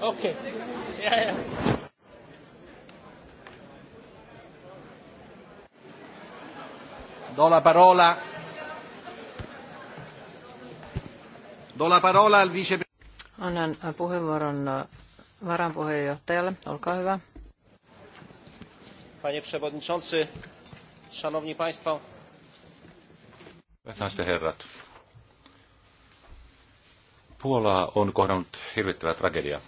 Okay. Yeah, yeah. Do la parola. Do la parola al vice... Annan puheenvuoron äh, varanpuheenjohtajalle. Olkaa hyvä. Panie przewodniczący, szanowni państwo. Hyvät herrat. Puolaa on kohdannut hirvittävä tragedia.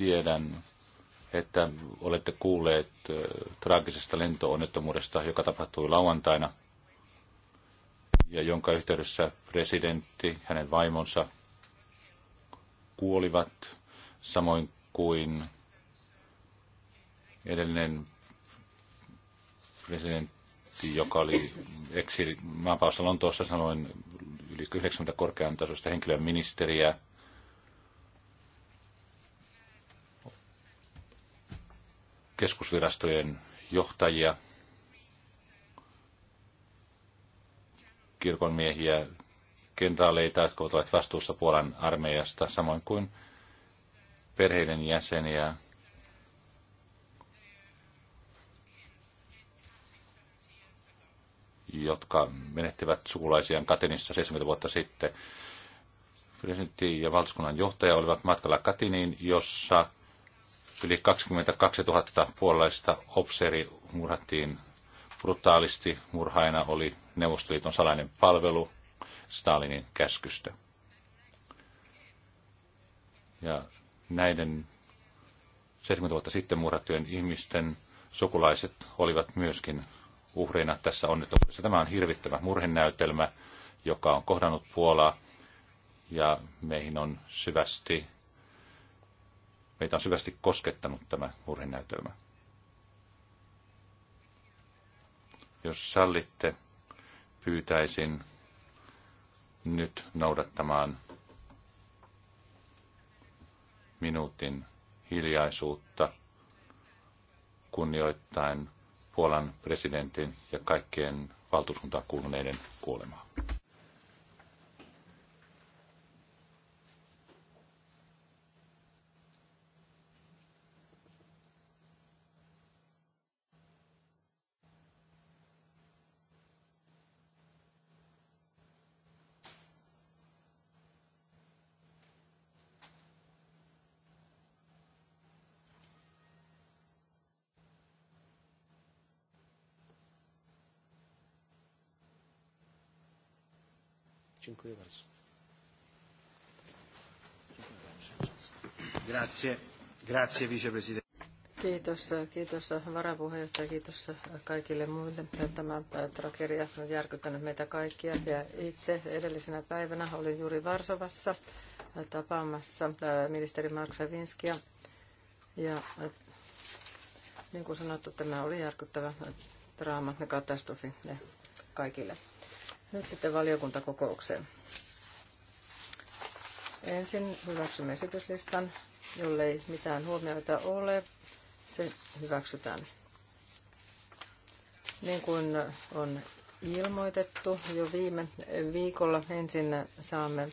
Tiedän, että olette kuulleet traagisesta lentoonnettomuudesta, joka tapahtui lauantaina ja jonka yhteydessä presidentti, hänen vaimonsa kuolivat, samoin kuin edellinen presidentti, joka oli eksili, maapaassa Lontoossa, sanoin yli 90 korkean tasoista henkilöministeriä. ministeriä, keskusvirastojen johtajia, kirkonmiehiä, kenraaleita, jotka ovat vastuussa Puolan armeijasta, samoin kuin perheiden jäseniä, jotka menettivät sukulaisiaan Katinissa 70 vuotta sitten. Presidentti ja valtuuskunnan johtaja olivat matkalla Katiniin, jossa Yli 22 000 puolalaista obseri murhattiin brutaalisti. Murhaina oli Neuvostoliiton salainen palvelu Stalinin käskystä. Ja näiden 70 vuotta sitten murhattujen ihmisten sukulaiset olivat myöskin uhreina tässä onnettomuudessa. Tämä on hirvittävä murhenäytelmä, joka on kohdannut Puolaa ja meihin on syvästi meitä on syvästi koskettanut tämä murhenäytelmä. Jos sallitte, pyytäisin nyt noudattamaan minuutin hiljaisuutta kunnioittain Puolan presidentin ja kaikkien valtuuskuntaan kuuluneiden kuolemaa. Grazie, vicepresidente. Kiitos, kiitos varapuheenjohtaja, kiitos kaikille muille. Tämä tragedia on järkyttänyt meitä kaikkia ja itse edellisenä päivänä olin juuri Varsovassa tapaamassa äh, ministeri Mark Savinskia. Ja äh, niin kuin sanottu, tämä oli järkyttävä draama ja katastrofi kaikille. Nyt sitten valiokuntakokoukseen. Ensin hyväksymme esityslistan Jollei mitään huomioita ole, se hyväksytään. Niin kuin on ilmoitettu jo viime viikolla, ensin saamme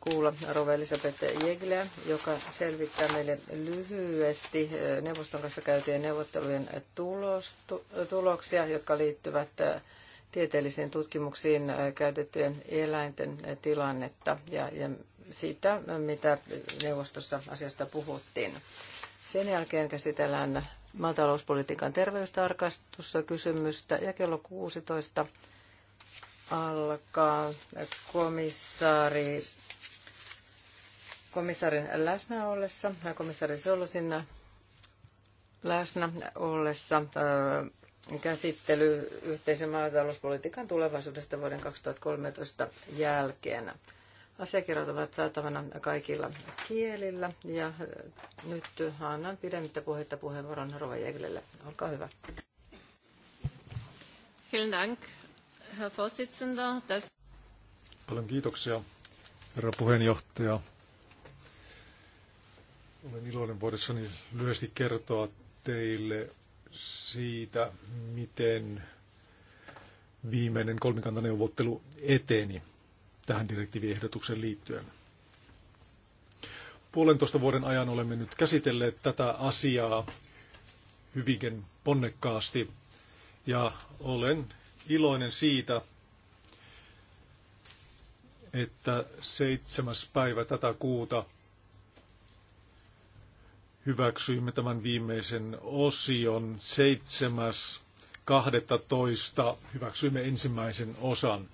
kuulla Rova Elisabeth Jegleä, joka selvittää meille lyhyesti neuvoston kanssa käytyjen neuvottelujen tulostu, tuloksia, jotka liittyvät tieteellisiin tutkimuksiin äh, käytettyjen eläinten äh, tilannetta ja, ja siitä, äh, mitä neuvostossa asiasta puhuttiin. Sen jälkeen käsitellään maatalouspolitiikan terveystarkastussa kysymystä ja kello 16 alkaa komissaari, komissaarin läsnä ollessa, komissaari Solosin läsnä ollessa käsittely yhteisen maatalouspolitiikan tulevaisuudesta vuoden 2013 jälkeen. Asiakirjat ovat saatavana kaikilla kielillä ja äh, nyt annan pidemmittä puhetta puheenvuoron Rova Jäglille. Olkaa hyvä. Vielen Dank, Herr Vorsitzender. Das... Paljon kiitoksia, herra puheenjohtaja. Olen iloinen voidessani lyhyesti kertoa teille siitä, miten viimeinen kolmikantaneuvottelu eteni tähän direktiiviehdotukseen liittyen. Puolentoista vuoden ajan olemme nyt käsitelleet tätä asiaa hyvinkin ponnekkaasti ja olen iloinen siitä, että seitsemäs päivä tätä kuuta – hyväksyimme tämän viimeisen osion 7.12. hyväksyimme ensimmäisen osan.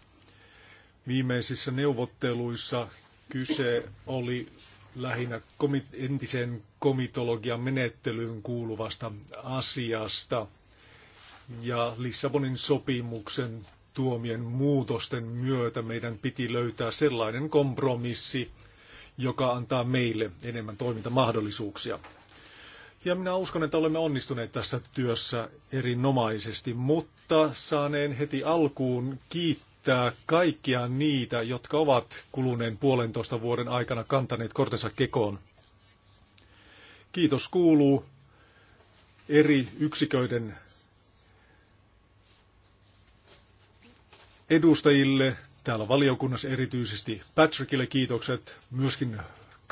Viimeisissä neuvotteluissa kyse oli lähinnä komit- entisen komitologian menettelyyn kuuluvasta asiasta ja Lissabonin sopimuksen tuomien muutosten myötä meidän piti löytää sellainen kompromissi, joka antaa meille enemmän toimintamahdollisuuksia. Ja minä uskon, että olemme onnistuneet tässä työssä erinomaisesti, mutta saaneen heti alkuun kiittää kaikkia niitä, jotka ovat kuluneen puolentoista vuoden aikana kantaneet kortensa kekoon. Kiitos kuuluu eri yksiköiden edustajille, täällä valiokunnassa erityisesti Patrickille kiitokset, myöskin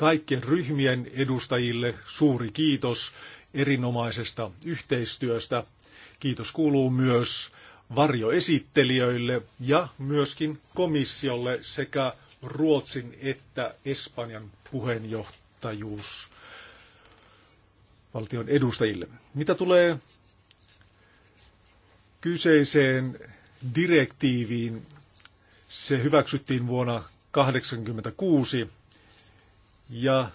kaikkien ryhmien edustajille suuri kiitos erinomaisesta yhteistyöstä. Kiitos kuuluu myös varjoesittelijöille ja myöskin komissiolle sekä Ruotsin että Espanjan puheenjohtajuus valtion edustajille. Mitä tulee kyseiseen direktiiviin, se hyväksyttiin vuonna 1986 ja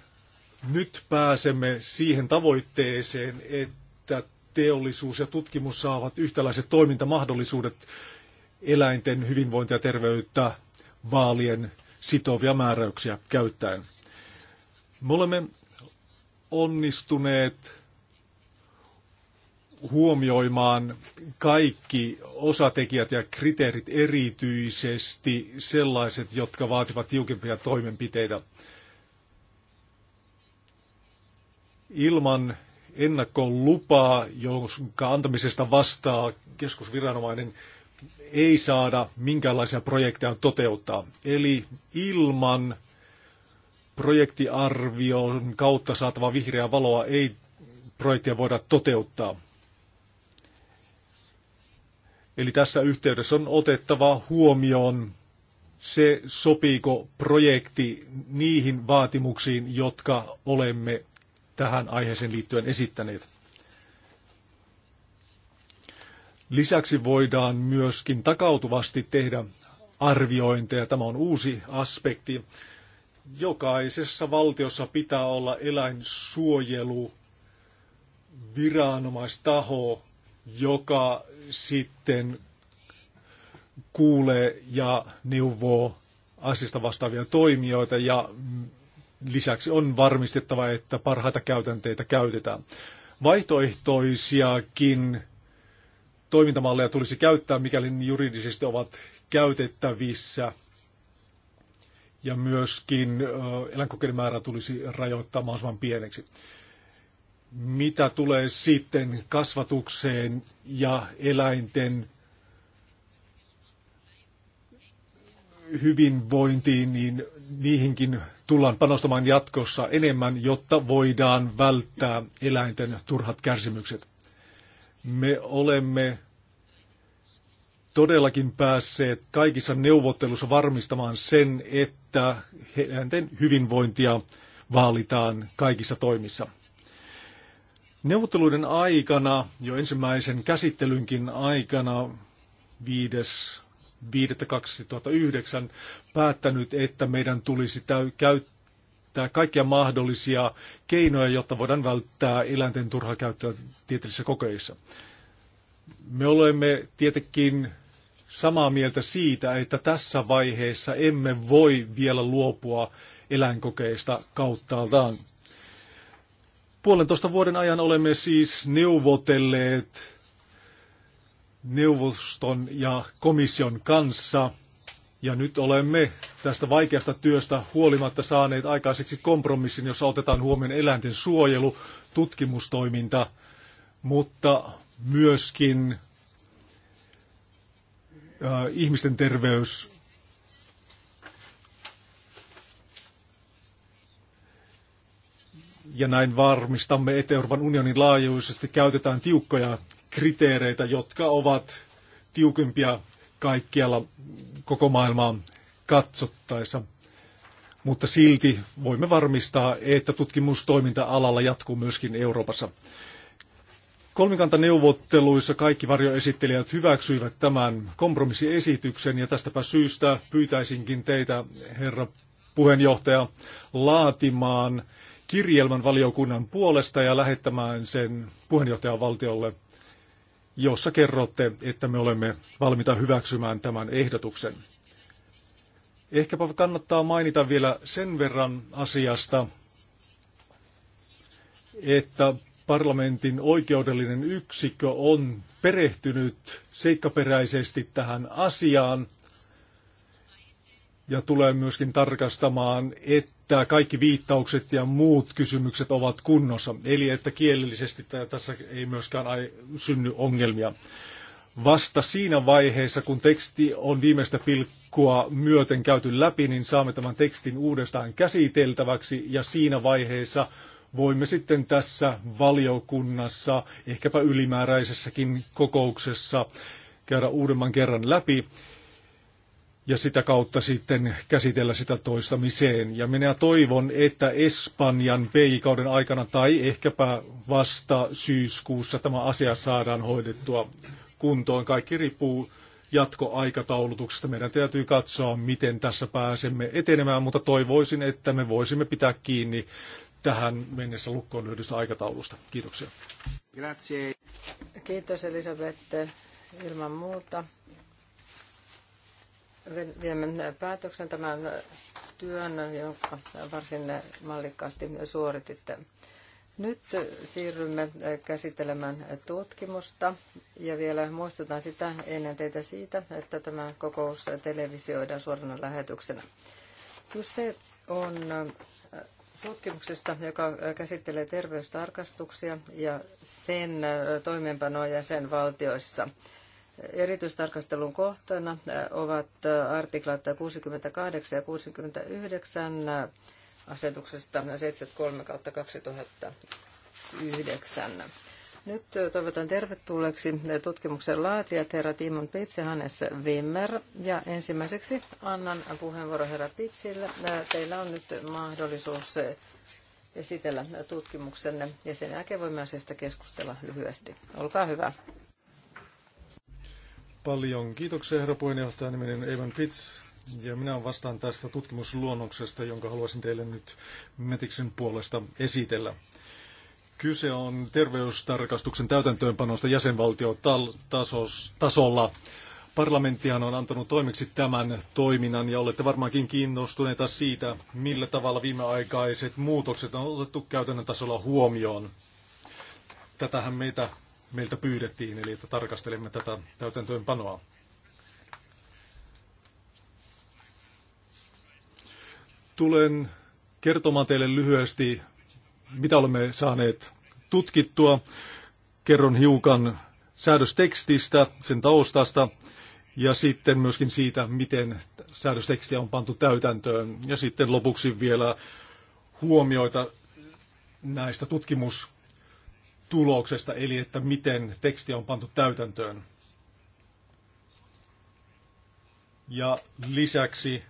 nyt pääsemme siihen tavoitteeseen, että teollisuus ja tutkimus saavat yhtäläiset toimintamahdollisuudet eläinten hyvinvointia ja terveyttä vaalien sitovia määräyksiä käyttäen. Me olemme onnistuneet huomioimaan kaikki osatekijät ja kriteerit erityisesti sellaiset, jotka vaativat tiukempia toimenpiteitä. ilman ennakkoon lupaa, jonka antamisesta vastaa keskusviranomainen, ei saada minkäänlaisia projekteja toteuttaa. Eli ilman projektiarvion kautta saatava vihreää valoa ei projektia voida toteuttaa. Eli tässä yhteydessä on otettava huomioon se, sopiiko projekti niihin vaatimuksiin, jotka olemme tähän aiheeseen liittyen esittäneet. Lisäksi voidaan myöskin takautuvasti tehdä arviointeja. Tämä on uusi aspekti. Jokaisessa valtiossa pitää olla eläinsuojelu viranomaistaho, joka sitten kuulee ja neuvoo asiasta vastaavia toimijoita ja Lisäksi on varmistettava, että parhaita käytänteitä käytetään. Vaihtoehtoisiakin toimintamalleja tulisi käyttää, mikäli ne juridisesti ovat käytettävissä. Ja myöskin eläinkokeiden määrää tulisi rajoittaa mahdollisimman pieneksi. Mitä tulee sitten kasvatukseen ja eläinten hyvinvointiin, niin niihinkin tullaan panostamaan jatkossa enemmän, jotta voidaan välttää eläinten turhat kärsimykset. Me olemme todellakin päässeet kaikissa neuvottelussa varmistamaan sen, että eläinten hyvinvointia vaalitaan kaikissa toimissa. Neuvotteluiden aikana, jo ensimmäisen käsittelynkin aikana 5. 5.2009 päättänyt, että meidän tulisi täy- käyttää kaikkia mahdollisia keinoja, jotta voidaan välttää eläinten turhaa käyttöä tieteellisissä kokeissa. Me olemme tietenkin samaa mieltä siitä, että tässä vaiheessa emme voi vielä luopua eläinkokeista kauttaaltaan. Puolentoista vuoden ajan olemme siis neuvotelleet neuvoston ja komission kanssa. Ja nyt olemme tästä vaikeasta työstä huolimatta saaneet aikaiseksi kompromissin, jossa otetaan huomioon eläinten suojelu, tutkimustoiminta, mutta myöskin ihmisten terveys. Ja näin varmistamme, että Euroopan unionin laajuisesti käytetään tiukkoja kriteereitä, jotka ovat tiukempia kaikkialla koko maailmaan katsottaessa. Mutta silti voimme varmistaa, että tutkimustoiminta alalla jatkuu myöskin Euroopassa. Kolmikantaneuvotteluissa kaikki varjoesittelijät hyväksyivät tämän kompromissiesityksen ja tästäpä syystä pyytäisinkin teitä, herra puheenjohtaja, laatimaan kirjelmän valiokunnan puolesta ja lähettämään sen puheenjohtajan valtiolle jossa kerrotte, että me olemme valmiita hyväksymään tämän ehdotuksen. Ehkäpä kannattaa mainita vielä sen verran asiasta, että parlamentin oikeudellinen yksikkö on perehtynyt seikkaperäisesti tähän asiaan ja tulee myöskin tarkastamaan, että että kaikki viittaukset ja muut kysymykset ovat kunnossa. Eli että kielellisesti tässä ei myöskään synny ongelmia. Vasta siinä vaiheessa, kun teksti on viimeistä pilkkua myöten käyty läpi, niin saamme tämän tekstin uudestaan käsiteltäväksi ja siinä vaiheessa voimme sitten tässä valiokunnassa, ehkäpä ylimääräisessäkin kokouksessa, käydä uudemman kerran läpi ja sitä kautta sitten käsitellä sitä toistamiseen. Ja minä toivon, että Espanjan peikauden aikana tai ehkäpä vasta syyskuussa tämä asia saadaan hoidettua kuntoon. Kaikki riippuu jatkoaikataulutuksesta. Meidän täytyy katsoa, miten tässä pääsemme etenemään, mutta toivoisin, että me voisimme pitää kiinni tähän mennessä lukkoon lyhdystä aikataulusta. Kiitoksia. Grazie. Kiitos Elisabeth ilman muuta viemme äh, päätöksen tämän äh, työn, jonka varsin äh, mallikkaasti suorititte. Nyt siirrymme käsittelemään tutkimusta ja vielä muistutan sitä ennen teitä siitä, että tämä kokous televisioidaan suorana lähetyksenä. Kyse on tutkimuksesta, joka käsittelee terveystarkastuksia ja sen toimeenpanoa jäsenvaltioissa. valtioissa Erityistarkastelun kohtana ovat artiklat 68 ja 69 asetuksesta 73 2009. Nyt toivotan tervetulleeksi tutkimuksen laatijat herra Timon Pitsi, Hannes Wimmer. Ja ensimmäiseksi annan puheenvuoron herra Pitsille. Teillä on nyt mahdollisuus esitellä tutkimuksenne ja sen jälkeen voimme asiasta keskustella lyhyesti. Olkaa hyvä paljon. Kiitoksia herra puheenjohtaja. Nimeni Evan Pitts ja minä vastaan tästä tutkimusluonnoksesta, jonka haluaisin teille nyt Metiksen puolesta esitellä. Kyse on terveystarkastuksen täytäntöönpanosta jäsenvaltiotasolla. Parlamenttihan on antanut toimiksi tämän toiminnan ja olette varmaankin kiinnostuneita siitä, millä tavalla viimeaikaiset muutokset on otettu käytännön tasolla huomioon. Tätähän meitä meiltä pyydettiin, eli että tarkastelemme tätä täytäntöönpanoa. Tulen kertomaan teille lyhyesti, mitä olemme saaneet tutkittua. Kerron hiukan säädöstekstistä, sen taustasta ja sitten myöskin siitä, miten säädöstekstiä on pantu täytäntöön. Ja sitten lopuksi vielä huomioita näistä tutkimus tuloksesta, eli että miten teksti on pantu täytäntöön. Ja lisäksi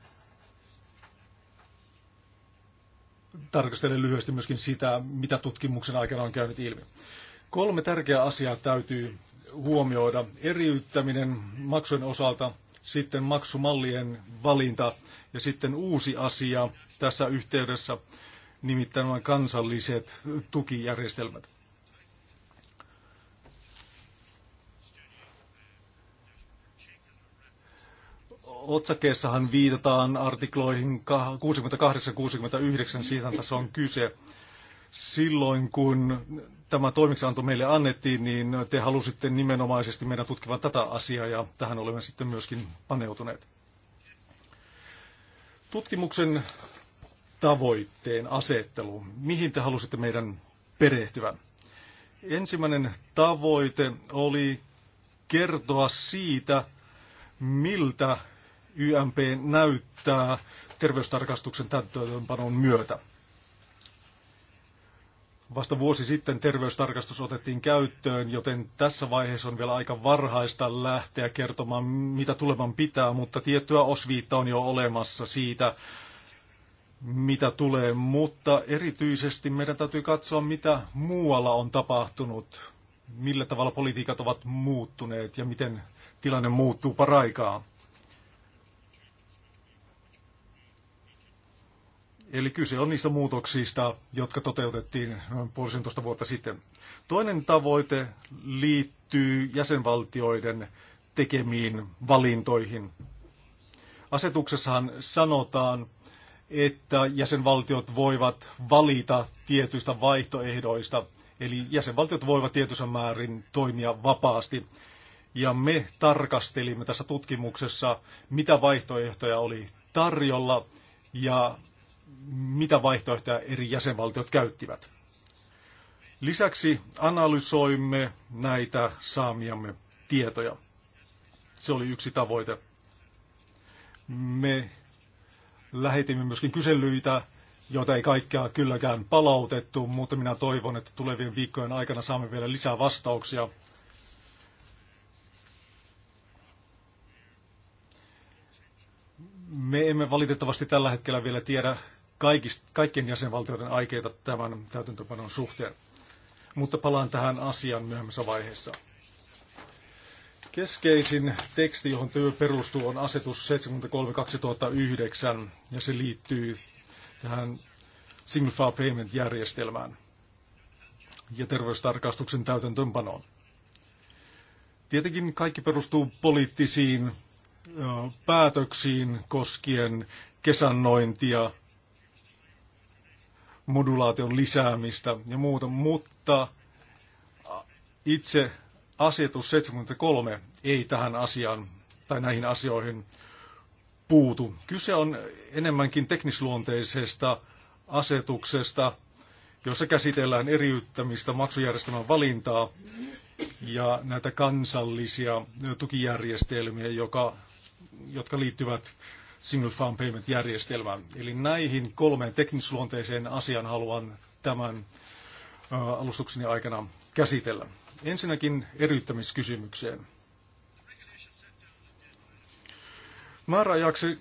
tarkastelen lyhyesti myöskin sitä, mitä tutkimuksen aikana on käynyt ilmi. Kolme tärkeää asiaa täytyy huomioida. Eriyttäminen maksujen osalta, sitten maksumallien valinta ja sitten uusi asia tässä yhteydessä, nimittäin kansalliset tukijärjestelmät. otsakeessahan viitataan artikloihin 68-69, siitä tässä on kyse. Silloin kun tämä toimeksianto meille annettiin, niin te halusitte nimenomaisesti meidän tutkivan tätä asiaa ja tähän olemme sitten myöskin paneutuneet. Tutkimuksen tavoitteen asettelu. Mihin te halusitte meidän perehtyvän? Ensimmäinen tavoite oli kertoa siitä, miltä YMP näyttää terveystarkastuksen täytäntöönpanon myötä. Vasta vuosi sitten terveystarkastus otettiin käyttöön, joten tässä vaiheessa on vielä aika varhaista lähteä kertomaan, mitä tuleman pitää, mutta tiettyä osviitta on jo olemassa siitä, mitä tulee. Mutta erityisesti meidän täytyy katsoa, mitä muualla on tapahtunut, millä tavalla politiikat ovat muuttuneet ja miten tilanne muuttuu paraikaa. Eli kyse on niistä muutoksista, jotka toteutettiin noin puolisentoista vuotta sitten. Toinen tavoite liittyy jäsenvaltioiden tekemiin valintoihin. Asetuksessahan sanotaan, että jäsenvaltiot voivat valita tietyistä vaihtoehdoista, eli jäsenvaltiot voivat tietyssä määrin toimia vapaasti. Ja me tarkastelimme tässä tutkimuksessa, mitä vaihtoehtoja oli tarjolla ja mitä vaihtoehtoja eri jäsenvaltiot käyttivät. Lisäksi analysoimme näitä saamiamme tietoja. Se oli yksi tavoite. Me lähetimme myöskin kyselyitä, joita ei kaikkea kylläkään palautettu, mutta minä toivon, että tulevien viikkojen aikana saamme vielä lisää vastauksia. Me emme valitettavasti tällä hetkellä vielä tiedä kaikist, kaikkien jäsenvaltioiden aikeita tämän täytäntöpanon suhteen. Mutta palaan tähän asiaan myöhemmässä vaiheessa. Keskeisin teksti, johon työ perustuu, on asetus 73-2009, ja se liittyy tähän Single File Payment-järjestelmään ja terveystarkastuksen täytäntöönpanoon. Tietenkin kaikki perustuu poliittisiin päätöksiin koskien kesännointia modulaation lisäämistä ja muuta, mutta itse asetus 73 ei tähän asiaan tai näihin asioihin puutu. Kyse on enemmänkin teknisluonteisesta asetuksesta, jossa käsitellään eriyttämistä, maksujärjestelmän valintaa ja näitä kansallisia tukijärjestelmiä, joka, jotka liittyvät Single Farm Payment-järjestelmään. Eli näihin kolmeen teknisluonteiseen asiaan haluan tämän alustukseni aikana käsitellä. Ensinnäkin eriyttämiskysymykseen. Määräajaksi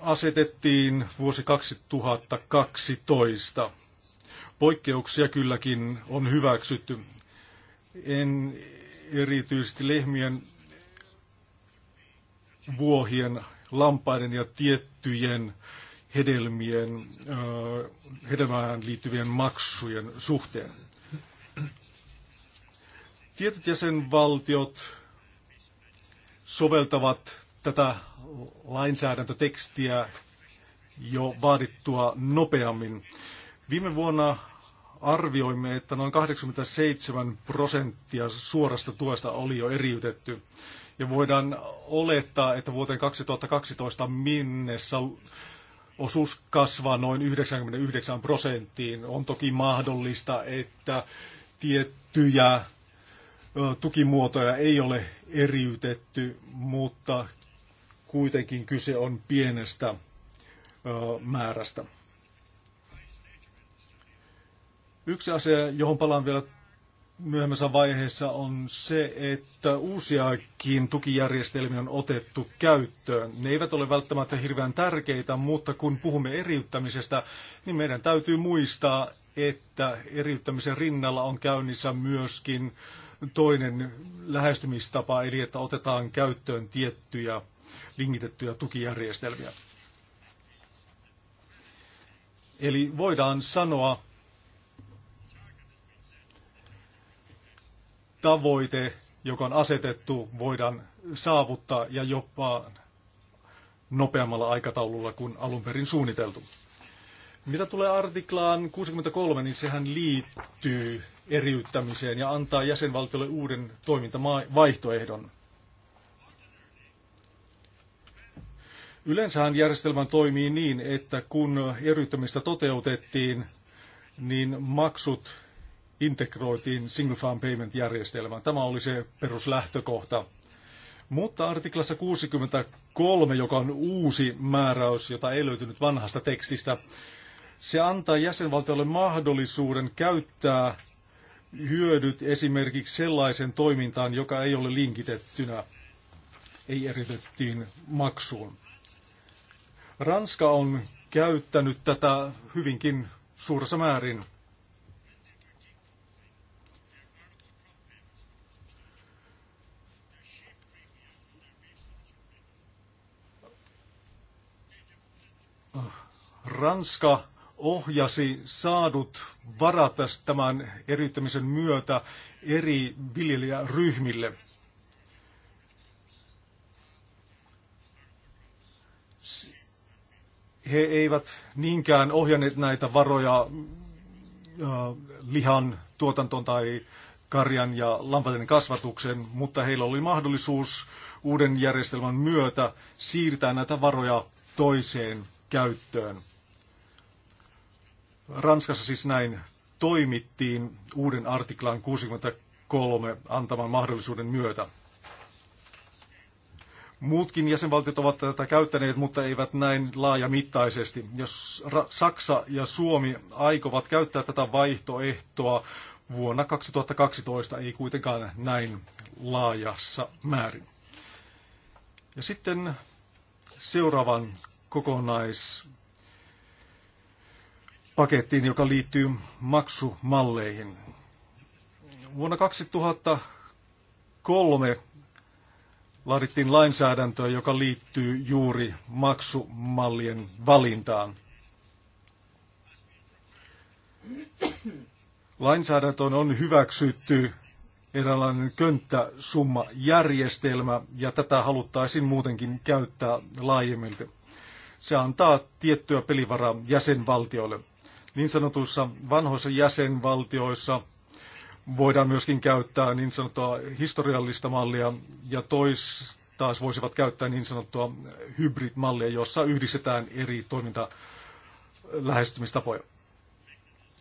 asetettiin vuosi 2012. Poikkeuksia kylläkin on hyväksytty. En erityisesti lehmien, vuohien lampaiden ja tiettyjen hedelmien, hedelmään liittyvien maksujen suhteen. Tietyt jäsenvaltiot soveltavat tätä lainsäädäntötekstiä jo vaadittua nopeammin. Viime vuonna arvioimme, että noin 87 prosenttia suorasta tuesta oli jo eriytetty. Ja voidaan olettaa, että vuoteen 2012 mennessä osuus kasvaa noin 99 prosenttiin. On toki mahdollista, että tiettyjä tukimuotoja ei ole eriytetty, mutta kuitenkin kyse on pienestä määrästä. Yksi asia, johon palaan vielä myöhemmässä vaiheessa on se, että uusiakin tukijärjestelmiä on otettu käyttöön. Ne eivät ole välttämättä hirveän tärkeitä, mutta kun puhumme eriyttämisestä, niin meidän täytyy muistaa, että eriyttämisen rinnalla on käynnissä myöskin toinen lähestymistapa, eli että otetaan käyttöön tiettyjä linkitettyjä tukijärjestelmiä. Eli voidaan sanoa, tavoite, joka on asetettu, voidaan saavuttaa ja jopa nopeammalla aikataululla kuin alun perin suunniteltu. Mitä tulee artiklaan 63, niin sehän liittyy eriyttämiseen ja antaa jäsenvaltiolle uuden toimintavaihtoehdon. Yleensähän järjestelmä toimii niin, että kun eriyttämistä toteutettiin, niin maksut integroitiin Single Farm Payment-järjestelmään. Tämä oli se peruslähtökohta. Mutta artiklassa 63, joka on uusi määräys, jota ei löytynyt vanhasta tekstistä, se antaa jäsenvaltiolle mahdollisuuden käyttää hyödyt esimerkiksi sellaisen toimintaan, joka ei ole linkitettynä, ei eritettiin maksuun. Ranska on käyttänyt tätä hyvinkin suuressa määrin. Ranska ohjasi saadut varat tämän eriyttämisen myötä eri viljelijäryhmille. He eivät niinkään ohjanneet näitä varoja äh, lihan tuotantoon tai karjan ja lampaiden kasvatukseen, mutta heillä oli mahdollisuus uuden järjestelmän myötä siirtää näitä varoja toiseen käyttöön. Ranskassa siis näin toimittiin uuden artiklan 63 antaman mahdollisuuden myötä. Muutkin jäsenvaltiot ovat tätä käyttäneet, mutta eivät näin laajamittaisesti. Jos Saksa ja Suomi aikovat käyttää tätä vaihtoehtoa vuonna 2012, ei kuitenkaan näin laajassa määrin. Ja sitten seuraavan kokonais pakettiin, joka liittyy maksumalleihin. Vuonna 2003 laadittiin lainsäädäntöä, joka liittyy juuri maksumallien valintaan. Lainsäädäntö on hyväksytty eräänlainen könttäsummajärjestelmä, ja tätä haluttaisiin muutenkin käyttää laajemmin. Se antaa tiettyä pelivaraa jäsenvaltioille. Niin sanotuissa vanhoissa jäsenvaltioissa voidaan myöskin käyttää niin sanottua historiallista mallia ja tois taas voisivat käyttää niin sanottua hybridmallia, jossa yhdistetään eri toimintalähestymistapoja.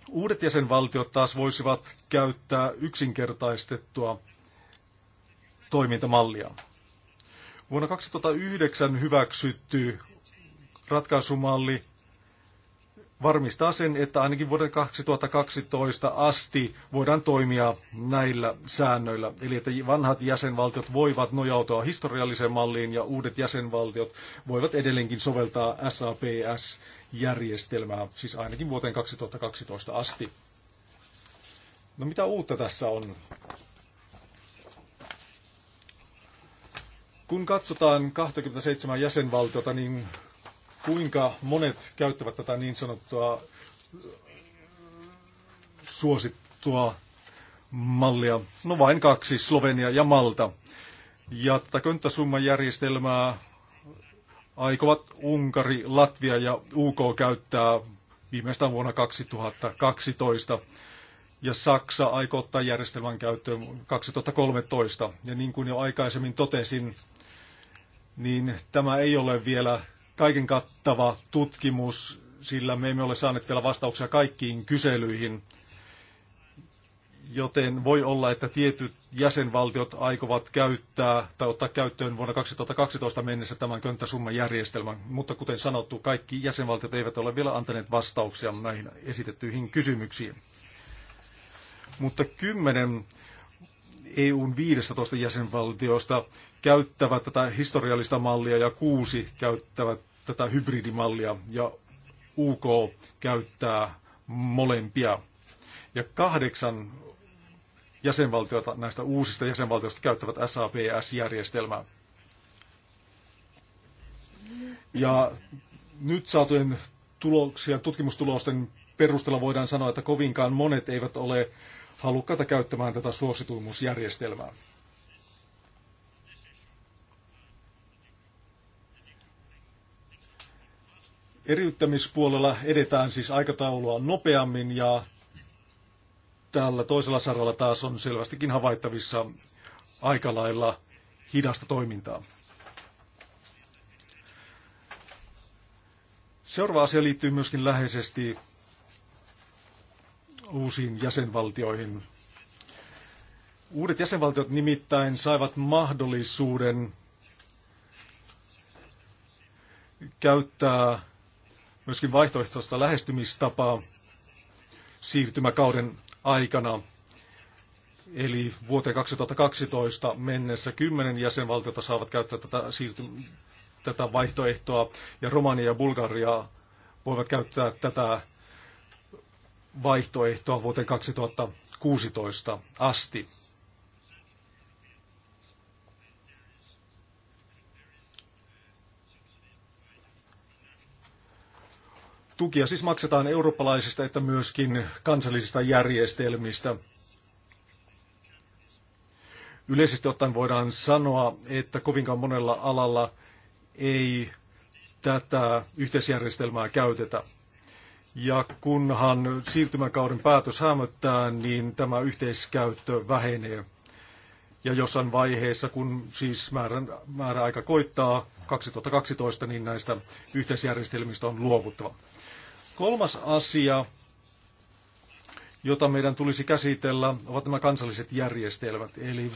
Uudet jäsenvaltiot taas voisivat käyttää yksinkertaistettua toimintamallia. Vuonna 2009 hyväksytty ratkaisumalli varmistaa sen, että ainakin vuoden 2012 asti voidaan toimia näillä säännöillä. Eli että vanhat jäsenvaltiot voivat nojautua historialliseen malliin ja uudet jäsenvaltiot voivat edelleenkin soveltaa SAPS-järjestelmää, siis ainakin vuoteen 2012 asti. No mitä uutta tässä on? Kun katsotaan 27 jäsenvaltiota, niin kuinka monet käyttävät tätä niin sanottua suosittua mallia? No vain kaksi, Slovenia ja Malta. Ja tätä järjestelmää aikovat Unkari, Latvia ja UK käyttää viimeistään vuonna 2012. Ja Saksa aikoo ottaa järjestelmän käyttöön 2013. Ja niin kuin jo aikaisemmin totesin, niin tämä ei ole vielä kaiken kattava tutkimus, sillä me emme ole saaneet vielä vastauksia kaikkiin kyselyihin. Joten voi olla, että tietyt jäsenvaltiot aikovat käyttää tai ottaa käyttöön vuonna 2012 mennessä tämän könttäsumman järjestelmän. Mutta kuten sanottu, kaikki jäsenvaltiot eivät ole vielä antaneet vastauksia näihin esitettyihin kysymyksiin. Mutta kymmenen EUn 15 jäsenvaltiosta käyttävät tätä historiallista mallia ja kuusi käyttävät tätä hybridimallia ja UK käyttää molempia. Ja kahdeksan jäsenvaltiota näistä uusista jäsenvaltioista käyttävät SAPS-järjestelmää. Ja nyt saatujen tuloksia, tutkimustulosten perusteella voidaan sanoa, että kovinkaan monet eivät ole halukkaita käyttämään tätä suosituimuusjärjestelmää. Eriyttämispuolella edetään siis aikataulua nopeammin ja tällä toisella saralla taas on selvästikin havaittavissa aikalailla hidasta toimintaa. Seuraava asia liittyy myöskin läheisesti uusiin jäsenvaltioihin. Uudet jäsenvaltiot nimittäin saivat mahdollisuuden käyttää myöskin vaihtoehtoista lähestymistapaa siirtymäkauden aikana. Eli vuoteen 2012 mennessä kymmenen jäsenvaltiota saavat käyttää tätä, siirty- tätä vaihtoehtoa, ja Romania ja Bulgaria voivat käyttää tätä vaihtoehtoa vuoteen 2016 asti. Tukia siis maksetaan eurooppalaisista että myöskin kansallisista järjestelmistä. Yleisesti ottaen voidaan sanoa, että kovinkaan monella alalla ei tätä yhteisjärjestelmää käytetä. Ja kunhan siirtymäkauden päätös hämöttää, niin tämä yhteiskäyttö vähenee. Ja jossain vaiheessa, kun siis määrän, määräaika koittaa 2012, niin näistä yhteisjärjestelmistä on luovuttava. Kolmas asia, jota meidän tulisi käsitellä, ovat nämä kansalliset järjestelmät, eli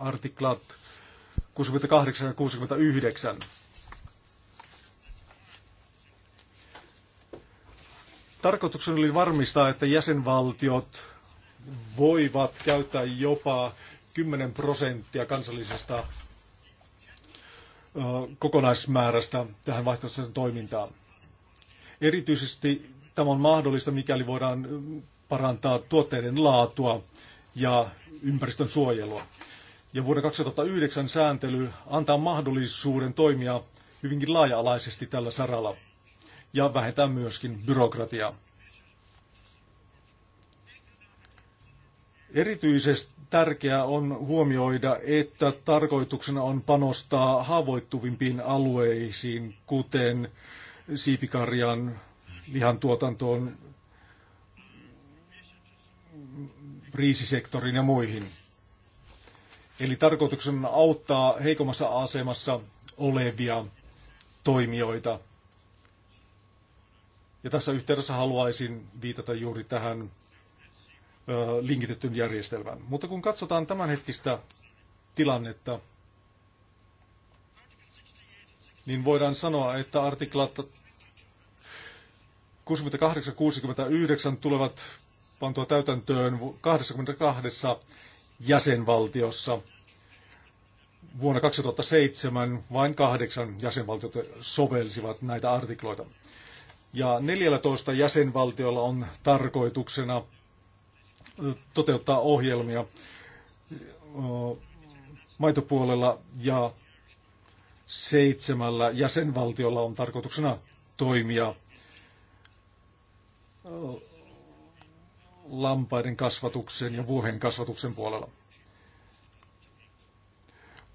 artiklat 68 ja 69. Tarkoituksena oli varmistaa, että jäsenvaltiot voivat käyttää jopa 10 prosenttia kansallisesta kokonaismäärästä tähän vaihtoehtoiseen toimintaan. Erityisesti tämä on mahdollista, mikäli voidaan parantaa tuotteiden laatua ja ympäristön suojelua. Ja vuoden 2009 sääntely antaa mahdollisuuden toimia hyvinkin laaja-alaisesti tällä saralla ja vähentää myöskin byrokratiaa. Erityisesti tärkeää on huomioida, että tarkoituksena on panostaa haavoittuvimpiin alueisiin, kuten siipikarjan lihantuotantoon, riisisektoriin ja muihin. Eli tarkoituksena on auttaa heikommassa asemassa olevia toimijoita – ja tässä yhteydessä haluaisin viitata juuri tähän linkitetyn järjestelmään. Mutta kun katsotaan tämänhetkistä tilannetta, niin voidaan sanoa, että artiklat 68-69 tulevat pantua täytäntöön 22 jäsenvaltiossa. Vuonna 2007 vain kahdeksan jäsenvaltiota sovelsivat näitä artikloita. Ja 14 jäsenvaltiolla on tarkoituksena toteuttaa ohjelmia maitopuolella ja seitsemällä jäsenvaltiolla on tarkoituksena toimia lampaiden kasvatuksen ja vuohen kasvatuksen puolella.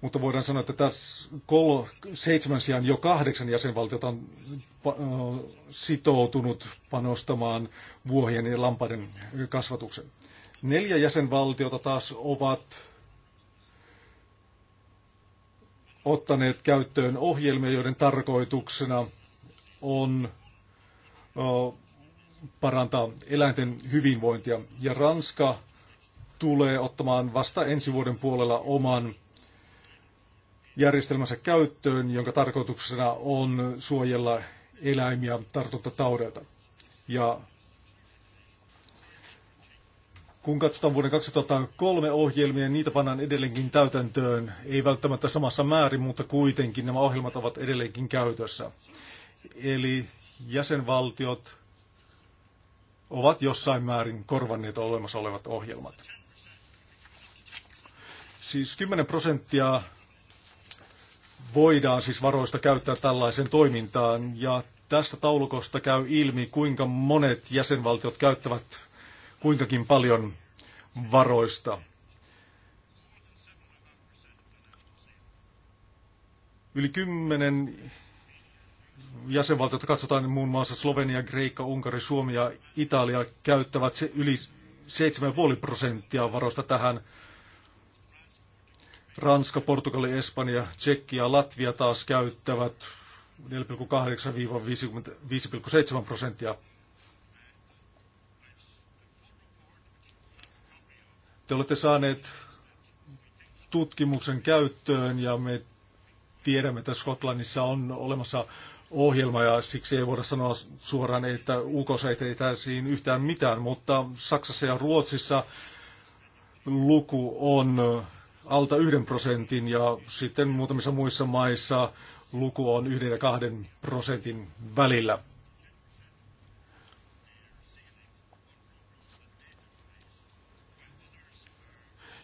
Mutta voidaan sanoa, että tässä kol, seitsemän sijaan jo kahdeksan jäsenvaltiota on sitoutunut panostamaan vuohien ja lampaiden kasvatuksen. Neljä jäsenvaltiota taas ovat ottaneet käyttöön ohjelmia, joiden tarkoituksena on parantaa eläinten hyvinvointia. Ja Ranska tulee ottamaan vasta ensi vuoden puolella oman järjestelmänsä käyttöön, jonka tarkoituksena on suojella eläimiä tartuntataudelta. Ja kun katsotaan vuoden 2003 ohjelmia, niin niitä pannaan edelleenkin täytäntöön. Ei välttämättä samassa määrin, mutta kuitenkin nämä ohjelmat ovat edelleenkin käytössä. Eli jäsenvaltiot ovat jossain määrin korvanneet olemassa olevat ohjelmat. Siis 10 prosenttia voidaan siis varoista käyttää tällaisen toimintaan. Ja tästä taulukosta käy ilmi, kuinka monet jäsenvaltiot käyttävät kuinkakin paljon varoista. Yli kymmenen jäsenvaltiota, katsotaan muun muassa Slovenia, Kreikka, Unkari, Suomi ja Italia, käyttävät se yli 7,5 prosenttia varoista tähän Ranska, Portugali, Espanja, Tsekki ja Latvia taas käyttävät 4,8-5,7 prosenttia. Te olette saaneet tutkimuksen käyttöön ja me tiedämme, että Skotlannissa on olemassa ohjelma ja siksi ei voida sanoa suoraan, että UK ei tehtäisiin yhtään mitään, mutta Saksassa ja Ruotsissa luku on alta yhden prosentin ja sitten muutamissa muissa maissa luku on yhden ja kahden prosentin välillä.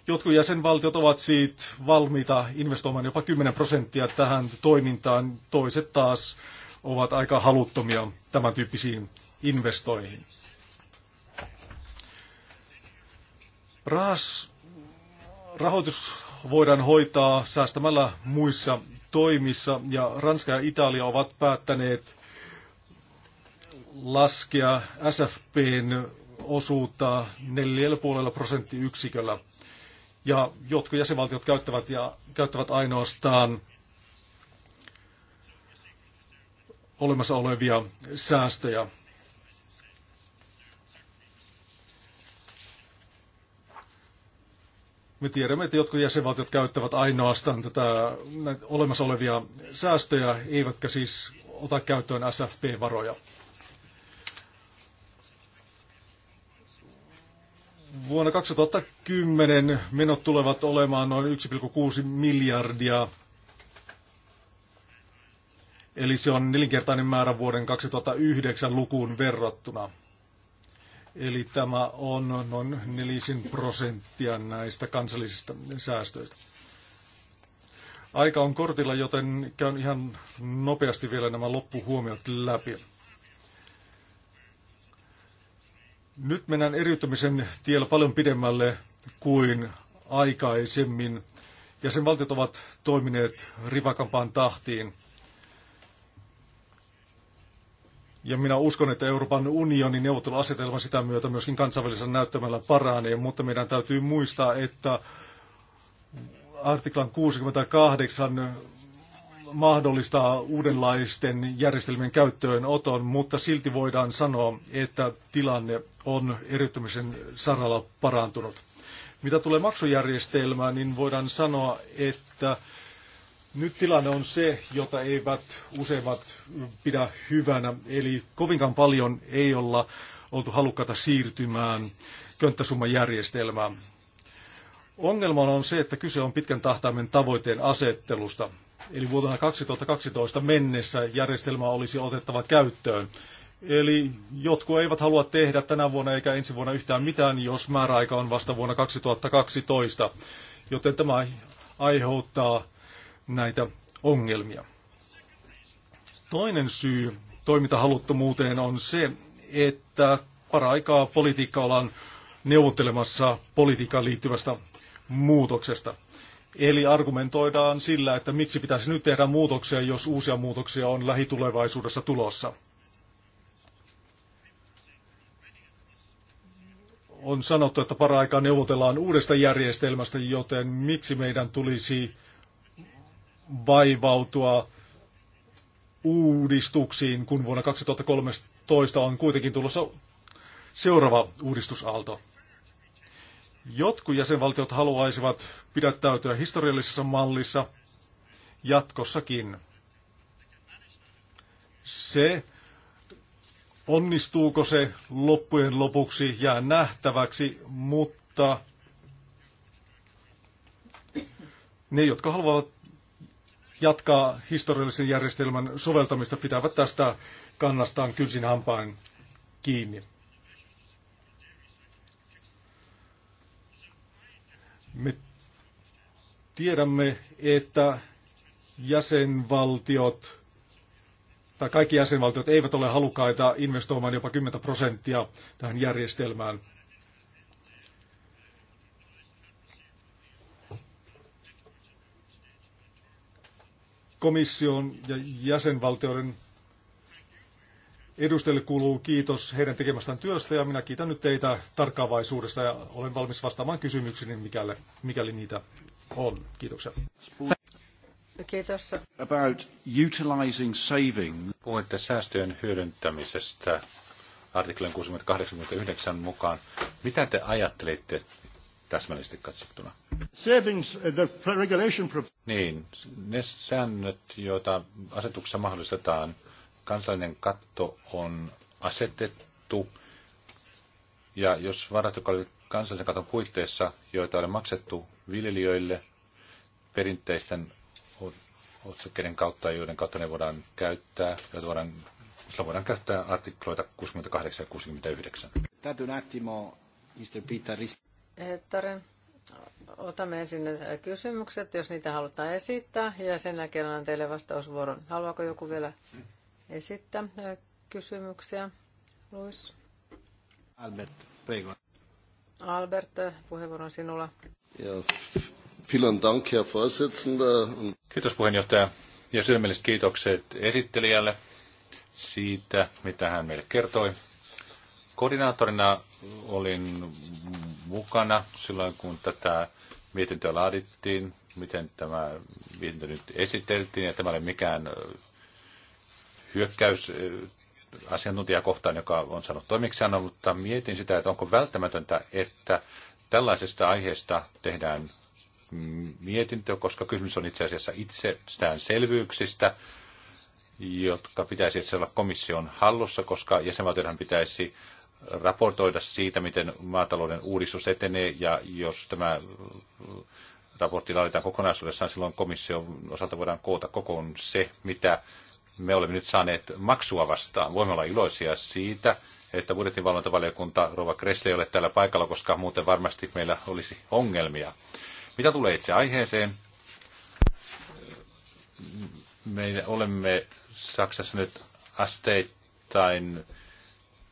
Jotkut jäsenvaltiot ovat siitä valmiita investoimaan jopa 10 prosenttia tähän toimintaan, toiset taas ovat aika haluttomia tämän tyyppisiin investoihin. Rahas, Rahoitus voidaan hoitaa säästämällä muissa toimissa ja Ranska ja Italia ovat päättäneet laskea SFPn osuutta 4,5 prosenttiyksiköllä. Ja jotkut jäsenvaltiot käyttävät, ja, käyttävät ainoastaan olemassa olevia säästöjä. Me tiedämme, että jotkut jäsenvaltiot käyttävät ainoastaan tätä olemassa olevia säästöjä, eivätkä siis ota käyttöön SFP-varoja. Vuonna 2010 menot tulevat olemaan noin 1,6 miljardia, eli se on nelinkertainen määrä vuoden 2009 lukuun verrattuna. Eli tämä on noin nelisin prosenttia näistä kansallisista säästöistä. Aika on kortilla, joten käyn ihan nopeasti vielä nämä loppuhuomiot läpi. Nyt mennään eriyttämisen tiellä paljon pidemmälle kuin aikaisemmin. Jäsenvaltiot ovat toimineet rivakampaan tahtiin. Ja minä uskon, että Euroopan unionin neuvotteluasetelma sitä myötä myöskin kansainvälisellä näyttämällä paranee, mutta meidän täytyy muistaa, että artiklan 68 mahdollistaa uudenlaisten järjestelmien käyttöönoton, mutta silti voidaan sanoa, että tilanne on eriyttämisen saralla parantunut. Mitä tulee maksujärjestelmään, niin voidaan sanoa, että nyt tilanne on se, jota eivät useimmat pidä hyvänä, eli kovinkaan paljon ei olla oltu halukkaita siirtymään könttäsumman järjestelmään. on se, että kyse on pitkän tahtaimen tavoitteen asettelusta. Eli vuonna 2012 mennessä järjestelmä olisi otettava käyttöön. Eli jotkut eivät halua tehdä tänä vuonna eikä ensi vuonna yhtään mitään, jos määräaika on vasta vuonna 2012. Joten tämä aiheuttaa näitä ongelmia. Toinen syy toimintahaluttomuuteen on se, että paraikaa politiikka ollaan neuvottelemassa politiikkaan liittyvästä muutoksesta. Eli argumentoidaan sillä, että miksi pitäisi nyt tehdä muutoksia, jos uusia muutoksia on lähitulevaisuudessa tulossa. On sanottu, että paraikaa neuvotellaan uudesta järjestelmästä, joten miksi meidän tulisi vaivautua uudistuksiin, kun vuonna 2013 on kuitenkin tulossa seuraava uudistusaalto. Jotkut jäsenvaltiot haluaisivat pidättäytyä historiallisessa mallissa jatkossakin. Se, onnistuuko se loppujen lopuksi, jää nähtäväksi, mutta ne, jotka haluavat jatkaa historiallisen järjestelmän soveltamista, pitävät tästä kannastaan kynsin hampain kiinni. Me tiedämme, että jäsenvaltiot tai kaikki jäsenvaltiot eivät ole halukkaita investoimaan jopa 10 prosenttia tähän järjestelmään. komission ja jäsenvaltioiden edustajille kuuluu kiitos heidän tekemästään työstä ja minä kiitän nyt teitä tarkkaavaisuudesta ja olen valmis vastaamaan kysymyksiin, mikäli, mikäli niitä on. Kiitoksia. Kiitos. About utilizing saving. Puhuitte säästöjen hyödyntämisestä artiklan 689 mukaan. Mitä te ajattelitte täsmällisesti katsottuna. Savings, eh, the regulation... Niin, ne säännöt, joita asetuksessa mahdollistetaan, kansallinen katto on asetettu, ja jos varat, jotka olivat kansallisen katon puitteissa, joita oli maksettu viljelijöille perinteisten otsakkeiden kautta, joiden kautta ne voidaan käyttää, joita voidaan, voidaan käyttää artikloita 68 ja 69. Hettaren. Otamme ensin kysymykset, jos niitä halutaan esittää, ja sen jälkeen annan teille vastausvuoron. Haluaako joku vielä esittää kysymyksiä? Luis? Albert, prego. Albert, puheenvuoro on sinulla. Ja, vielen dank, Herr Vorsitzender. Kiitos puheenjohtaja ja sydämelliset kiitokset esittelijälle siitä, mitä hän meille kertoi. Koordinaattorina olin mukana silloin, kun tätä mietintöä laadittiin, miten tämä mietintö nyt esiteltiin, ja tämä oli mikään hyökkäys asiantuntijakohtaan, joka on saanut toimiksiannon, mutta mietin sitä, että onko välttämätöntä, että tällaisesta aiheesta tehdään mietintö, koska kysymys on itse asiassa itsestäänselvyyksistä, jotka pitäisi itse olla komission hallussa, koska jäsenvaltioiden pitäisi raportoida siitä, miten maatalouden uudistus etenee, ja jos tämä raportti laaditaan kokonaisuudessaan, silloin komission osalta voidaan koota kokoon se, mitä me olemme nyt saaneet maksua vastaan. Voimme olla iloisia siitä, että budjetinvalvontavaliokunta Rova Kressle ei ole täällä paikalla, koska muuten varmasti meillä olisi ongelmia. Mitä tulee itse aiheeseen? Me olemme Saksassa nyt asteittain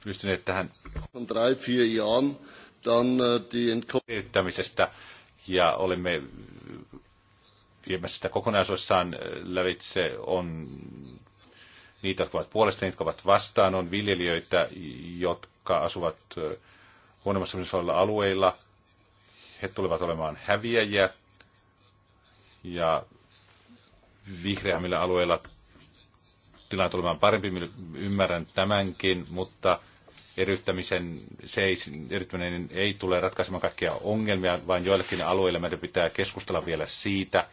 pystyneet tähän äh, kehittämisestä ja olemme äh, viemässä sitä kokonaisuudessaan äh, lävitse. On niitä, jotka ovat puolesta, niitä, jotka ovat vastaan. On viljelijöitä, jotka asuvat huonommassa alueilla. He tulevat olemaan häviäjiä ja vihreämmillä alueilla tilanne tulemaan parempi, ymmärrän tämänkin, mutta eriyttämisen, se ei, eriyttäminen ei tule ratkaisemaan kaikkia ongelmia, vaan joillakin alueilla meidän pitää keskustella vielä siitä,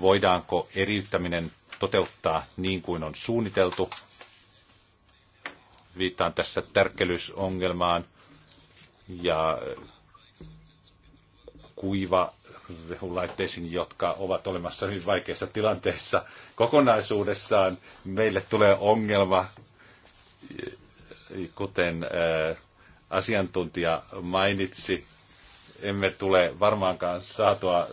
voidaanko eriyttäminen toteuttaa niin kuin on suunniteltu. Viittaan tässä tärkkelysongelmaan ja kuiva laitteisiin, jotka ovat olemassa hyvin vaikeassa tilanteessa. Kokonaisuudessaan meille tulee ongelma kuten äh, asiantuntija mainitsi, emme tule varmaankaan saatua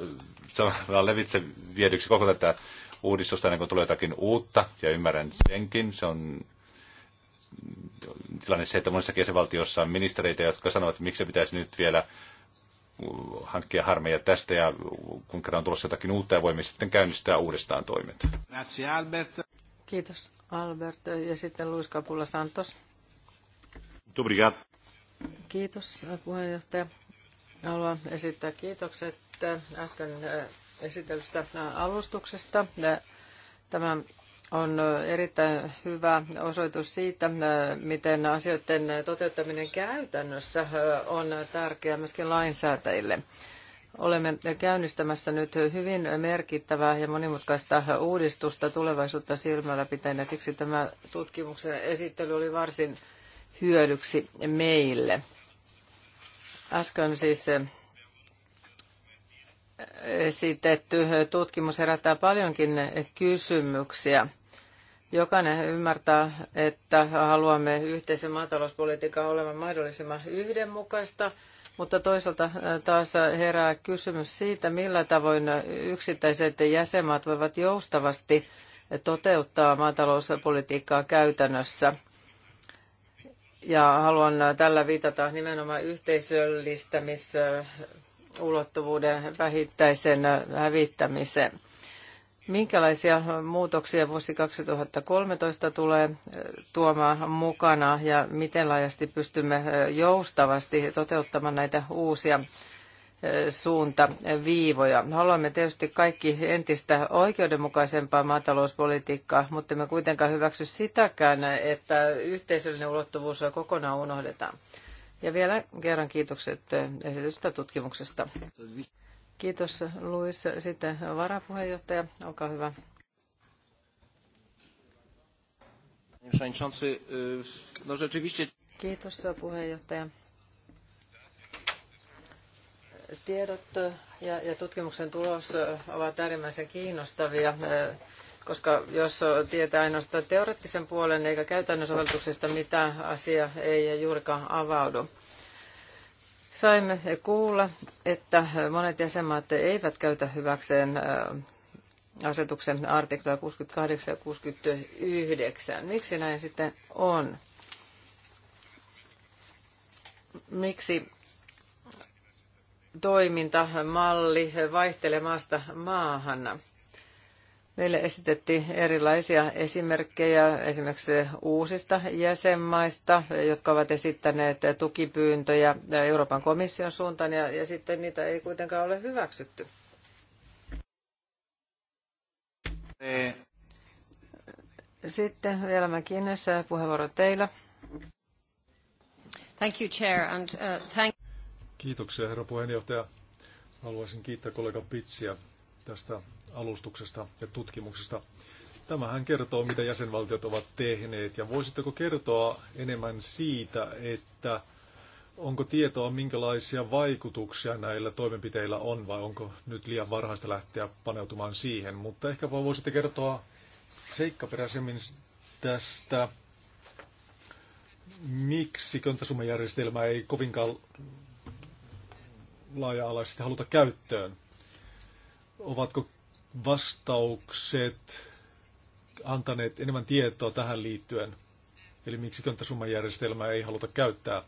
sanotaan levitse viedyksi koko tätä uudistusta, ennen kuin tulee jotakin uutta, ja ymmärrän senkin. Se on tilanne se, että monissa jäsenvaltioissa on ministereitä, jotka sanovat, että miksi pitäisi nyt vielä hankkia harmeja tästä, ja kun kerran on tulossa jotakin uutta, ja voimme sitten käynnistää uudestaan toimet. Kiitos Albert, ja sitten Luis Kapula Santos. Kiitos puheenjohtaja. Haluan esittää kiitokset äh, äsken äh, esitellystä äh, alustuksesta. Tämä on erittäin hyvä osoitus siitä, miten asioiden toteuttaminen käytännössä on tärkeää myöskin lainsäätäjille. Olemme käynnistämässä nyt hyvin merkittävää ja monimutkaista uudistusta tulevaisuutta silmällä pitäen, ja siksi tämä tutkimuksen esittely oli varsin hyödyksi meille. Äsken siis äh, esitetty tutkimus herättää paljonkin kysymyksiä. Jokainen ymmärtää, että haluamme yhteisen maatalouspolitiikan olevan mahdollisimman yhdenmukaista, mutta toisaalta äh, taas herää kysymys siitä, millä tavoin yksittäiset jäsenmaat voivat joustavasti toteuttaa maatalouspolitiikkaa käytännössä – ja haluan tällä viitata nimenomaan yhteisöllistämisulottuvuuden vähittäisen hävittämiseen. Minkälaisia muutoksia vuosi 2013 tulee tuomaan mukana ja miten laajasti pystymme joustavasti toteuttamaan näitä uusia suuntaviivoja. Haluamme tietysti kaikki entistä oikeudenmukaisempaa maatalouspolitiikkaa, mutta me kuitenkaan hyväksy sitäkään, että yhteisöllinen ulottuvuus kokonaan unohdetaan. Ja vielä kerran kiitokset esitystä tutkimuksesta. Kiitos Luis. Sitten varapuheenjohtaja, olkaa hyvä. No Kiitos puheenjohtaja tiedot ja, ja tutkimuksen tulos ovat äärimmäisen kiinnostavia, koska jos tietää ainoastaan teoreettisen puolen eikä käytännön sovelluksesta mitä asia ei juurikaan avaudu. Saimme kuulla, että monet jäsenmaat eivät käytä hyväkseen asetuksen artikloja 68 ja 69. Miksi näin sitten on? Miksi toimintamalli vaihtelemasta maahan. Meille esitettiin erilaisia esimerkkejä esimerkiksi uusista jäsenmaista, jotka ovat esittäneet tukipyyntöjä Euroopan komission suuntaan ja, ja sitten niitä ei kuitenkaan ole hyväksytty. Sitten vielä Mäkinässä puheenvuoro teillä. Thank you, Chair, and, uh, thank... Kiitoksia, herra puheenjohtaja. Haluaisin kiittää kollega Pitsiä tästä alustuksesta ja tutkimuksesta. Tämähän kertoo, mitä jäsenvaltiot ovat tehneet. Ja voisitteko kertoa enemmän siitä, että onko tietoa, minkälaisia vaikutuksia näillä toimenpiteillä on, vai onko nyt liian varhaista lähteä paneutumaan siihen. Mutta ehkä voisitte kertoa seikkaperäisemmin tästä, miksi könttäsummajärjestelmä ei kovinkaan laaja-alaisesti haluta käyttöön. Ovatko vastaukset antaneet enemmän tietoa tähän liittyen? Eli miksi könttäsummajärjestelmää ei haluta käyttää?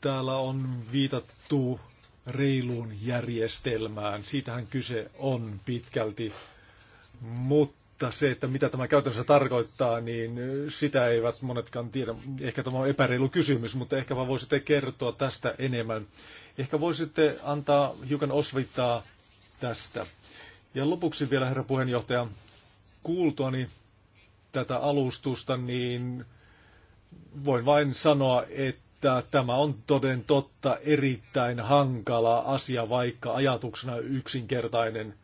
Täällä on viitattu reiluun järjestelmään. Siitähän kyse on pitkälti, mutta mutta se, että mitä tämä käytännössä tarkoittaa, niin sitä eivät monetkaan tiedä. Ehkä tämä on epäreilu kysymys, mutta ehkä vaan voisitte kertoa tästä enemmän. Ehkä voisitte antaa hiukan osvittaa tästä. Ja lopuksi vielä, herra puheenjohtaja, kuultuani tätä alustusta, niin voin vain sanoa, että tämä on toden totta erittäin hankala asia, vaikka ajatuksena yksinkertainen –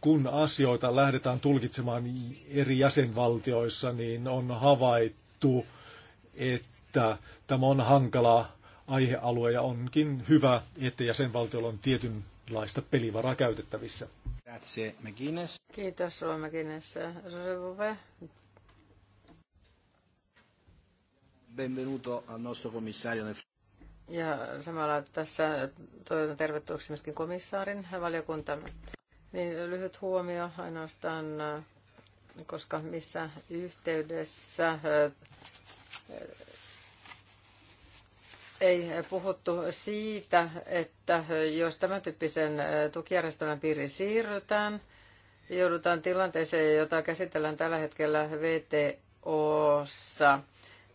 kun asioita lähdetään tulkitsemaan eri jäsenvaltioissa, niin on havaittu, että tämä on hankala aihealue ja onkin hyvä, että jäsenvaltiolla on tietynlaista pelivaraa käytettävissä. Kiitos, Rova McGuinness. Benvenuto al nostro commissario nel... Ja samalla tässä toivotan tervetulleeksi myöskin komissaarin valiokuntamme. Niin lyhyt huomio ainoastaan, koska missä yhteydessä äh, äh, ei puhuttu siitä, että jos tämän tyyppisen äh, tukijärjestelmän piiriin siirrytään, joudutaan tilanteeseen, jota käsitellään tällä hetkellä VTOssa.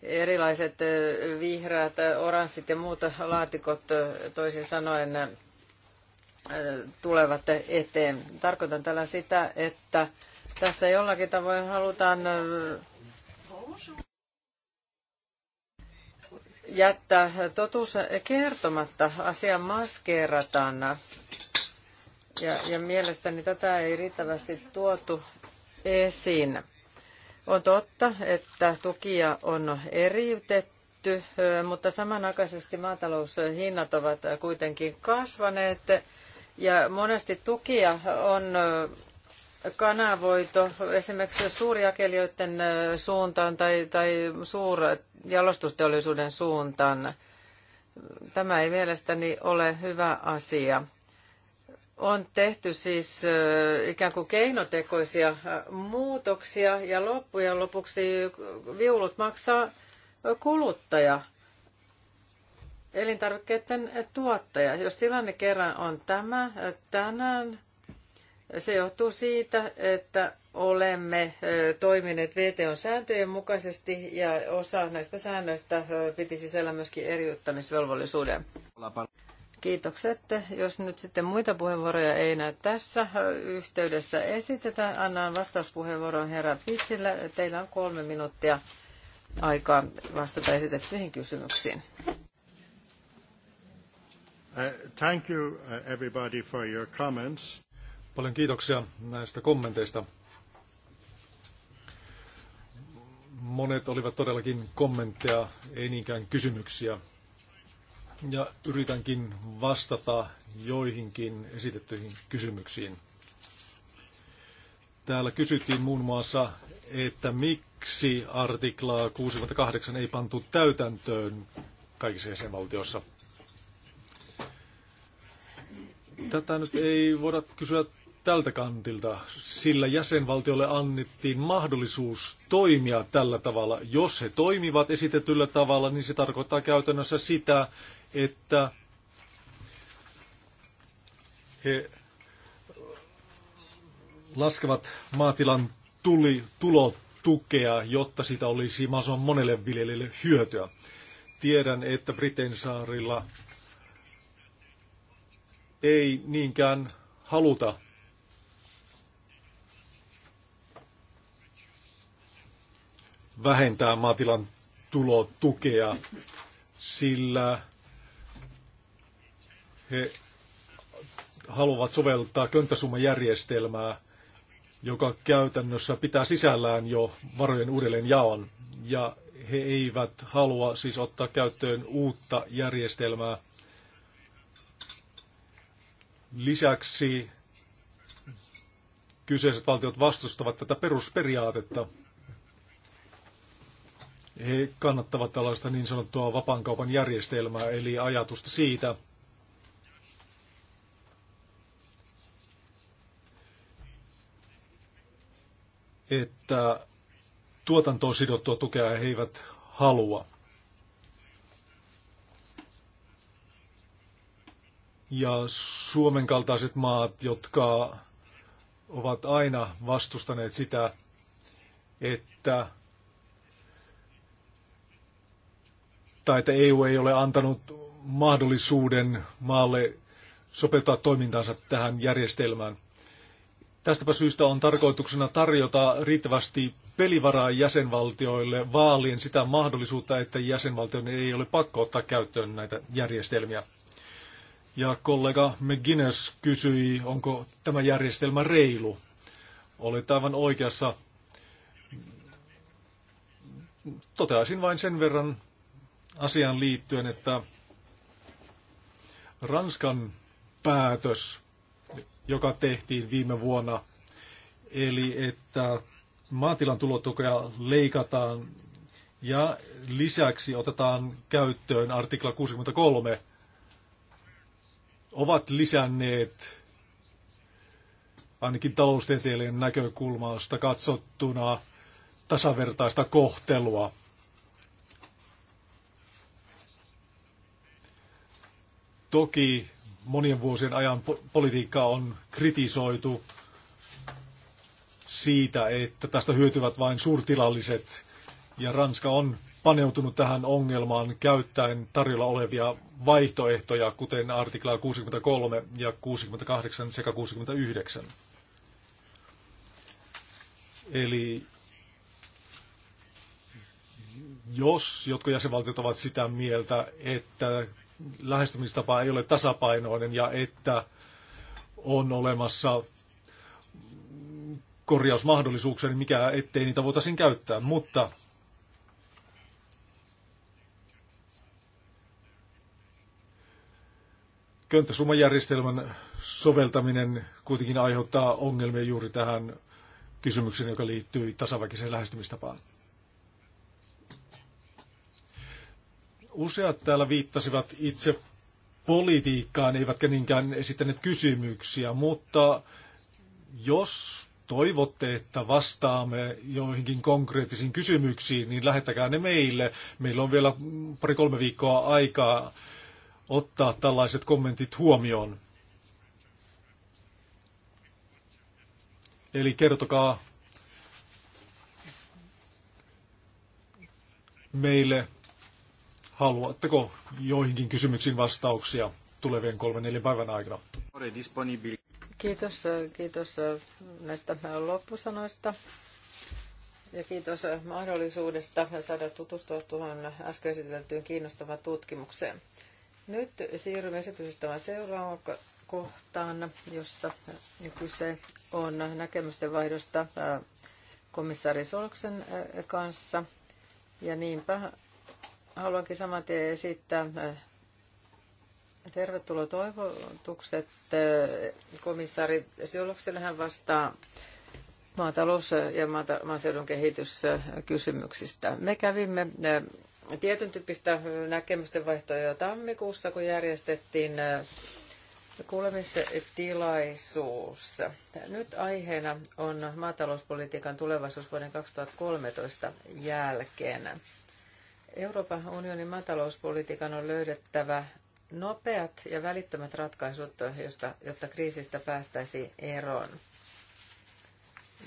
Erilaiset vihreät, oranssit ja muut laatikot, toisin sanoen, tulevat eteen. Tarkoitan tällä sitä, että tässä jollakin tavoin halutaan jättää totuus kertomatta, asia maskeerataan. Ja, ja mielestäni tätä ei riittävästi tuotu esiin. On totta, että tukia on eriytetty, mutta samanaikaisesti maataloushinnat ovat kuitenkin kasvaneet ja monesti tukia on kanavoitu esimerkiksi suurjakelijoiden suuntaan tai, tai suurjalostusteollisuuden suuntaan. Tämä ei mielestäni ole hyvä asia. On tehty siis ikään kuin keinotekoisia muutoksia ja loppujen lopuksi viulut maksaa kuluttaja elintarvikkeiden tuottaja. Jos tilanne kerran on tämä tänään, se johtuu siitä, että olemme toimineet vto sääntöjen mukaisesti ja osa näistä säännöistä piti sisällä myöskin eriyttämisvelvollisuuden. Kiitokset. Jos nyt sitten muita puheenvuoroja ei näy tässä yhteydessä esitetä, annan vastauspuheenvuoron herra Pitsillä. Teillä on kolme minuuttia aikaa vastata esitettyihin kysymyksiin. Uh, thank you uh, everybody for your comments. Paljon kiitoksia näistä kommenteista. Monet olivat todellakin kommentteja, ei niinkään kysymyksiä. Ja yritänkin vastata joihinkin esitettyihin kysymyksiin. Täällä kysyttiin muun muassa, että miksi artiklaa 68 ei pantu täytäntöön kaikissa jäsenvaltioissa. Tätä nyt ei voida kysyä tältä kantilta, sillä jäsenvaltiolle annettiin mahdollisuus toimia tällä tavalla. Jos he toimivat esitetyllä tavalla, niin se tarkoittaa käytännössä sitä, että he laskevat maatilan tuli, tulotukea, jotta sitä olisi mahdollisimman monelle viljelijälle hyötyä. Tiedän, että Briten saarilla ei niinkään haluta. vähentää maatilan tulotukea, sillä he haluavat soveltaa könttäsummajärjestelmää, joka käytännössä pitää sisällään jo varojen uudelleen jaon. Ja he eivät halua siis ottaa käyttöön uutta järjestelmää, Lisäksi kyseiset valtiot vastustavat tätä perusperiaatetta. He kannattavat tällaista niin sanottua vapaankaupan järjestelmää, eli ajatusta siitä, että tuotantoon sidottua tukea he eivät halua. ja Suomen kaltaiset maat, jotka ovat aina vastustaneet sitä, että tai että EU ei ole antanut mahdollisuuden maalle sopeuttaa toimintansa tähän järjestelmään. Tästäpä syystä on tarkoituksena tarjota riittävästi pelivaraa jäsenvaltioille vaalien sitä mahdollisuutta, että jäsenvaltioiden ei ole pakko ottaa käyttöön näitä järjestelmiä. Ja kollega McGuinness kysyi, onko tämä järjestelmä reilu. oli aivan oikeassa. Toteaisin vain sen verran asiaan liittyen, että Ranskan päätös, joka tehtiin viime vuonna, eli että maatilan tulotukea leikataan ja lisäksi otetaan käyttöön artikla 63 ovat lisänneet ainakin taloustieteilijän näkökulmasta katsottuna tasavertaista kohtelua. Toki monien vuosien ajan politiikka on kritisoitu siitä, että tästä hyötyvät vain suurtilalliset. Ja Ranska on paneutunut tähän ongelmaan käyttäen tarjolla olevia vaihtoehtoja, kuten artiklaa 63 ja 68 sekä 69. Eli jos jotkut jäsenvaltiot ovat sitä mieltä, että lähestymistapa ei ole tasapainoinen ja että on olemassa korjausmahdollisuuksia, niin mikä ettei niitä voitaisiin käyttää. Mutta könttäsummajärjestelmän soveltaminen kuitenkin aiheuttaa ongelmia juuri tähän kysymykseen, joka liittyy tasaväkiseen lähestymistapaan. Useat täällä viittasivat itse politiikkaan, eivätkä niinkään esittäneet kysymyksiä, mutta jos toivotte, että vastaamme joihinkin konkreettisiin kysymyksiin, niin lähettäkää ne meille. Meillä on vielä pari-kolme viikkoa aikaa ottaa tällaiset kommentit huomioon. Eli kertokaa meille, haluatteko joihinkin kysymyksiin vastauksia tulevien kolmen neljän päivän aikana. Kiitos, kiitos näistä loppusanoista. Ja kiitos mahdollisuudesta saada tutustua tuohon äsken esiteltyyn kiinnostavaan tutkimukseen. Nyt siirrymme esityslistavan seuraavaan kohtaan, jossa kyse on näkemysten vaihdosta äh, komissaari Solksen äh, kanssa. Ja niinpä haluankin saman tien esittää äh, tervetuloa toivotukset. Komissaari Solksen hän vastaa maatalous- ja maaseudun kehityskysymyksistä. Me kävimme tietyn tyyppistä näkemysten vaihtoa jo tammikuussa, kun järjestettiin kuulemistilaisuus. Nyt aiheena on maatalouspolitiikan tulevaisuus vuoden 2013 jälkeen. Euroopan unionin maatalouspolitiikan on löydettävä nopeat ja välittömät ratkaisut, jotta kriisistä päästäisiin eroon.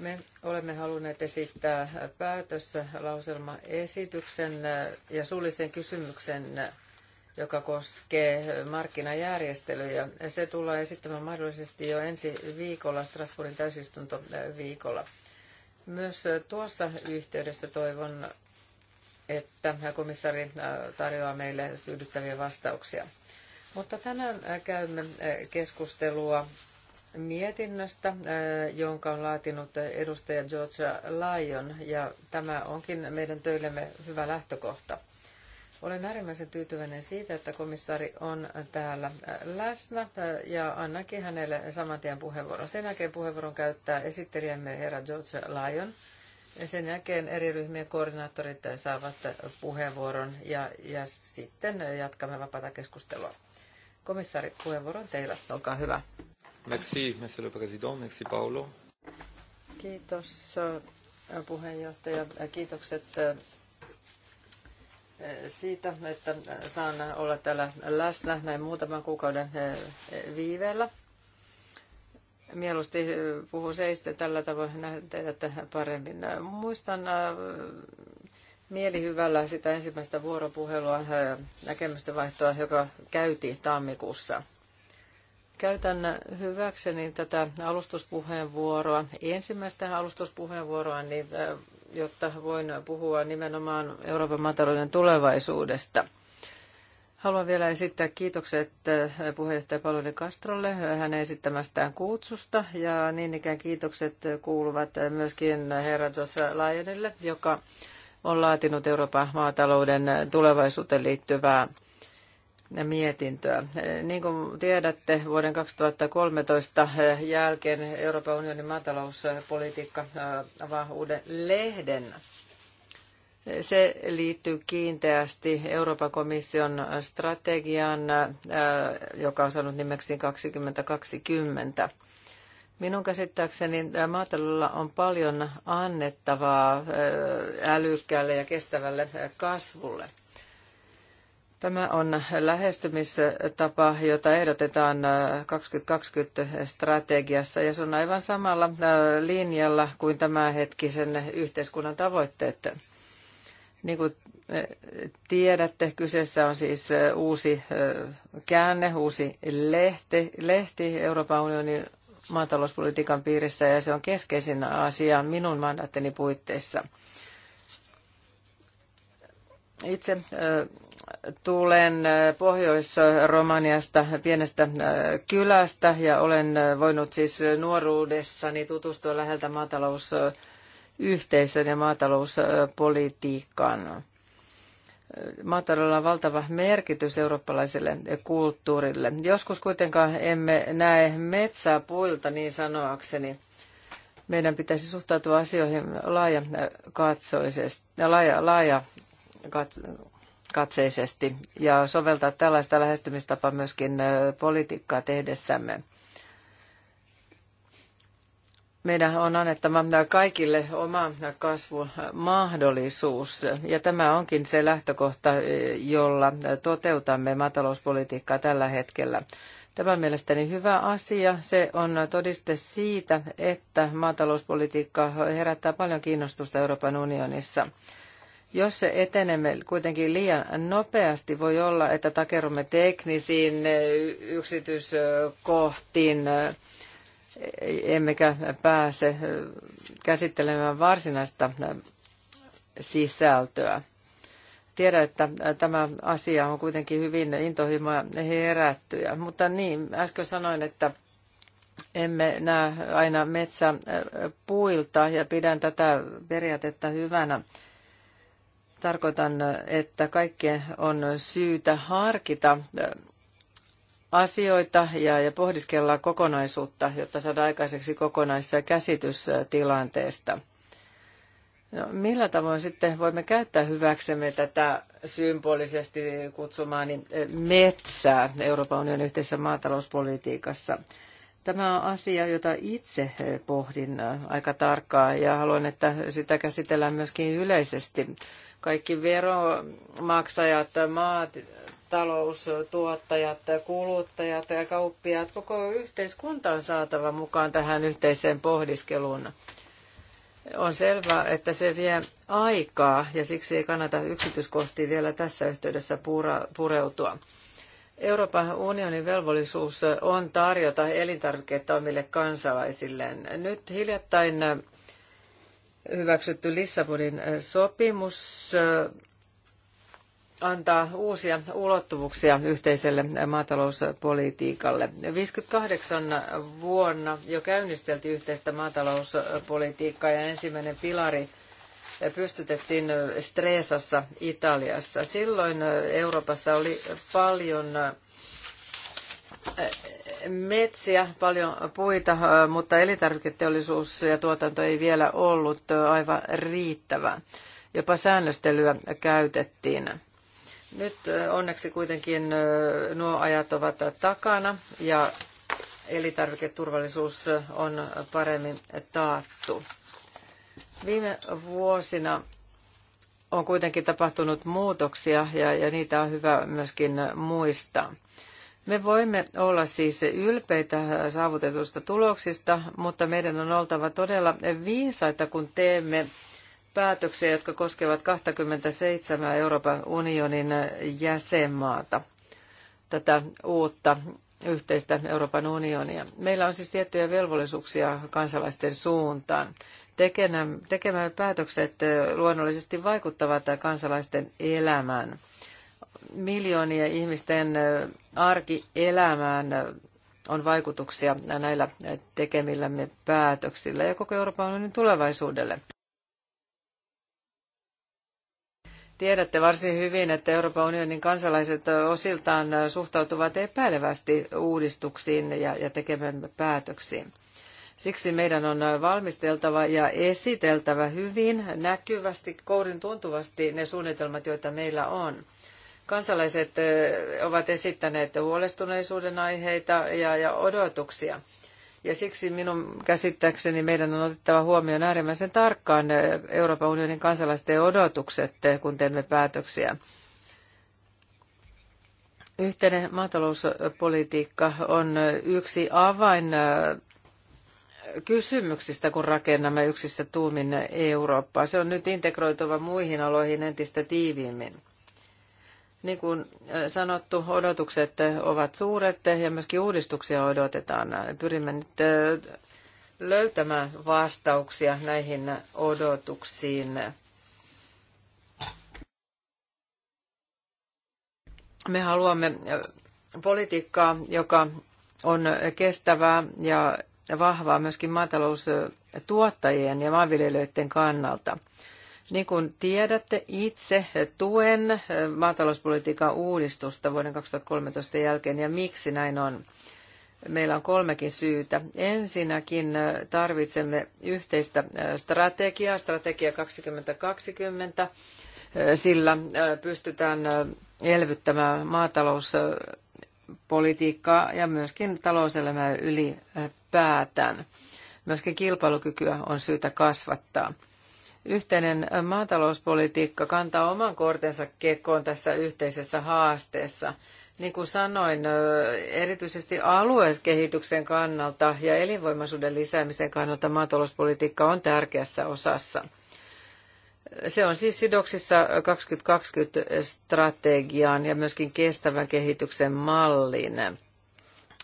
Me olemme halunneet esittää päätöslauselmaesityksen ja suullisen kysymyksen, joka koskee markkinajärjestelyjä. Se tullaan esittämään mahdollisesti jo ensi viikolla, Strasbourgin täysistuntoviikolla. Myös tuossa yhteydessä toivon, että komissaari tarjoaa meille tyydyttäviä vastauksia. Mutta tänään käymme keskustelua mietinnöstä, jonka on laatinut edustaja George Lyon, ja tämä onkin meidän töillemme hyvä lähtökohta. Olen äärimmäisen tyytyväinen siitä, että komissaari on täällä läsnä ja annankin hänelle saman tien puheenvuoron. Sen jälkeen puheenvuoron käyttää esittelijämme herra George Lyon. Ja sen jälkeen eri ryhmien koordinaattorit saavat puheenvuoron ja, ja sitten jatkamme vapaata keskustelua. Komissaari, puheenvuoro on teillä. Olkaa hyvä. Merci, monsieur le président. Merci, Paolo. Kiitos äh, puheenjohtaja. Äh, kiitokset äh, siitä, että saan olla täällä läsnä näin muutaman kuukauden viiveellä. Mieluusti puhun seistä tällä tavoin nähdä teidät paremmin. Muistan mielihyvällä sitä ensimmäistä vuoropuhelua, näkemysten vaihtoa, joka käytiin tammikuussa – Käytän hyväkseni tätä alustuspuheenvuoroa, ensimmäistä alustuspuheenvuoroa, niin, jotta voin puhua nimenomaan Euroopan maatalouden tulevaisuudesta. Haluan vielä esittää kiitokset puheenjohtaja Paloni Kastrolle hänen esittämästään kutsusta ja niin ikään kiitokset kuuluvat myöskin herra Josh Lyonille, joka on laatinut Euroopan maatalouden tulevaisuuteen liittyvää mietintöä. Niin kuin tiedätte, vuoden 2013 jälkeen Euroopan unionin maatalouspolitiikka avaa uuden lehden. Se liittyy kiinteästi Euroopan komission strategiaan, joka on saanut nimeksi 2020. Minun käsittääkseni maataloudella on paljon annettavaa älykkäälle ja kestävälle kasvulle – Tämä on lähestymistapa, jota ehdotetaan 2020-strategiassa ja se on aivan samalla äh, linjalla kuin tämänhetkisen yhteiskunnan tavoitteet. Niin kuin äh, tiedätte, kyseessä on siis äh, uusi käänne, uusi lehti, lehti Euroopan unionin maatalouspolitiikan piirissä ja se on keskeisin asia minun mandaattini puitteissa – itse tulen Pohjois-Romaniasta pienestä kylästä ja olen voinut siis nuoruudessani tutustua läheltä maatalousyhteisön ja maatalouspolitiikkaan. Maataloudella on valtava merkitys eurooppalaiselle kulttuurille. Joskus kuitenkaan emme näe metsää puilta niin sanoakseni. Meidän pitäisi suhtautua asioihin laaja katsoisesti, laaja, laaja katseisesti ja soveltaa tällaista lähestymistapaa myöskin politiikkaa tehdessämme. Meidän on annettava kaikille oma kasvun mahdollisuus ja tämä onkin se lähtökohta, jolla toteutamme maatalouspolitiikkaa tällä hetkellä. Tämä on mielestäni hyvä asia. Se on todiste siitä, että maatalouspolitiikka herättää paljon kiinnostusta Euroopan unionissa. Jos se etenemme kuitenkin liian nopeasti, voi olla, että takerumme teknisiin eh, yksityiskohtiin, eh, emmekä pääse eh, käsittelemään varsinaista sisältöä. Tiedän, että tämä asia on kuitenkin hyvin intohimoja herättyjä, mutta niin, äsken sanoin, että emme näe aina metsä puilta ja pidän tätä periaatetta hyvänä Tarkoitan, että kaikkien on syytä harkita asioita ja, ja pohdiskella kokonaisuutta, jotta saadaan aikaiseksi kokonaissa käsitys tilanteesta. No, millä tavoin sitten voimme käyttää hyväksemme tätä symbolisesti kutsumaani metsää Euroopan unionin yhteisessä maatalouspolitiikassa? Tämä on asia, jota itse pohdin aika tarkkaan ja haluan, että sitä käsitellään myöskin yleisesti kaikki veromaksajat, maat, taloustuottajat, kuluttajat ja kauppiaat, koko yhteiskunta on saatava mukaan tähän yhteiseen pohdiskeluun. On selvää, että se vie aikaa ja siksi ei kannata yksityiskohtiin vielä tässä yhteydessä pureutua. Euroopan unionin velvollisuus on tarjota elintarvikkeita omille kansalaisilleen. Nyt hiljattain hyväksytty Lissabonin sopimus antaa uusia ulottuvuuksia yhteiselle maatalouspolitiikalle. 58 vuonna jo käynnisteltiin yhteistä maatalouspolitiikkaa ja ensimmäinen pilari pystytettiin Stresassa Italiassa. Silloin Euroopassa oli paljon metsiä, paljon puita, mutta elintarviketeollisuus ja tuotanto ei vielä ollut aivan riittävää. Jopa säännöstelyä käytettiin. Nyt onneksi kuitenkin nuo ajat ovat takana ja elintarviketurvallisuus on paremmin taattu. Viime vuosina on kuitenkin tapahtunut muutoksia ja, ja niitä on hyvä myöskin muistaa. Me voimme olla siis ylpeitä saavutetusta tuloksista, mutta meidän on oltava todella viisaita, kun teemme päätöksiä, jotka koskevat 27 Euroopan unionin jäsenmaata, tätä uutta yhteistä Euroopan unionia. Meillä on siis tiettyjä velvollisuuksia kansalaisten suuntaan. Tekemämme päätökset luonnollisesti vaikuttavat kansalaisten elämään miljoonien ihmisten arkielämään on vaikutuksia näillä tekemillämme päätöksillä ja koko Euroopan unionin tulevaisuudelle. Tiedätte varsin hyvin, että Euroopan unionin kansalaiset osiltaan suhtautuvat epäilevästi uudistuksiin ja, ja tekemämme päätöksiin. Siksi meidän on valmisteltava ja esiteltävä hyvin näkyvästi, kourin tuntuvasti ne suunnitelmat, joita meillä on. Kansalaiset ovat esittäneet huolestuneisuuden aiheita ja, ja odotuksia. Ja siksi minun käsittääkseni meidän on otettava huomioon äärimmäisen tarkkaan Euroopan unionin kansalaisten odotukset, kun teemme päätöksiä. Yhteinen maatalouspolitiikka on yksi avain kysymyksistä, kun rakennamme yksissä tuumin Eurooppaa. Se on nyt integroituva muihin aloihin entistä tiiviimmin. Niin kuin sanottu, odotukset ovat suuret ja myöskin uudistuksia odotetaan. Pyrimme nyt löytämään vastauksia näihin odotuksiin. Me haluamme politiikkaa, joka on kestävää ja vahvaa myöskin maataloustuottajien ja maanviljelijöiden kannalta. Niin kuin tiedätte, itse tuen eh, maatalouspolitiikan uudistusta vuoden 2013 jälkeen ja miksi näin on. Meillä on kolmekin syytä. Ensinnäkin eh, tarvitsemme yhteistä eh, strategiaa, strategia 2020, sillä pystytään elvyttämään maatalouspolitiikkaa ja myöskin talouselämää ylipäätään. Myöskin kilpailukykyä on syytä kasvattaa yhteinen maatalouspolitiikka kantaa oman kortensa kekoon tässä yhteisessä haasteessa. Niin kuin sanoin, erityisesti aluekehityksen kannalta ja elinvoimaisuuden lisäämisen kannalta maatalouspolitiikka on tärkeässä osassa. Se on siis sidoksissa 2020-strategiaan ja myöskin kestävän kehityksen malliin.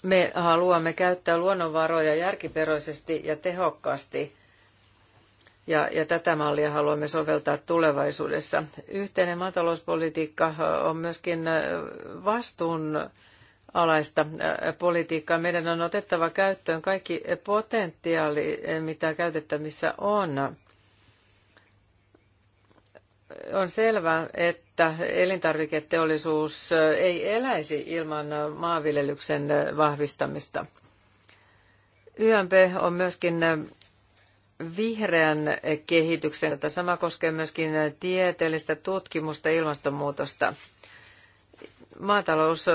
Me haluamme käyttää luonnonvaroja järkiperäisesti ja tehokkaasti – ja, ja tätä mallia haluamme soveltaa tulevaisuudessa. Yhteinen maatalouspolitiikka on myöskin vastuun alaista politiikkaa. Meidän on otettava käyttöön kaikki potentiaali, mitä käytettävissä on. On selvää, että elintarviketeollisuus ei eläisi ilman maanviljelyksen vahvistamista. YMP on myöskin vihreän kehityksen. Tämä koskee myöskin tieteellistä tutkimusta ilmastonmuutosta. Maatalous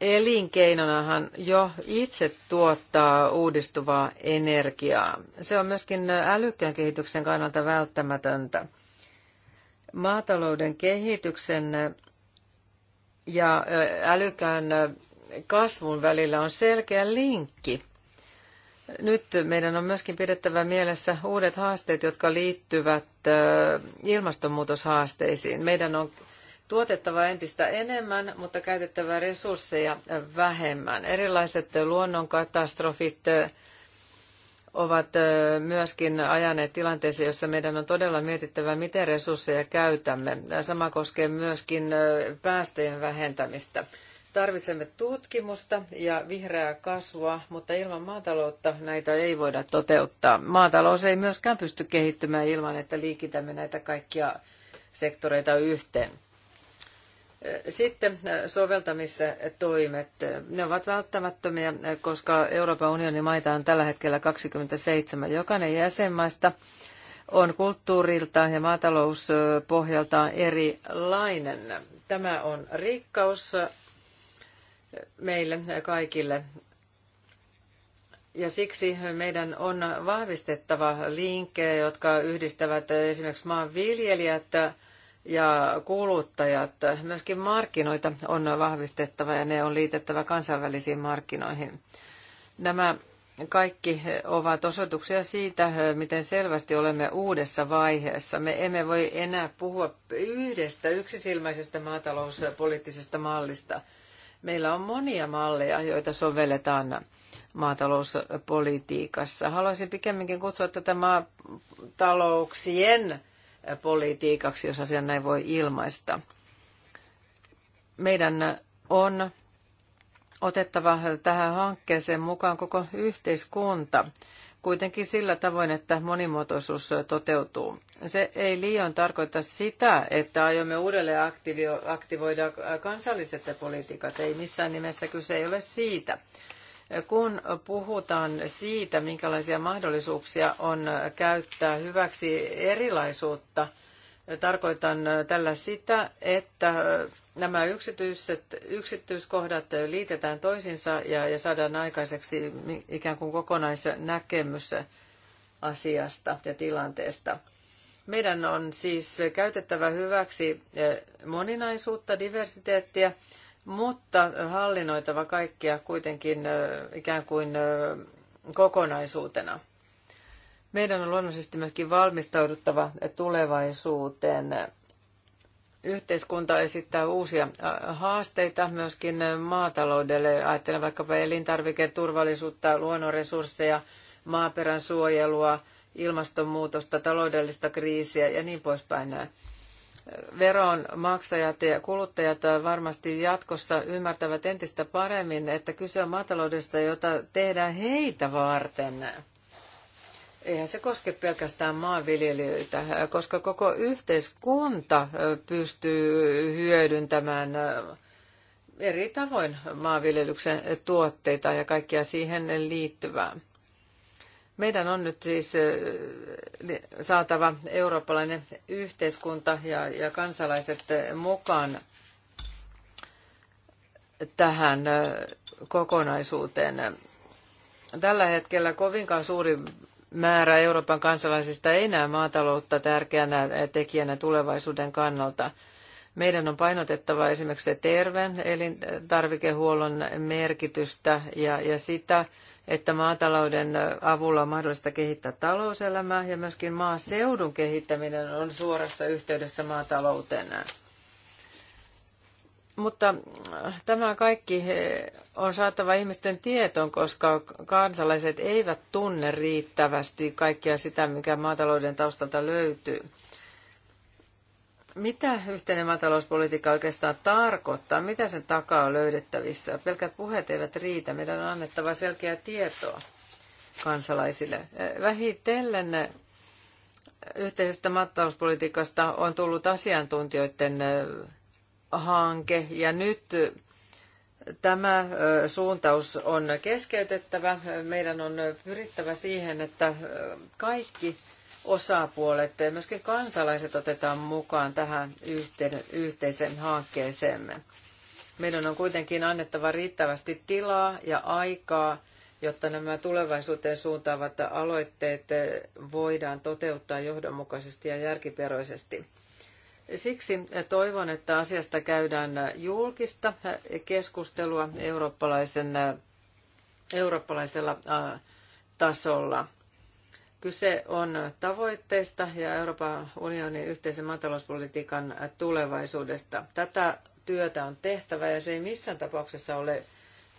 elinkeinonahan jo itse tuottaa uudistuvaa energiaa. Se on myöskin älykkään kehityksen kannalta välttämätöntä. Maatalouden kehityksen ja älykkään kasvun välillä on selkeä linkki. Nyt meidän on myöskin pidettävä mielessä uudet haasteet, jotka liittyvät ilmastonmuutoshaasteisiin. Meidän on tuotettava entistä enemmän, mutta käytettävä resursseja vähemmän. Erilaiset luonnonkatastrofit ovat myöskin ajaneet tilanteeseen, jossa meidän on todella mietittävä, miten resursseja käytämme. Sama koskee myöskin päästöjen vähentämistä. Tarvitsemme tutkimusta ja vihreää kasvua, mutta ilman maataloutta näitä ei voida toteuttaa. Maatalous ei myöskään pysty kehittymään ilman, että liikitämme näitä kaikkia sektoreita yhteen. Sitten soveltamistoimet. Ne ovat välttämättömiä, koska Euroopan unionin maita on tällä hetkellä 27. Jokainen jäsenmaista on kulttuurilta ja maatalouspohjaltaan erilainen. Tämä on rikkaus, meille kaikille. Ja siksi meidän on vahvistettava linkkejä, jotka yhdistävät esimerkiksi maanviljelijät ja kuluttajat. Myöskin markkinoita on vahvistettava ja ne on liitettävä kansainvälisiin markkinoihin. Nämä kaikki ovat osoituksia siitä, miten selvästi olemme uudessa vaiheessa. Me emme voi enää puhua yhdestä yksisilmäisestä maatalouspoliittisesta mallista – Meillä on monia malleja, joita sovelletaan maatalouspolitiikassa. Haluaisin pikemminkin kutsua tätä maatalouksien politiikaksi, jos asian näin voi ilmaista. Meidän on otettava tähän hankkeeseen mukaan koko yhteiskunta kuitenkin sillä tavoin, että monimuotoisuus toteutuu. Se ei liian tarkoita sitä, että aiomme uudelleen aktivio, aktivoida kansalliset politiikat. Ei missään nimessä kyse ei ole siitä. Kun puhutaan siitä, minkälaisia mahdollisuuksia on käyttää hyväksi erilaisuutta, tarkoitan tällä sitä, että nämä yksityiset, yksityiskohdat liitetään toisiinsa ja, ja saadaan aikaiseksi ikään kuin kokonaisnäkemys asiasta ja tilanteesta. Meidän on siis käytettävä hyväksi eh, moninaisuutta, diversiteettiä, mutta hallinnoitava kaikkia kuitenkin eh, ikään kuin eh, kokonaisuutena. Meidän on luonnollisesti myöskin valmistauduttava tulevaisuuteen yhteiskunta esittää uusia haasteita myöskin maataloudelle. Ajattelen vaikkapa elintarviketurvallisuutta, luonnonresursseja, maaperän suojelua, ilmastonmuutosta, taloudellista kriisiä ja niin poispäin. Veronmaksajat ja kuluttajat varmasti jatkossa ymmärtävät entistä paremmin, että kyse on maataloudesta, jota tehdään heitä varten – Eihän se koske pelkästään maanviljelijöitä, koska koko yhteiskunta pystyy hyödyntämään eri tavoin maanviljelyksen tuotteita ja kaikkia siihen liittyvää. Meidän on nyt siis saatava eurooppalainen yhteiskunta ja, ja kansalaiset mukaan tähän kokonaisuuteen. Tällä hetkellä kovinkaan suuri määrä Euroopan kansalaisista ei näe maataloutta tärkeänä tekijänä tulevaisuuden kannalta. Meidän on painotettava esimerkiksi terve elintarvikehuollon merkitystä ja, ja sitä, että maatalouden avulla on mahdollista kehittää talouselämää ja myöskin maaseudun kehittäminen on suorassa yhteydessä maatalouteen. Mutta äh, tämä kaikki on saatava ihmisten tietoon, koska kansalaiset eivät tunne riittävästi kaikkea sitä, mikä maatalouden taustalta löytyy. Mitä yhteinen maatalouspolitiikka oikeastaan tarkoittaa? Mitä sen takaa on löydettävissä? Pelkät puheet eivät riitä. Meidän on annettava selkeää tietoa kansalaisille. Äh, vähitellen yhteisestä maatalouspolitiikasta on tullut asiantuntijoiden äh, hanke ja nyt tämä suuntaus on keskeytettävä. Meidän on pyrittävä siihen, että kaikki osapuolet ja myöskin kansalaiset otetaan mukaan tähän yhteiseen hankkeeseemme. Meidän on kuitenkin annettava riittävästi tilaa ja aikaa, jotta nämä tulevaisuuteen suuntaavat aloitteet voidaan toteuttaa johdonmukaisesti ja järkiperäisesti. Siksi toivon, että asiasta käydään julkista keskustelua eurooppalaisen, eurooppalaisella tasolla. Kyse on tavoitteista ja Euroopan unionin yhteisen maatalouspolitiikan tulevaisuudesta. Tätä työtä on tehtävä ja se ei missään tapauksessa ole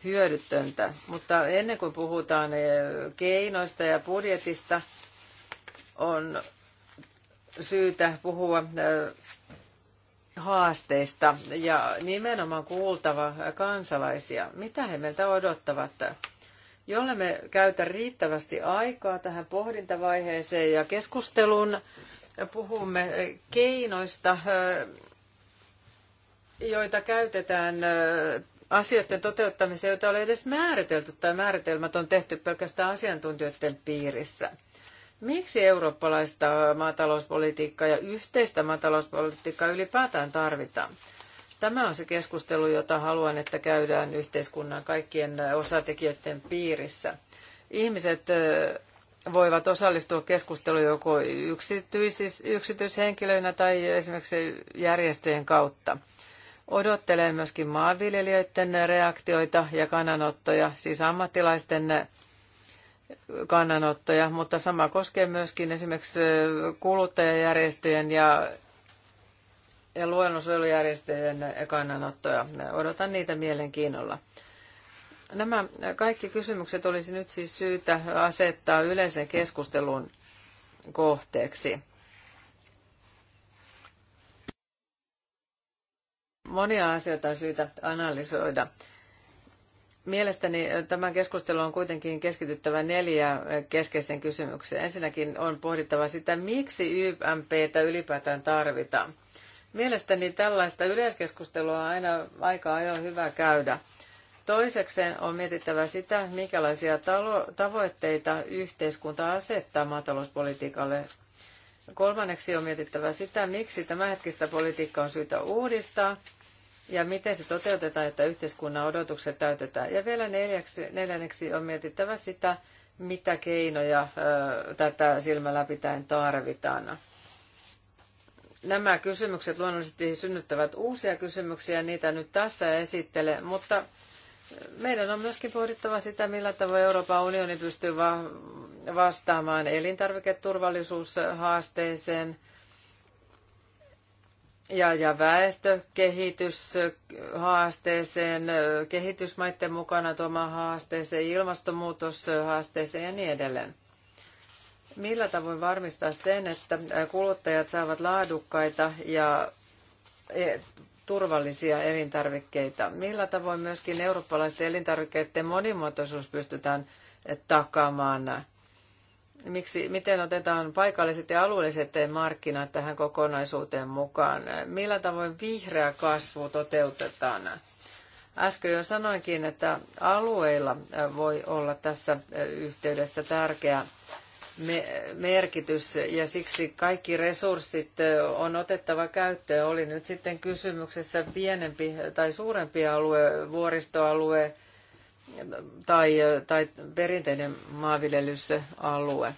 hyödyttöntä. Mutta ennen kuin puhutaan keinoista ja budjetista, on syytä puhua haasteista ja nimenomaan kuultava kansalaisia. Mitä he meiltä odottavat? Jolle me käytä riittävästi aikaa tähän pohdintavaiheeseen ja keskusteluun, puhumme keinoista, joita käytetään asioiden toteuttamiseen, joita ei ole edes määritelty tai määritelmät on tehty pelkästään asiantuntijoiden piirissä – Miksi eurooppalaista maatalouspolitiikkaa ja yhteistä maatalouspolitiikkaa ylipäätään tarvitaan? Tämä on se keskustelu, jota haluan, että käydään yhteiskunnan kaikkien osatekijöiden piirissä. Ihmiset voivat osallistua keskusteluun joko yksityis- yksityishenkilöinä tai esimerkiksi järjestöjen kautta. Odottelen myöskin maanviljelijöiden reaktioita ja kannanottoja, siis ammattilaisten kannanottoja, mutta sama koskee myöskin esimerkiksi kuluttajajärjestöjen ja, ja luonnonsuojelujärjestöjen kannanottoja. Odotan niitä mielenkiinnolla. Nämä kaikki kysymykset olisi nyt siis syytä asettaa yleisen keskustelun kohteeksi. Monia asioita on syytä analysoida. Mielestäni tämän keskustelun on kuitenkin keskityttävä neljään keskeiseen kysymykseen. Ensinnäkin on pohdittava sitä, miksi YMPtä ylipäätään tarvitaan. Mielestäni tällaista yleiskeskustelua on aina aika ajoin hyvä käydä. Toisekseen on mietittävä sitä, minkälaisia tavoitteita yhteiskunta asettaa maatalouspolitiikalle. Kolmanneksi on mietittävä sitä, miksi tämänhetkistä politiikkaa on syytä uudistaa – ja miten se toteutetaan, että yhteiskunnan odotukset täytetään. Ja vielä neljäksi, neljänneksi on mietittävä sitä, mitä keinoja ö, tätä silmällä pitäen tarvitaan. Nämä kysymykset luonnollisesti synnyttävät uusia kysymyksiä, niitä nyt tässä esittele, mutta meidän on myöskin pohdittava sitä, millä tavoin Euroopan unioni pystyy vastaamaan elintarviketurvallisuushaasteeseen – ja, ja väestökehityshaasteeseen, kehitysmaiden mukana tuomaan haasteeseen, ilmastonmuutoshaasteeseen ja niin edelleen. Millä tavoin varmistaa sen, että kuluttajat saavat laadukkaita ja e, turvallisia elintarvikkeita? Millä tavoin myöskin eurooppalaisten elintarvikkeiden monimuotoisuus pystytään takaamaan? miksi, miten otetaan paikalliset ja alueelliset markkinat tähän kokonaisuuteen mukaan? Millä tavoin vihreä kasvu toteutetaan? Äsken jo sanoinkin, että alueilla voi olla tässä yhteydessä tärkeä merkitys ja siksi kaikki resurssit on otettava käyttöön. Oli nyt sitten kysymyksessä pienempi tai suurempi alue, vuoristoalue, tai, tai perinteinen maanviljelysalue.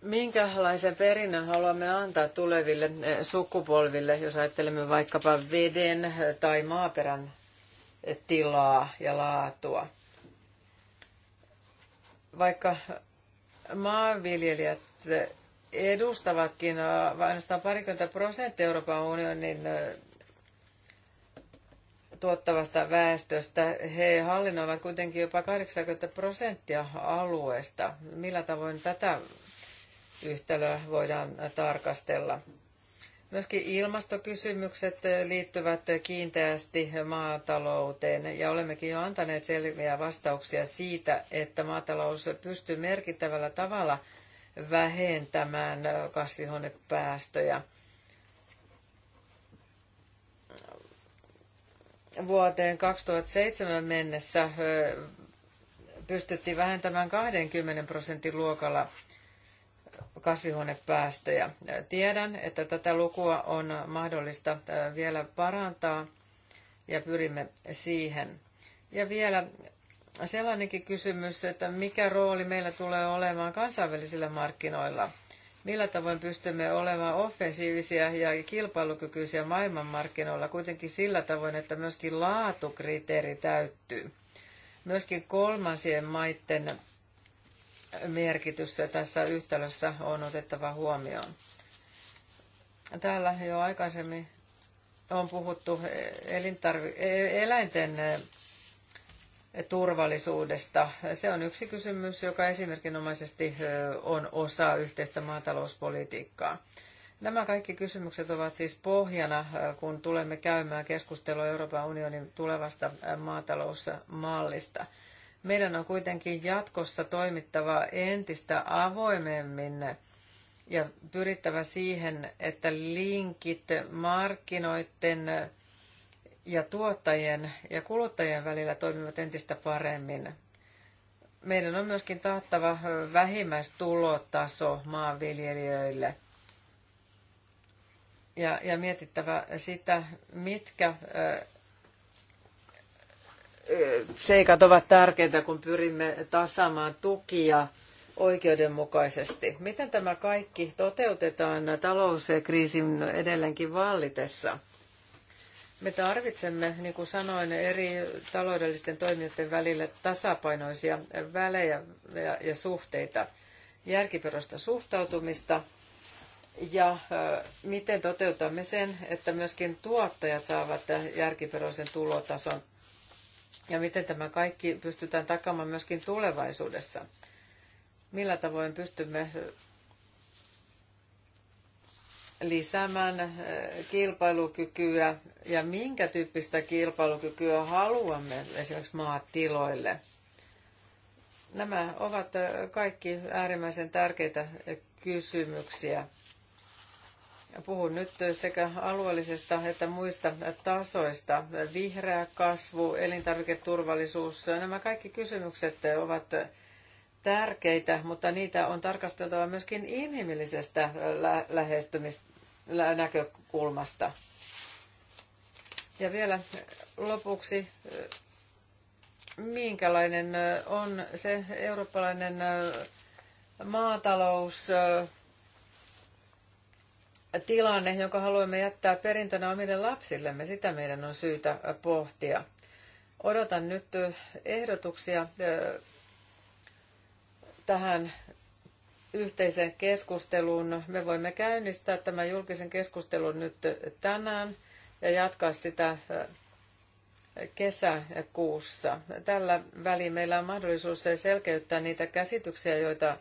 Minkälaisen perinnön haluamme antaa tuleville sukupolville, jos ajattelemme vaikkapa veden tai maaperän tilaa ja laatua? Vaikka maanviljelijät edustavatkin ainoastaan parikymmentä prosenttia Euroopan unionin tuottavasta väestöstä. He hallinnoivat kuitenkin jopa 80 prosenttia alueesta. Millä tavoin tätä yhtälöä voidaan tarkastella? Myöskin ilmastokysymykset liittyvät kiinteästi maatalouteen ja olemmekin jo antaneet selviä vastauksia siitä, että maatalous pystyy merkittävällä tavalla vähentämään kasvihuonepäästöjä – vuoteen 2007 mennessä pystyttiin vähentämään 20 prosentin luokalla kasvihuonepäästöjä. Tiedän, että tätä lukua on mahdollista vielä parantaa ja pyrimme siihen. Ja vielä sellainenkin kysymys, että mikä rooli meillä tulee olemaan kansainvälisillä markkinoilla – millä tavoin pystymme olemaan offensiivisia ja kilpailukykyisiä maailmanmarkkinoilla kuitenkin sillä tavoin, että myöskin laatukriteeri täyttyy. Myöskin kolmansien maiden merkitys tässä yhtälössä on otettava huomioon. Täällä jo aikaisemmin on puhuttu e- eläinten turvallisuudesta. Se on yksi kysymys, joka esimerkinomaisesti on osa yhteistä maatalouspolitiikkaa. Nämä kaikki kysymykset ovat siis pohjana, kun tulemme käymään keskustelua Euroopan unionin tulevasta maatalousmallista. Meidän on kuitenkin jatkossa toimittava entistä avoimemmin ja pyrittävä siihen, että linkit markkinoiden ja tuottajien ja kuluttajien välillä toimivat entistä paremmin. Meidän on myöskin taattava vähimmäistulotaso maanviljelijöille ja, ja mietittävä sitä, mitkä seikat ovat tärkeitä, kun pyrimme tasaamaan tukia oikeudenmukaisesti. Miten tämä kaikki toteutetaan talouskriisin edelleenkin vallitessa? Me tarvitsemme, niin kuin sanoin, eri taloudellisten toimijoiden välillä tasapainoisia välejä ja suhteita, järkiperäistä suhtautumista ja miten toteutamme sen, että myöskin tuottajat saavat järkiperäisen tulotason ja miten tämä kaikki pystytään takaamaan myöskin tulevaisuudessa. Millä tavoin pystymme lisäämään äh, kilpailukykyä ja minkä tyyppistä kilpailukykyä haluamme esimerkiksi maatiloille. Nämä ovat äh, kaikki äärimmäisen tärkeitä kysymyksiä. Puhun nyt sekä alueellisesta että muista tasoista. Vihreä kasvu, elintarviketurvallisuus, nämä kaikki kysymykset ovat tärkeitä, mutta niitä on tarkasteltava myöskin inhimillisestä lä- lähestymistä näkökulmasta. Ja vielä lopuksi, minkälainen on se eurooppalainen maatalous, tilanne, jonka haluamme jättää perintönä omille lapsillemme, sitä meidän on syytä pohtia. Odotan nyt ehdotuksia tähän yhteiseen keskusteluun. Me voimme käynnistää tämän julkisen keskustelun nyt tänään ja jatkaa sitä kesäkuussa. Tällä väliin meillä on mahdollisuus selkeyttää niitä käsityksiä, joita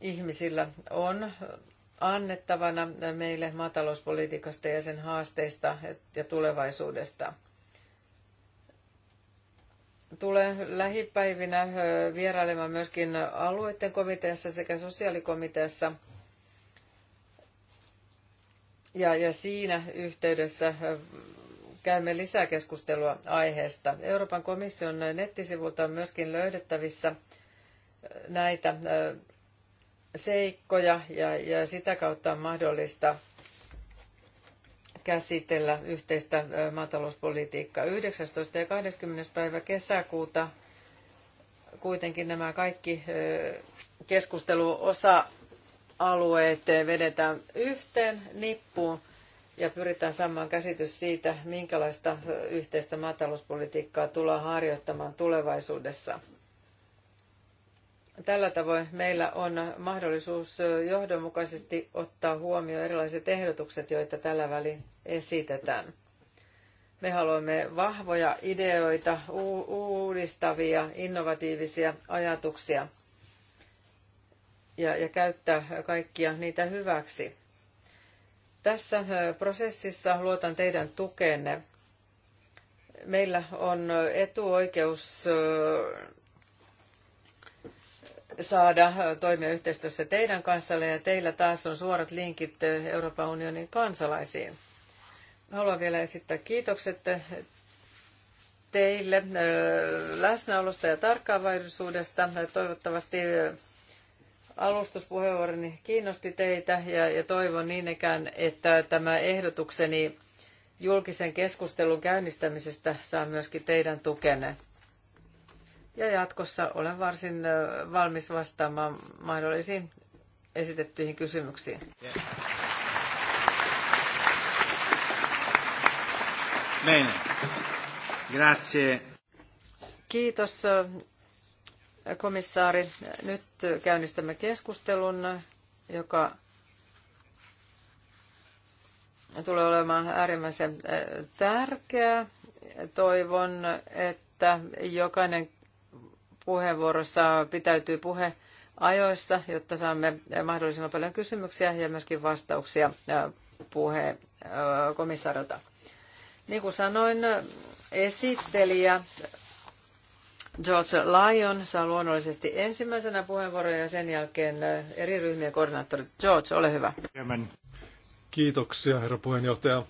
ihmisillä on annettavana meille maatalouspolitiikasta ja sen haasteista ja tulevaisuudesta. Tulen lähipäivinä vierailemaan myöskin alueiden komiteassa sekä sosiaalikomiteassa. Ja, ja siinä yhteydessä käymme lisää keskustelua aiheesta. Euroopan komission nettisivulta on myöskin löydettävissä näitä seikkoja ja, ja sitä kautta on mahdollista käsitellä yhteistä maatalouspolitiikkaa. 19. ja 20. päivä kesäkuuta kuitenkin nämä kaikki keskusteluosa-alueet vedetään yhteen nippuun ja pyritään saamaan käsitys siitä, minkälaista yhteistä maatalouspolitiikkaa tullaan harjoittamaan tulevaisuudessa – Tällä tavoin meillä on mahdollisuus johdonmukaisesti ottaa huomioon erilaiset ehdotukset, joita tällä välin esitetään. Me haluamme vahvoja ideoita, uudistavia, innovatiivisia ajatuksia ja, ja käyttää kaikkia niitä hyväksi. Tässä prosessissa luotan teidän tukeenne. Meillä on etuoikeus saada äh, toimia yhteistyössä teidän kanssanne ja teillä taas on suorat linkit äh, Euroopan unionin kansalaisiin. Haluan vielä esittää kiitokset äh, teille läsnäolosta ja tarkkaavaisuudesta. Toivottavasti alustuspuheenvuoroni kiinnosti teitä ja, ja toivon niin ikään, että tämä ehdotukseni julkisen keskustelun käynnistämisestä saa myöskin teidän tukenne ja jatkossa olen varsin valmis vastaamaan mahdollisiin esitettyihin kysymyksiin. Bene. Grazie. Kiitos komissaari. Nyt käynnistämme keskustelun, joka tulee olemaan äärimmäisen tärkeä. Toivon, että jokainen puheenvuorossa pitäytyy puhe ajoista, jotta saamme mahdollisimman paljon kysymyksiä ja myöskin vastauksia puhe komissaarilta. Niin kuin sanoin, esittelijä George Lyon saa luonnollisesti ensimmäisenä puheenvuoron ja sen jälkeen eri ryhmien koordinaattorit. George, ole hyvä. Kiitoksia, herra puheenjohtaja.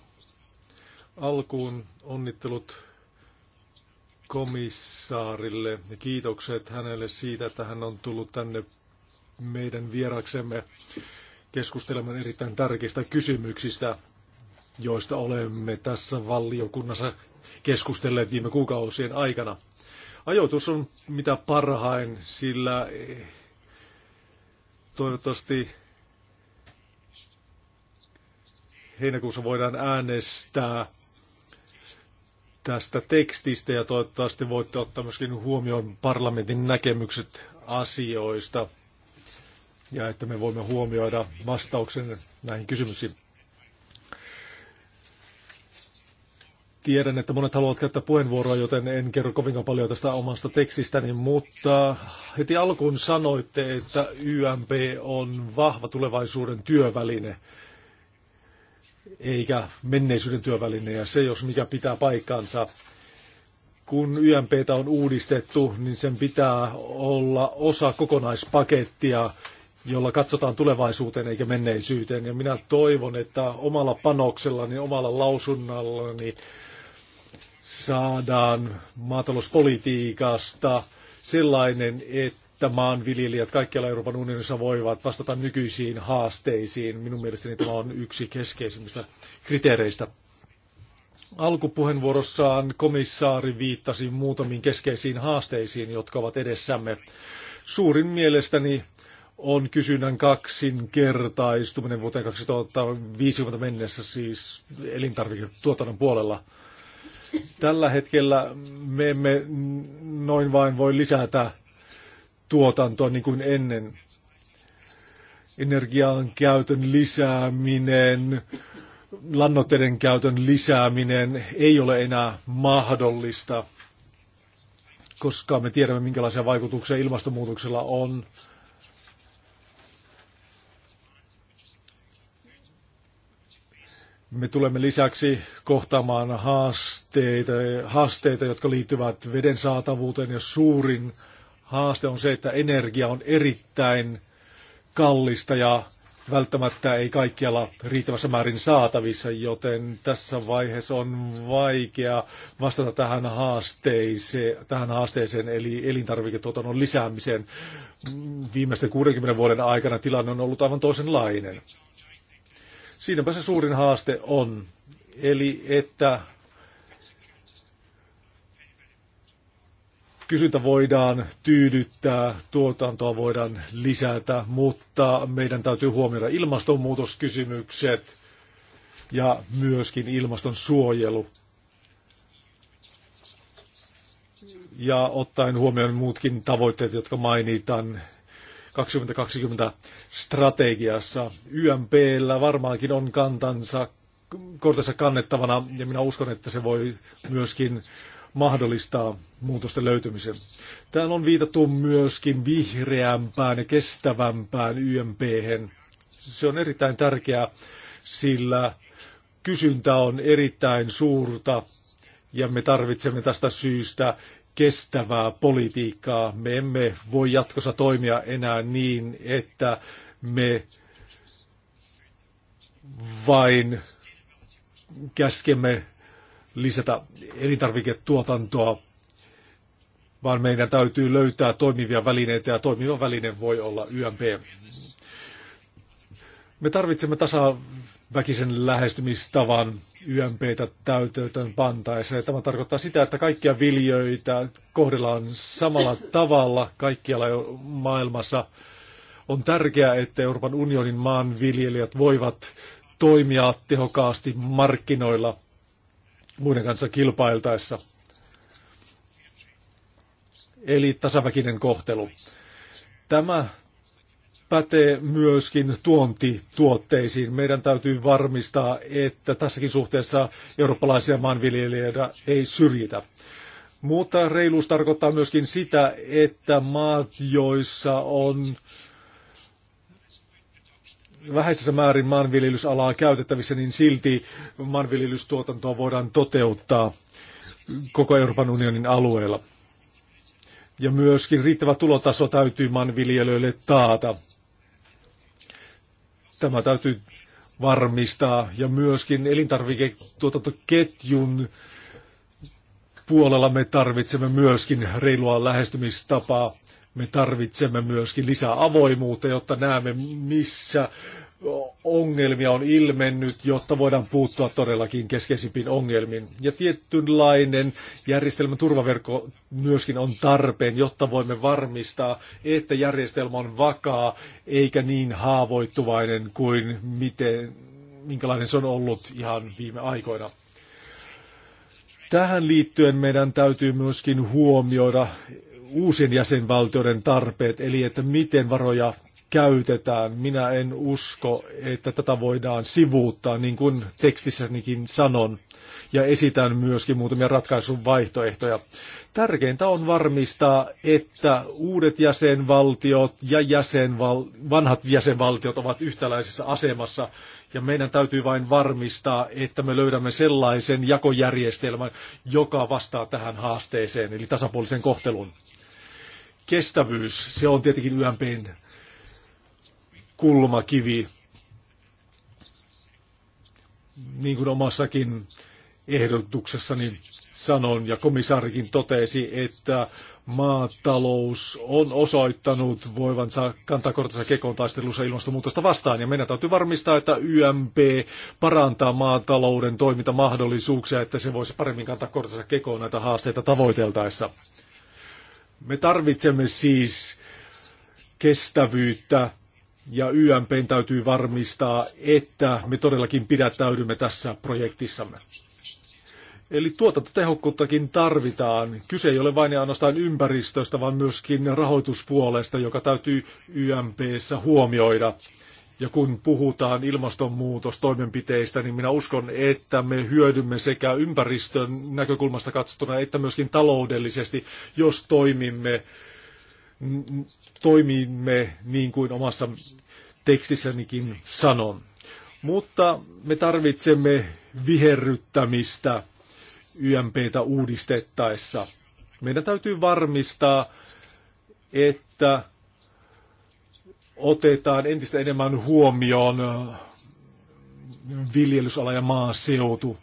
Alkuun onnittelut komissaarille ja kiitokset hänelle siitä, että hän on tullut tänne meidän vieraksemme keskustelemaan erittäin tärkeistä kysymyksistä, joista olemme tässä valiokunnassa keskustelleet viime kuukausien aikana. Ajoitus on mitä parhain, sillä eh, toivottavasti heinäkuussa voidaan äänestää tästä tekstistä ja toivottavasti voitte ottaa myöskin huomioon parlamentin näkemykset asioista ja että me voimme huomioida vastauksen näihin kysymyksiin. Tiedän, että monet haluavat käyttää puheenvuoroa, joten en kerro kovinkaan paljon tästä omasta tekstistäni, mutta heti alkuun sanoitte, että YMP on vahva tulevaisuuden työväline eikä menneisyyden työväline, ja se jos mikä pitää paikkansa. Kun YMPtä on uudistettu, niin sen pitää olla osa kokonaispakettia, jolla katsotaan tulevaisuuteen eikä menneisyyteen. Ja minä toivon, että omalla panoksellani, omalla lausunnallani saadaan maatalouspolitiikasta sellainen, että että maanviljelijät kaikkialla Euroopan unionissa voivat vastata nykyisiin haasteisiin. Minun mielestäni tämä on yksi keskeisimmistä kriteereistä. Alkupuheenvuorossaan komissaari viittasi muutamiin keskeisiin haasteisiin, jotka ovat edessämme. Suurin mielestäni on kysynnän kaksinkertaistuminen vuoteen 2050 mennessä siis elintarviketuotannon puolella. Tällä hetkellä me emme noin vain voi lisätä tuotantoa niin kuin ennen. Energian käytön lisääminen, lannoitteiden käytön lisääminen ei ole enää mahdollista, koska me tiedämme, minkälaisia vaikutuksia ilmastonmuutoksella on. Me tulemme lisäksi kohtaamaan haasteita, haasteita, jotka liittyvät veden saatavuuteen ja suurin haaste on se, että energia on erittäin kallista ja välttämättä ei kaikkialla riittävässä määrin saatavissa, joten tässä vaiheessa on vaikea vastata tähän haasteeseen, tähän haasteeseen eli elintarviketuotannon lisäämiseen. Viimeisten 60 vuoden aikana tilanne on ollut aivan toisenlainen. Siinäpä se suurin haaste on, eli että kysyntä voidaan tyydyttää, tuotantoa voidaan lisätä, mutta meidän täytyy huomioida ilmastonmuutoskysymykset ja myöskin ilmaston suojelu. Ja ottaen huomioon muutkin tavoitteet, jotka mainitaan 2020 strategiassa. YMPllä varmaankin on kantansa, kortensa kannettavana ja minä uskon, että se voi myöskin mahdollistaa muutosten löytymisen. Täällä on viitattu myöskin vihreämpään ja kestävämpään ymp -hän. Se on erittäin tärkeää, sillä kysyntä on erittäin suurta ja me tarvitsemme tästä syystä kestävää politiikkaa. Me emme voi jatkossa toimia enää niin, että me vain käskemme lisätä elintarviketuotantoa, vaan meidän täytyy löytää toimivia välineitä ja toimiva väline voi olla YMP. Me tarvitsemme tasaväkisen lähestymistavan YMPtä täytöytön pantaessa. Ja tämä tarkoittaa sitä, että kaikkia viljöitä kohdellaan samalla tavalla kaikkialla maailmassa. On tärkeää, että Euroopan unionin maanviljelijät voivat toimia tehokkaasti markkinoilla muiden kanssa kilpailtaessa. Eli tasaväkinen kohtelu. Tämä pätee myöskin tuontituotteisiin. Meidän täytyy varmistaa, että tässäkin suhteessa eurooppalaisia maanviljelijöitä ei syrjitä. Mutta reiluus tarkoittaa myöskin sitä, että maat, joissa on vähäisessä määrin maanviljelysalaa käytettävissä, niin silti maanviljelystuotantoa voidaan toteuttaa koko Euroopan unionin alueella. Ja myöskin riittävä tulotaso täytyy maanviljelijöille taata. Tämä täytyy varmistaa ja myöskin elintarviketuotantoketjun puolella me tarvitsemme myöskin reilua lähestymistapaa. Me tarvitsemme myöskin lisää avoimuutta, jotta näemme, missä ongelmia on ilmennyt, jotta voidaan puuttua todellakin keskeisimpiin ongelmiin. Ja tietynlainen järjestelmän turvaverkko myöskin on tarpeen, jotta voimme varmistaa, että järjestelmä on vakaa eikä niin haavoittuvainen kuin miten, minkälainen se on ollut ihan viime aikoina. Tähän liittyen meidän täytyy myöskin huomioida uusien jäsenvaltioiden tarpeet, eli että miten varoja käytetään. Minä en usko, että tätä voidaan sivuuttaa, niin kuin tekstissänikin sanon, ja esitän myöskin muutamia ratkaisun vaihtoehtoja. Tärkeintä on varmistaa, että uudet jäsenvaltiot ja jäsenval- vanhat jäsenvaltiot ovat yhtäläisessä asemassa, ja meidän täytyy vain varmistaa, että me löydämme sellaisen jakojärjestelmän, joka vastaa tähän haasteeseen, eli tasapuolisen kohtelun kestävyys, se on tietenkin YMPn kulmakivi. Niin kuin omassakin ehdotuksessani sanon, ja komissaarikin totesi, että maatalous on osoittanut voivansa kantaa kortensa kekoon taistelussa ilmastonmuutosta vastaan. Ja meidän täytyy varmistaa, että YMP parantaa maatalouden toimintamahdollisuuksia, että se voisi paremmin kantaa kortensa kekoon näitä haasteita tavoiteltaessa. Me tarvitsemme siis kestävyyttä ja YMP täytyy varmistaa, että me todellakin pidättäydymme tässä projektissamme. Eli tuotantotehokkuuttakin tarvitaan. Kyse ei ole vain ja ainoastaan ympäristöstä, vaan myöskin rahoituspuolesta, joka täytyy YMPssä huomioida. Ja kun puhutaan ilmastonmuutostoimenpiteistä, niin minä uskon, että me hyödymme sekä ympäristön näkökulmasta katsottuna että myöskin taloudellisesti, jos toimimme, toimimme niin kuin omassa tekstissänikin sanon. Mutta me tarvitsemme viherryttämistä YMPtä uudistettaessa. Meidän täytyy varmistaa, että otetaan entistä enemmän huomioon äh, viljelysala ja maaseutu.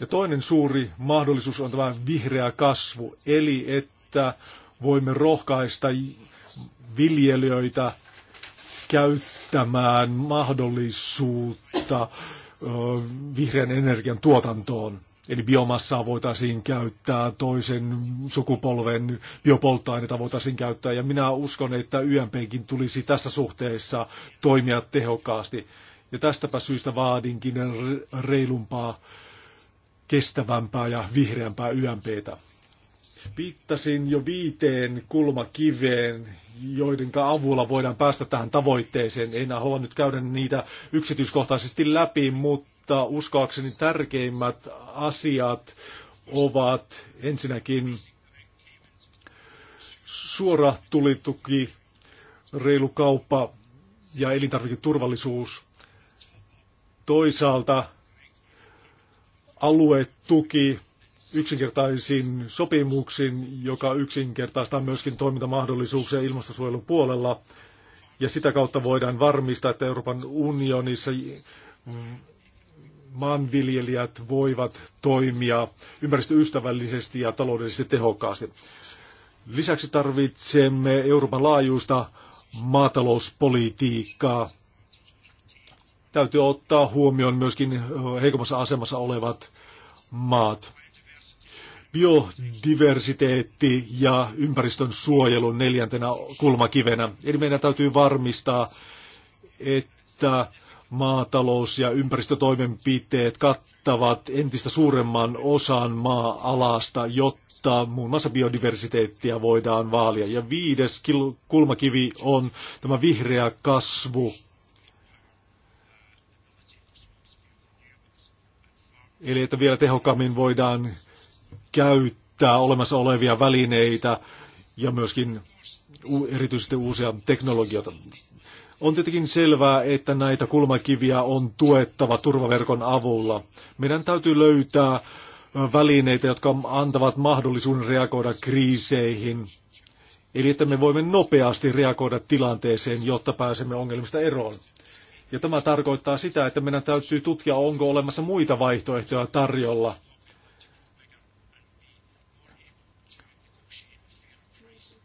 Ja toinen suuri mahdollisuus on tämä vihreä kasvu, eli että voimme rohkaista viljelijöitä käyttämään mahdollisuutta äh, vihreän energian tuotantoon. Eli biomassaa voitaisiin käyttää, toisen sukupolven biopolttoaineita voitaisiin käyttää, ja minä uskon, että YMPkin tulisi tässä suhteessa toimia tehokkaasti. Ja tästäpä syystä vaadinkin reilumpaa, kestävämpää ja vihreämpää YMPtä. Viittasin jo viiteen kulmakiveen, joiden avulla voidaan päästä tähän tavoitteeseen. En halua nyt käydä niitä yksityiskohtaisesti läpi, mutta mutta uskoakseni tärkeimmät asiat ovat ensinnäkin suora tulituki, reilu kauppa ja elintarviketurvallisuus. Toisaalta aluetuki yksinkertaisin sopimuksin, joka yksinkertaistaa myöskin toimintamahdollisuuksia ilmastosuojelun puolella. Ja sitä kautta voidaan varmistaa, että Euroopan unionissa maanviljelijät voivat toimia ympäristöystävällisesti ja taloudellisesti tehokkaasti. Lisäksi tarvitsemme Euroopan laajuista maatalouspolitiikkaa. Täytyy ottaa huomioon myöskin heikommassa asemassa olevat maat. Biodiversiteetti ja ympäristön suojelu neljäntenä kulmakivenä. Eli meidän täytyy varmistaa, että maatalous- ja ympäristötoimenpiteet kattavat entistä suuremman osan maa-alasta, jotta muun muassa biodiversiteettiä voidaan vaalia. Ja viides kulmakivi on tämä vihreä kasvu. Eli että vielä tehokkaammin voidaan käyttää olemassa olevia välineitä ja myöskin erityisesti uusia teknologioita. On tietenkin selvää, että näitä kulmakiviä on tuettava turvaverkon avulla. Meidän täytyy löytää välineitä, jotka antavat mahdollisuuden reagoida kriiseihin. Eli että me voimme nopeasti reagoida tilanteeseen, jotta pääsemme ongelmista eroon. Ja tämä tarkoittaa sitä, että meidän täytyy tutkia, onko olemassa muita vaihtoehtoja tarjolla –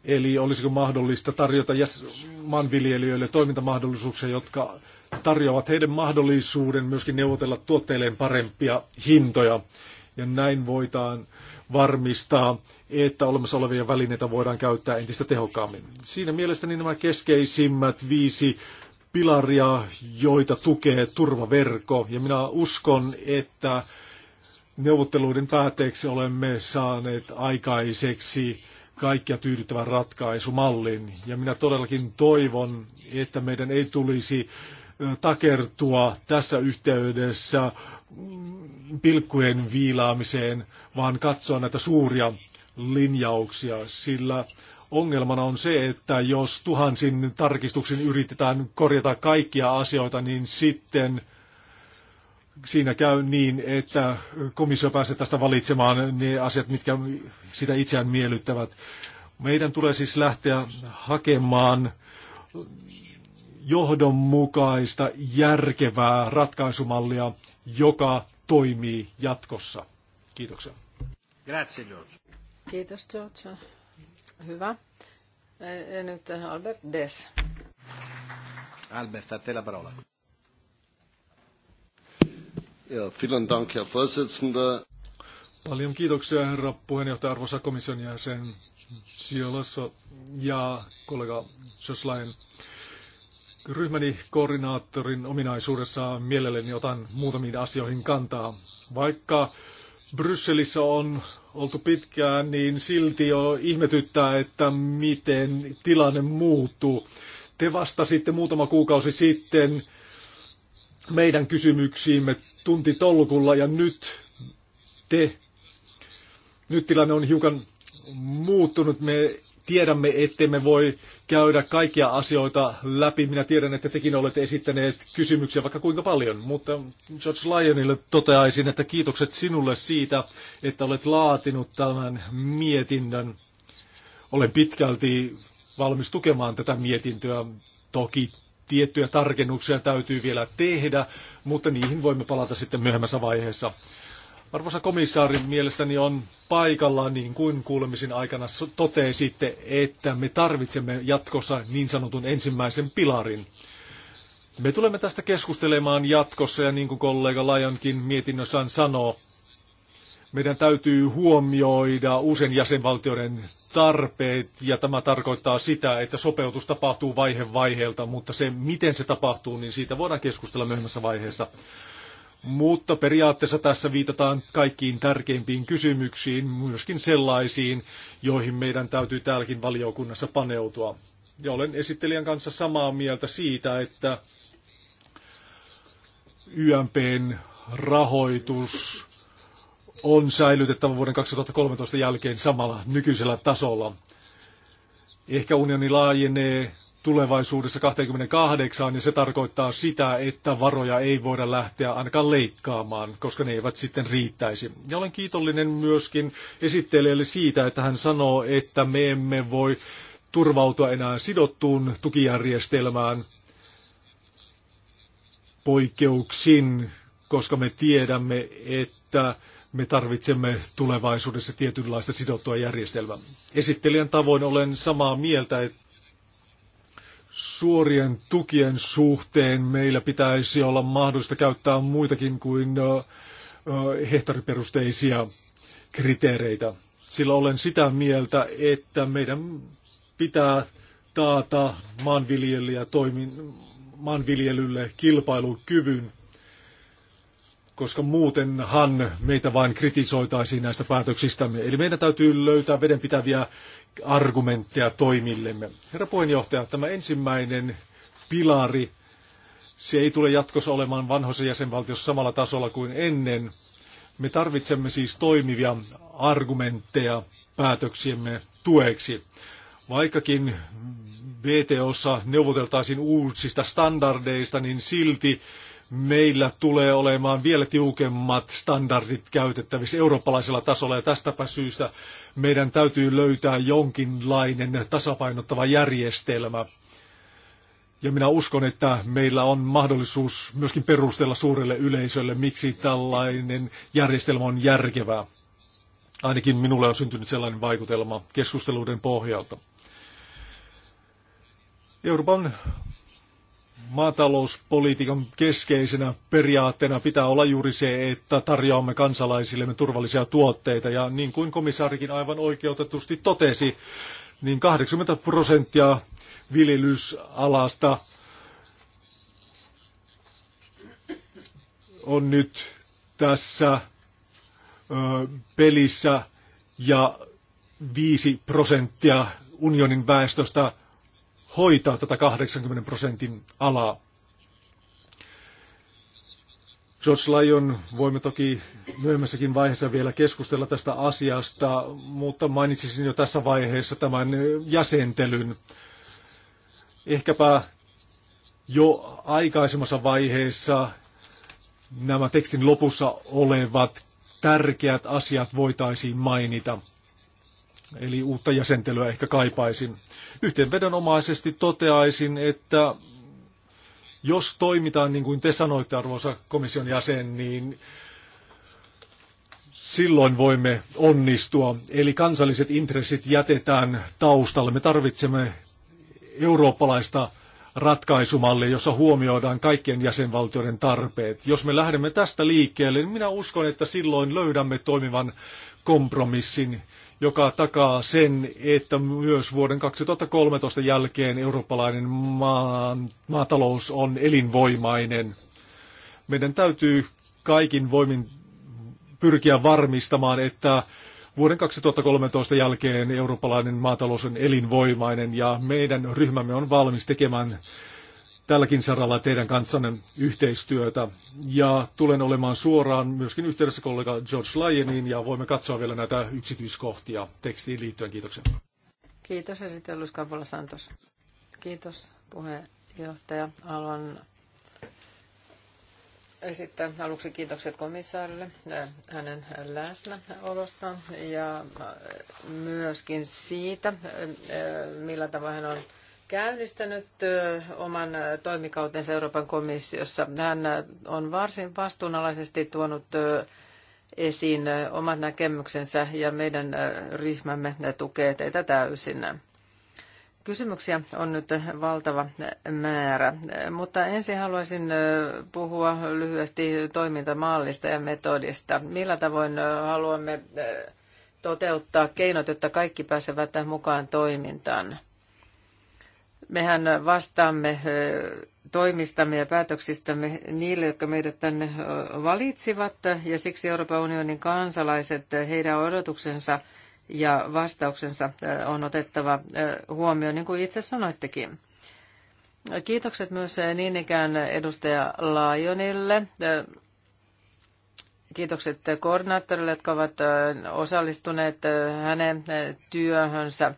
Eli olisiko mahdollista tarjota maanviljelijöille toimintamahdollisuuksia, jotka tarjoavat heidän mahdollisuuden myöskin neuvotella tuotteilleen parempia hintoja. Ja näin voidaan varmistaa, että olemassa olevia välineitä voidaan käyttää entistä tehokkaammin. Siinä mielestäni nämä keskeisimmät viisi pilaria, joita tukee turvaverkko. Ja minä uskon, että neuvotteluiden päätteeksi olemme saaneet aikaiseksi kaikkia tyydyttävän ratkaisumallin. Ja minä todellakin toivon, että meidän ei tulisi takertua tässä yhteydessä mm, pilkkujen viilaamiseen, vaan katsoa näitä suuria linjauksia, sillä ongelmana on se, että jos tuhansin tarkistuksin yritetään korjata kaikkia asioita, niin sitten – siinä käy niin, että komissio pääsee tästä valitsemaan ne asiat, mitkä sitä itseään miellyttävät. Meidän tulee siis lähteä hakemaan johdonmukaista, järkevää ratkaisumallia, joka toimii jatkossa. Kiitoksia. Grazie, George. Kiitos, George. Hyvä. Ja nyt Albert Des. Albert, a te la parola. Ja, vielen Dank, Herr Vorsitzender. Paljon kiitoksia, herra puheenjohtaja, arvoisa komission jäsen Siolassa ja kollega Joslain. Ryhmäni koordinaattorin ominaisuudessa mielelläni otan muutamiin asioihin kantaa. Vaikka Brysselissä on oltu pitkään, niin silti jo ihmetyttää, että miten tilanne muuttuu. Te vastasitte muutama kuukausi sitten meidän kysymyksiimme tunti tolkulla ja nyt te, nyt tilanne on hiukan muuttunut. Me tiedämme, ettemme voi käydä kaikkia asioita läpi. Minä tiedän, että tekin olette esittäneet kysymyksiä vaikka kuinka paljon, mutta George Lyonille toteaisin, että kiitokset sinulle siitä, että olet laatinut tämän mietinnön. Olen pitkälti valmis tukemaan tätä mietintöä. Toki tiettyjä tarkennuksia täytyy vielä tehdä, mutta niihin voimme palata sitten myöhemmässä vaiheessa. Arvoisa komissaari, mielestäni on paikallaan, niin kuin kuulemisen aikana totesitte, että me tarvitsemme jatkossa niin sanotun ensimmäisen pilarin. Me tulemme tästä keskustelemaan jatkossa ja niin kuin kollega Lajonkin mietinnössään sanoo, meidän täytyy huomioida uusien jäsenvaltioiden tarpeet, ja tämä tarkoittaa sitä, että sopeutus tapahtuu vaihe vaiheelta, mutta se, miten se tapahtuu, niin siitä voidaan keskustella myöhemmässä vaiheessa. Mutta periaatteessa tässä viitataan kaikkiin tärkeimpiin kysymyksiin, myöskin sellaisiin, joihin meidän täytyy täälläkin valiokunnassa paneutua. Ja olen esittelijän kanssa samaa mieltä siitä, että YMPn rahoitus on säilytettävä vuoden 2013 jälkeen samalla nykyisellä tasolla. Ehkä unioni laajenee tulevaisuudessa 28 ja se tarkoittaa sitä, että varoja ei voida lähteä ainakaan leikkaamaan, koska ne eivät sitten riittäisi. Ja olen kiitollinen myöskin esittelijälle siitä, että hän sanoo, että me emme voi turvautua enää sidottuun tukijärjestelmään poikkeuksin, koska me tiedämme, että me tarvitsemme tulevaisuudessa tietynlaista sidottua järjestelmää. Esittelijän tavoin olen samaa mieltä, että suorien tukien suhteen meillä pitäisi olla mahdollista käyttää muitakin kuin hehtaariperusteisia kriteereitä. Sillä olen sitä mieltä, että meidän pitää taata maanviljelijä toimin, maanviljelylle kilpailukyvyn koska muutenhan meitä vain kritisoitaisiin näistä päätöksistämme. Eli meidän täytyy löytää vedenpitäviä argumentteja toimillemme. Herra puheenjohtaja, tämä ensimmäinen pilari, se ei tule jatkossa olemaan vanhoissa jäsenvaltiossa samalla tasolla kuin ennen. Me tarvitsemme siis toimivia argumentteja päätöksiemme tueksi. Vaikkakin VTOssa neuvoteltaisiin uusista standardeista, niin silti meillä tulee olemaan vielä tiukemmat standardit käytettävissä eurooppalaisella tasolla ja tästäpä syystä meidän täytyy löytää jonkinlainen tasapainottava järjestelmä. Ja minä uskon, että meillä on mahdollisuus myöskin perustella suurelle yleisölle, miksi tällainen järjestelmä on järkevää. Ainakin minulle on syntynyt sellainen vaikutelma keskusteluiden pohjalta. Euroopan maatalouspolitiikan keskeisenä periaatteena pitää olla juuri se, että tarjoamme kansalaisillemme turvallisia tuotteita. Ja niin kuin komissaarikin aivan oikeutetusti totesi, niin 80 prosenttia viljelysalasta on nyt tässä ö, pelissä ja 5 prosenttia unionin väestöstä hoitaa tätä 80 prosentin alaa. George Lyon, voimme toki myöhemmässäkin vaiheessa vielä keskustella tästä asiasta, mutta mainitsisin jo tässä vaiheessa tämän jäsentelyn. Ehkäpä jo aikaisemmassa vaiheessa nämä tekstin lopussa olevat tärkeät asiat voitaisiin mainita. Eli uutta jäsentelyä ehkä kaipaisin. Yhteenvedonomaisesti toteaisin, että jos toimitaan niin kuin te sanoitte, arvoisa komission jäsen, niin silloin voimme onnistua. Eli kansalliset intressit jätetään taustalle. Me tarvitsemme eurooppalaista ratkaisumallia, jossa huomioidaan kaikkien jäsenvaltioiden tarpeet. Jos me lähdemme tästä liikkeelle, niin minä uskon, että silloin löydämme toimivan kompromissin, joka takaa sen, että myös vuoden 2013 jälkeen eurooppalainen maan, maatalous on elinvoimainen. Meidän täytyy kaikin voimin pyrkiä varmistamaan, että vuoden 2013 jälkeen eurooppalainen maatalous on elinvoimainen ja meidän ryhmämme on valmis tekemään tälläkin saralla teidän kanssanne yhteistyötä. Ja tulen olemaan suoraan myöskin yhteydessä kollega George Lyoniin ja voimme katsoa vielä näitä yksityiskohtia tekstiin liittyen. Kiitoksia. Kiitos esitellys sitten Kapola Santos. Kiitos puheenjohtaja. Haluan esittää aluksi kiitokset komissaarille äh, hänen läsnäolostaan ja äh, myöskin siitä, äh, millä tavalla hän on käynnistänyt oman toimikautensa Euroopan komissiossa. Hän on varsin vastuunalaisesti tuonut esiin omat näkemyksensä ja meidän ryhmämme tukee teitä täysin. Kysymyksiä on nyt valtava määrä, mutta ensin haluaisin puhua lyhyesti toimintamallista ja metodista. Millä tavoin haluamme toteuttaa keinot, jotta kaikki pääsevät mukaan toimintaan? Mehän vastaamme toimistamme ja päätöksistämme niille, jotka meidät tänne valitsivat, ja siksi Euroopan unionin kansalaiset, heidän odotuksensa ja vastauksensa on otettava huomioon, niin kuin itse sanoittekin. Kiitokset myös niin ikään edustaja Laajonille. Kiitokset koordinaattorille, jotka ovat osallistuneet hänen työhönsä.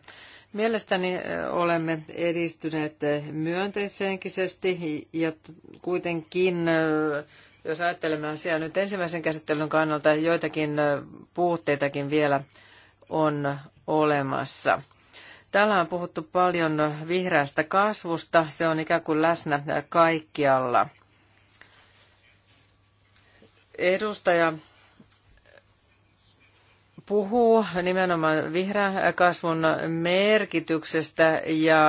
Mielestäni olemme edistyneet myönteishenkisesti ja kuitenkin, jos ajattelemme asiaa nyt ensimmäisen käsittelyn kannalta, joitakin puutteitakin vielä on olemassa. Täällä on puhuttu paljon vihreästä kasvusta. Se on ikään kuin läsnä kaikkialla. Edustaja puhuu nimenomaan vihreän kasvun merkityksestä ja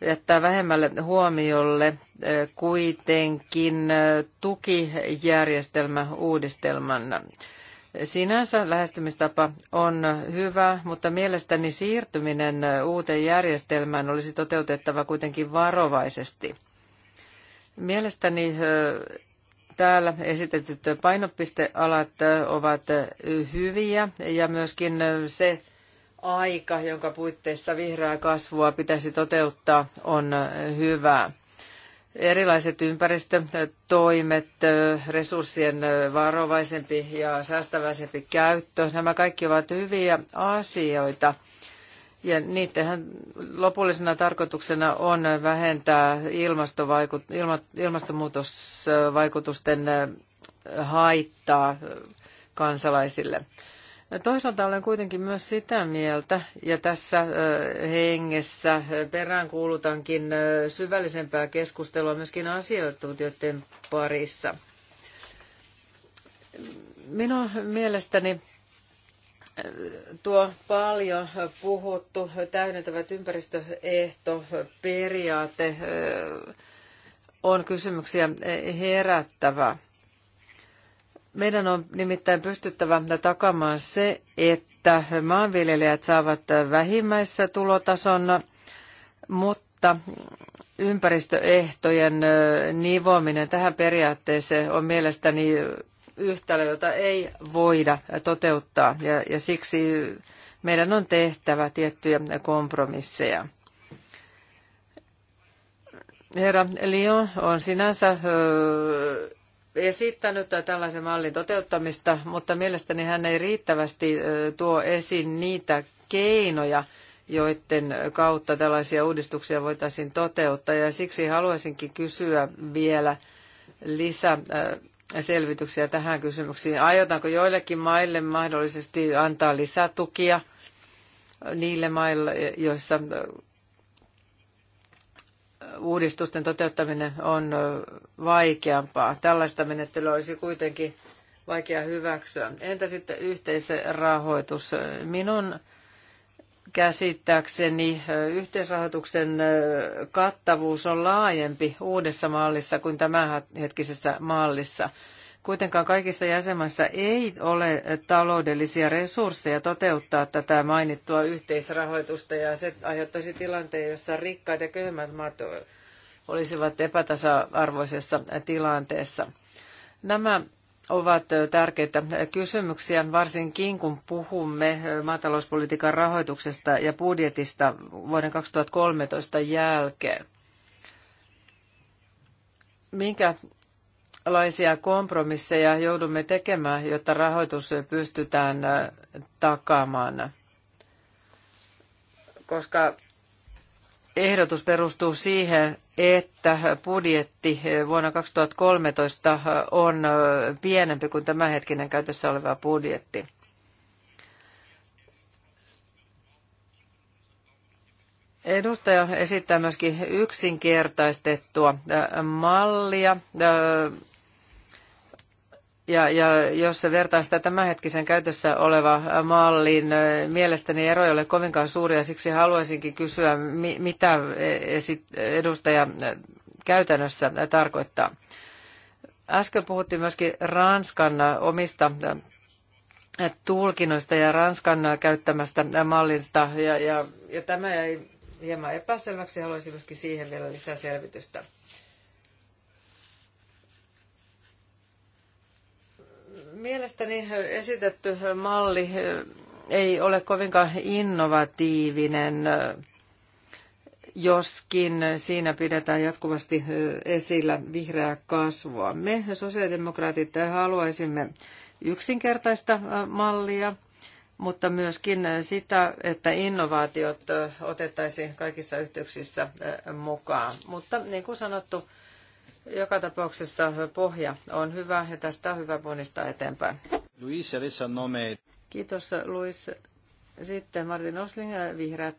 jättää vähemmälle huomiolle eh, kuitenkin eh, tukijärjestelmä uudistelman. Sinänsä lähestymistapa on hyvä, mutta mielestäni siirtyminen eh, uuteen järjestelmään olisi toteutettava kuitenkin varovaisesti. Mielestäni Täällä esitetyt painopistealat ovat hyviä ja myöskin se aika, jonka puitteissa vihreää kasvua pitäisi toteuttaa, on hyvä. Erilaiset ympäristötoimet, resurssien varovaisempi ja säästäväisempi käyttö, nämä kaikki ovat hyviä asioita – ja niitähän lopullisena tarkoituksena on vähentää ilmastonmuutosvaikutusten äh, haittaa äh, kansalaisille. Toisaalta olen kuitenkin myös sitä mieltä, ja tässä äh, hengessä peräänkuulutankin syvällisempää keskustelua myöskin asiantuntijoiden parissa. Minun mielestäni tuo paljon puhuttu täydentävät ympäristöehtoperiaate on kysymyksiä herättävä. Meidän on nimittäin pystyttävä takamaan se, että maanviljelijät saavat vähimmäissä tulotason, mutta ympäristöehtojen nivominen tähän periaatteeseen on mielestäni yhtälö, jota ei voida toteuttaa ja, ja siksi meidän on tehtävä tiettyjä kompromisseja. Herra Lyon on sinänsä esittänyt tällaisen mallin toteuttamista, mutta mielestäni hän ei riittävästi tuo esiin niitä keinoja, joiden kautta tällaisia uudistuksia voitaisiin toteuttaa. Ja siksi haluaisinkin kysyä vielä lisää selvityksiä tähän kysymyksiin. Aiotaanko joillekin maille mahdollisesti antaa lisätukia niille maille, joissa uudistusten toteuttaminen on vaikeampaa. Tällaista menettelyä olisi kuitenkin vaikea hyväksyä. Entä sitten yhteisrahoitus? Minun käsittääkseni yhteisrahoituksen kattavuus on laajempi uudessa mallissa kuin tämänhetkisessä mallissa. Kuitenkaan kaikissa jäsenmaissa ei ole taloudellisia resursseja toteuttaa tätä mainittua yhteisrahoitusta ja se aiheuttaisi tilanteen, jossa rikkaat ja köyhemmät maat olisivat epätasa-arvoisessa tilanteessa. Nämä ovat tärkeitä kysymyksiä, varsinkin kun puhumme maatalouspolitiikan rahoituksesta ja budjetista vuoden 2013 jälkeen. Minkälaisia kompromisseja joudumme tekemään, jotta rahoitus pystytään takaamaan? Koska ehdotus perustuu siihen, että budjetti vuonna 2013 on pienempi kuin tämänhetkinen käytössä oleva budjetti. Edustaja esittää myöskin yksinkertaistettua mallia ja, ja jos se vertaa sitä tämänhetkisen käytössä oleva malliin, mielestäni ero ei ole kovinkaan suuri ja siksi haluaisinkin kysyä, mitä edustaja käytännössä tarkoittaa. Äsken puhuttiin myöskin Ranskan omista tulkinnoista ja Ranskan käyttämästä mallista ja, ja, ja tämä jäi hieman epäselväksi. Haluaisin myöskin siihen vielä lisää selvitystä. Mielestäni esitetty malli eh, ei ole kovinkaan innovatiivinen, eh, joskin siinä pidetään jatkuvasti eh, esillä vihreää kasvua. Me sosiaalidemokraatit haluaisimme yksinkertaista mallia, mutta myöskin sitä, että innovaatiot otettaisiin kaikissa yhteyksissä mukaan. Mutta niin kuin sanottu, joka tapauksessa pohja on hyvä ja tästä on hyvä ponnistaa eteenpäin. Luis, Elisa nome. Kiitos Luis. Sitten Martin Osling ja Vihreät.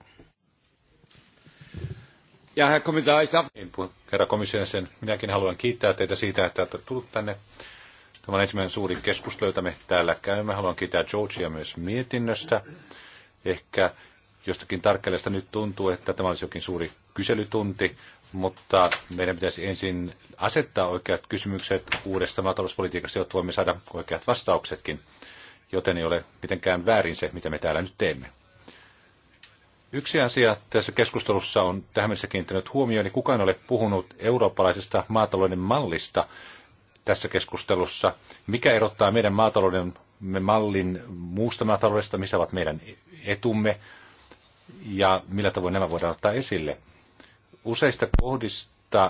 Ja herra komissaari, niin, herra komission sen, minäkin haluan kiittää teitä siitä, että olette tullut tänne. Tämä on ensimmäinen suuri keskustelu, jota me täällä käymme. Haluan kiittää Georgia myös mietinnöstä. Ehkä jostakin tarkkailijasta nyt tuntuu, että tämä olisi jokin suuri kyselytunti, mutta meidän pitäisi ensin asettaa oikeat kysymykset uudesta maatalouspolitiikasta, jotta voimme saada oikeat vastauksetkin, joten ei ole mitenkään väärin se, mitä me täällä nyt teemme. Yksi asia tässä keskustelussa on tähän mennessä kiinnittänyt huomioon, niin kukaan ei ole puhunut eurooppalaisesta maatalouden mallista tässä keskustelussa. Mikä erottaa meidän maatalouden mallin muusta maataloudesta, missä ovat meidän etumme ja millä tavoin nämä voidaan ottaa esille – useista kohdista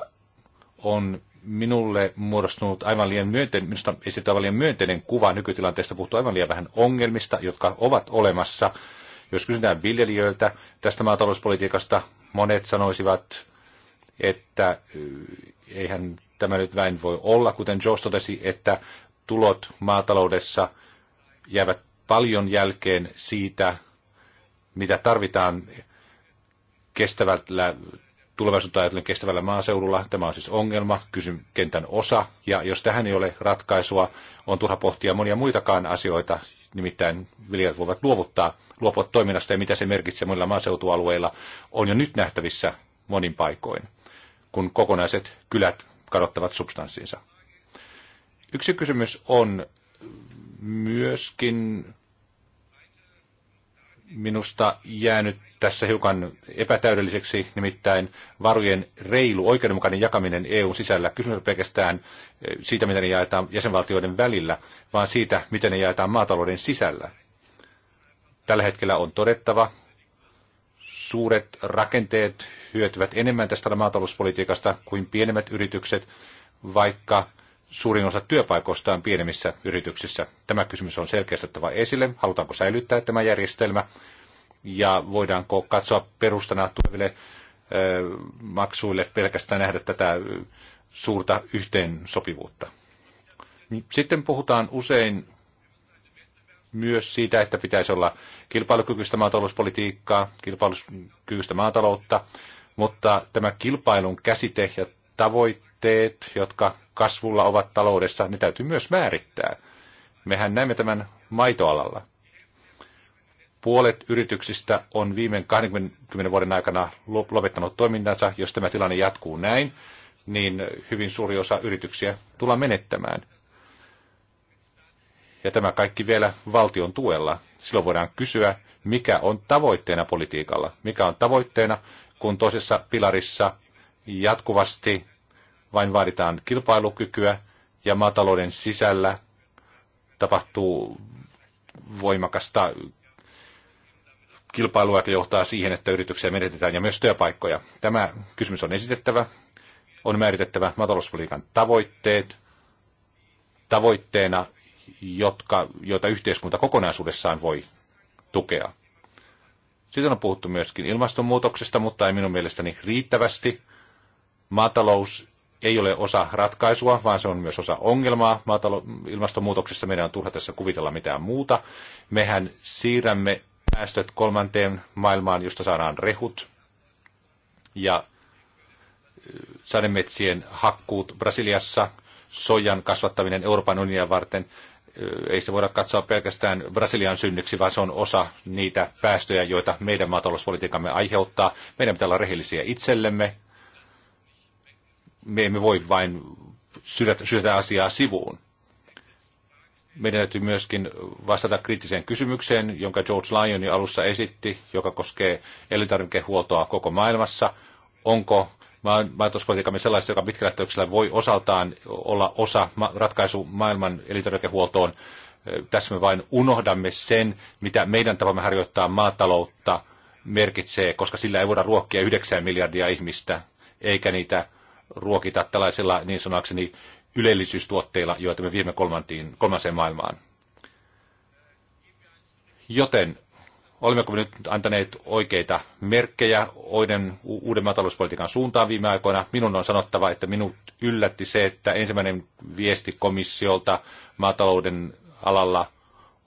on minulle muodostunut aivan liian myönteinen, minusta esitetään aivan liian myönteinen kuva nykytilanteesta, puhuttu aivan liian vähän ongelmista, jotka ovat olemassa. Jos kysytään viljelijöiltä tästä maatalouspolitiikasta, monet sanoisivat, että äh, eihän tämä nyt vain voi olla, kuten Joe totesi, että tulot maataloudessa jäävät paljon jälkeen siitä, mitä tarvitaan kestävällä tulevaisuutta ajatellen kestävällä maaseudulla. Tämä on siis ongelma, kysyn kentän osa, ja jos tähän ei ole ratkaisua, on turha pohtia monia muitakaan asioita, nimittäin viljelijät voivat luovuttaa, luopua toiminnasta ja mitä se merkitsee monilla maaseutualueilla, on jo nyt nähtävissä monin paikoin, kun kokonaiset kylät kadottavat substanssinsa. Yksi kysymys on myöskin minusta jäänyt tässä hiukan epätäydelliseksi, nimittäin varojen reilu oikeudenmukainen jakaminen EUn sisällä. Kysymys on pelkästään eh, siitä, miten ne jaetaan jäsenvaltioiden välillä, vaan siitä, miten ne jaetaan maatalouden sisällä. Tällä hetkellä on todettava, suuret rakenteet hyötyvät enemmän tästä maatalouspolitiikasta kuin pienemmät yritykset, vaikka suurin osa työpaikoista on pienemmissä yrityksissä. Tämä kysymys on selkeästi otettava esille. Halutaanko säilyttää tämä järjestelmä? ja voidaanko katsoa perustana tuleville maksuille pelkästään nähdä tätä suurta yhteensopivuutta. Sitten puhutaan usein myös siitä, että pitäisi olla kilpailukykyistä maatalouspolitiikkaa, kilpailukykyistä maataloutta, mutta tämä kilpailun käsite ja tavoitteet, jotka kasvulla ovat taloudessa, ne täytyy myös määrittää. Mehän näemme tämän maitoalalla puolet yrityksistä on viime 20 vuoden aikana lopettanut toimintansa. Jos tämä tilanne jatkuu näin, niin hyvin suuri osa yrityksiä tullaan menettämään. Ja tämä kaikki vielä valtion tuella. Silloin voidaan kysyä, mikä on tavoitteena politiikalla. Mikä on tavoitteena, kun toisessa pilarissa jatkuvasti vain vaaditaan kilpailukykyä ja maatalouden sisällä tapahtuu voimakasta kilpailua johtaa siihen, että yrityksiä menetetään ja myös työpaikkoja. Tämä kysymys on esitettävä, on määritettävä maatalouspolitiikan tavoitteet, tavoitteena, jotka, joita yhteiskunta kokonaisuudessaan voi tukea. Sitten on puhuttu myöskin ilmastonmuutoksesta, mutta ei minun mielestäni riittävästi. Maatalous ei ole osa ratkaisua, vaan se on myös osa ongelmaa. Maatalo- ilmastonmuutoksessa meidän on turha tässä kuvitella mitään muuta. Mehän siirrämme päästöt kolmanteen maailmaan, josta saadaan rehut. Ja sademetsien hakkuut Brasiliassa, sojan kasvattaminen Euroopan unionia varten, ei se voida katsoa pelkästään Brasilian synnyksi, vaan se on osa niitä päästöjä, joita meidän maatalouspolitiikamme aiheuttaa. Meidän pitää olla rehellisiä itsellemme. Me emme voi vain sydätä, sydätä asiaa sivuun meidän täytyy myöskin vastata kriittiseen kysymykseen, jonka George Lyon jo alussa esitti, joka koskee elintarvikehuoltoa koko maailmassa. Onko maatalouspolitiikamme sellaista, joka pitkällä tähtäyksellä voi osaltaan olla osa ratkaisu maailman elintarvikehuoltoon. Tässä me vain unohdamme sen, mitä meidän tapamme harjoittaa maataloutta merkitsee, koska sillä ei voida ruokkia 9 miljardia ihmistä, eikä niitä ruokita tällaisilla niin sanakseni ylellisyystuotteilla, joita me viime kolmantiin, kolmanseen maailmaan. Joten olemmeko me nyt antaneet oikeita merkkejä oiden uuden maatalouspolitiikan suuntaan viime aikoina? Minun on sanottava, että minut yllätti se, että ensimmäinen viesti komissiolta maatalouden alalla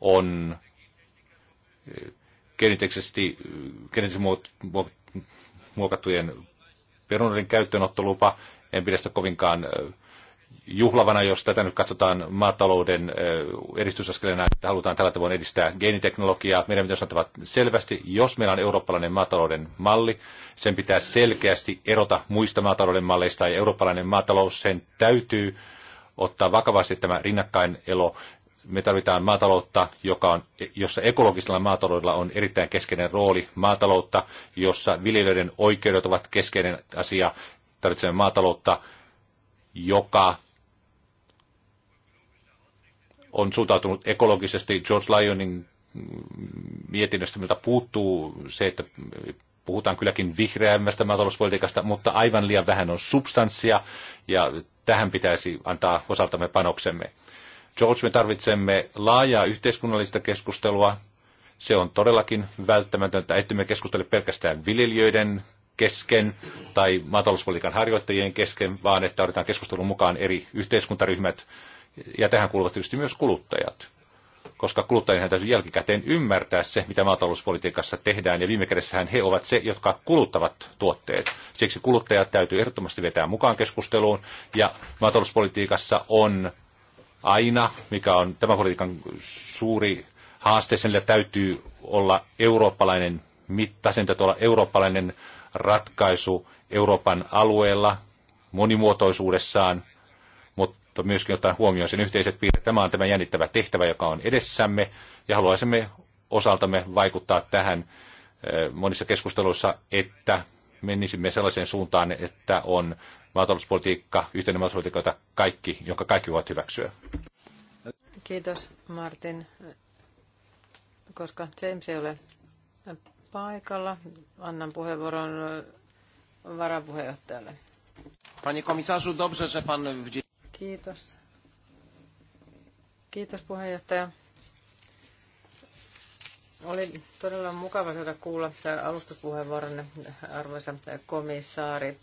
on eh, geneettisesti, muokattujen perunoiden käyttöönottolupa. En pidä sitä kovinkaan eh, juhlavana, jos tätä nyt katsotaan maatalouden edistysaskelena, että halutaan tällä tavoin edistää geeniteknologiaa. Meidän pitäisi sanoa selvästi, jos meillä on eurooppalainen maatalouden malli, sen pitää selkeästi erota muista maatalouden malleista, ja eurooppalainen maatalous, sen täytyy ottaa vakavasti tämä elo. Me tarvitaan maataloutta, joka on, jossa ekologisella maataloudella on erittäin keskeinen rooli, maataloutta, jossa viljelijöiden oikeudet ovat keskeinen asia. Tarvitsemme maataloutta, joka on suhtautunut ekologisesti. George Lyonin mietinnöstä, miltä puuttuu se, että puhutaan kylläkin vihreämmästä maatalouspolitiikasta, mutta aivan liian vähän on substanssia ja tähän pitäisi antaa osaltamme panoksemme. George, me tarvitsemme laajaa yhteiskunnallista keskustelua. Se on todellakin välttämätöntä, että me keskustele pelkästään viljelijöiden kesken tai maatalouspolitiikan harjoittajien kesken, vaan että otetaan keskustelun mukaan eri yhteiskuntaryhmät, ja tähän kuuluvat tietysti myös kuluttajat. Koska kuluttajien täytyy jälkikäteen ymmärtää se, mitä maatalouspolitiikassa tehdään, ja viime kädessähän he ovat se, jotka kuluttavat tuotteet. Siksi kuluttajat täytyy ehdottomasti vetää mukaan keskusteluun, ja maatalouspolitiikassa on aina, mikä on tämän politiikan suuri haaste, sen täytyy olla eurooppalainen mitta, sen täytyy olla eurooppalainen ratkaisu Euroopan alueella monimuotoisuudessaan, mutta mutta myöskin ottaen huomioon sen yhteiset piirteet. Tämä on tämä jännittävä tehtävä, joka on edessämme, ja haluaisimme osaltamme vaikuttaa tähän eh, monissa keskusteluissa, että menisimme sellaiseen suuntaan, että on maatalouspolitiikka, yhteinen maatalouspolitiikka, jota kaikki, jonka kaikki voivat hyväksyä. Kiitos Martin. Koska James ei ole paikalla, annan puheenvuoron varapuheenjohtajalle. Panie komisarzu, dobrze, że pan w Kiitos. Kiitos puheenjohtaja. Oli todella mukava saada kuulla tämä alustuspuheenvuoronne, arvoisa komissaarit.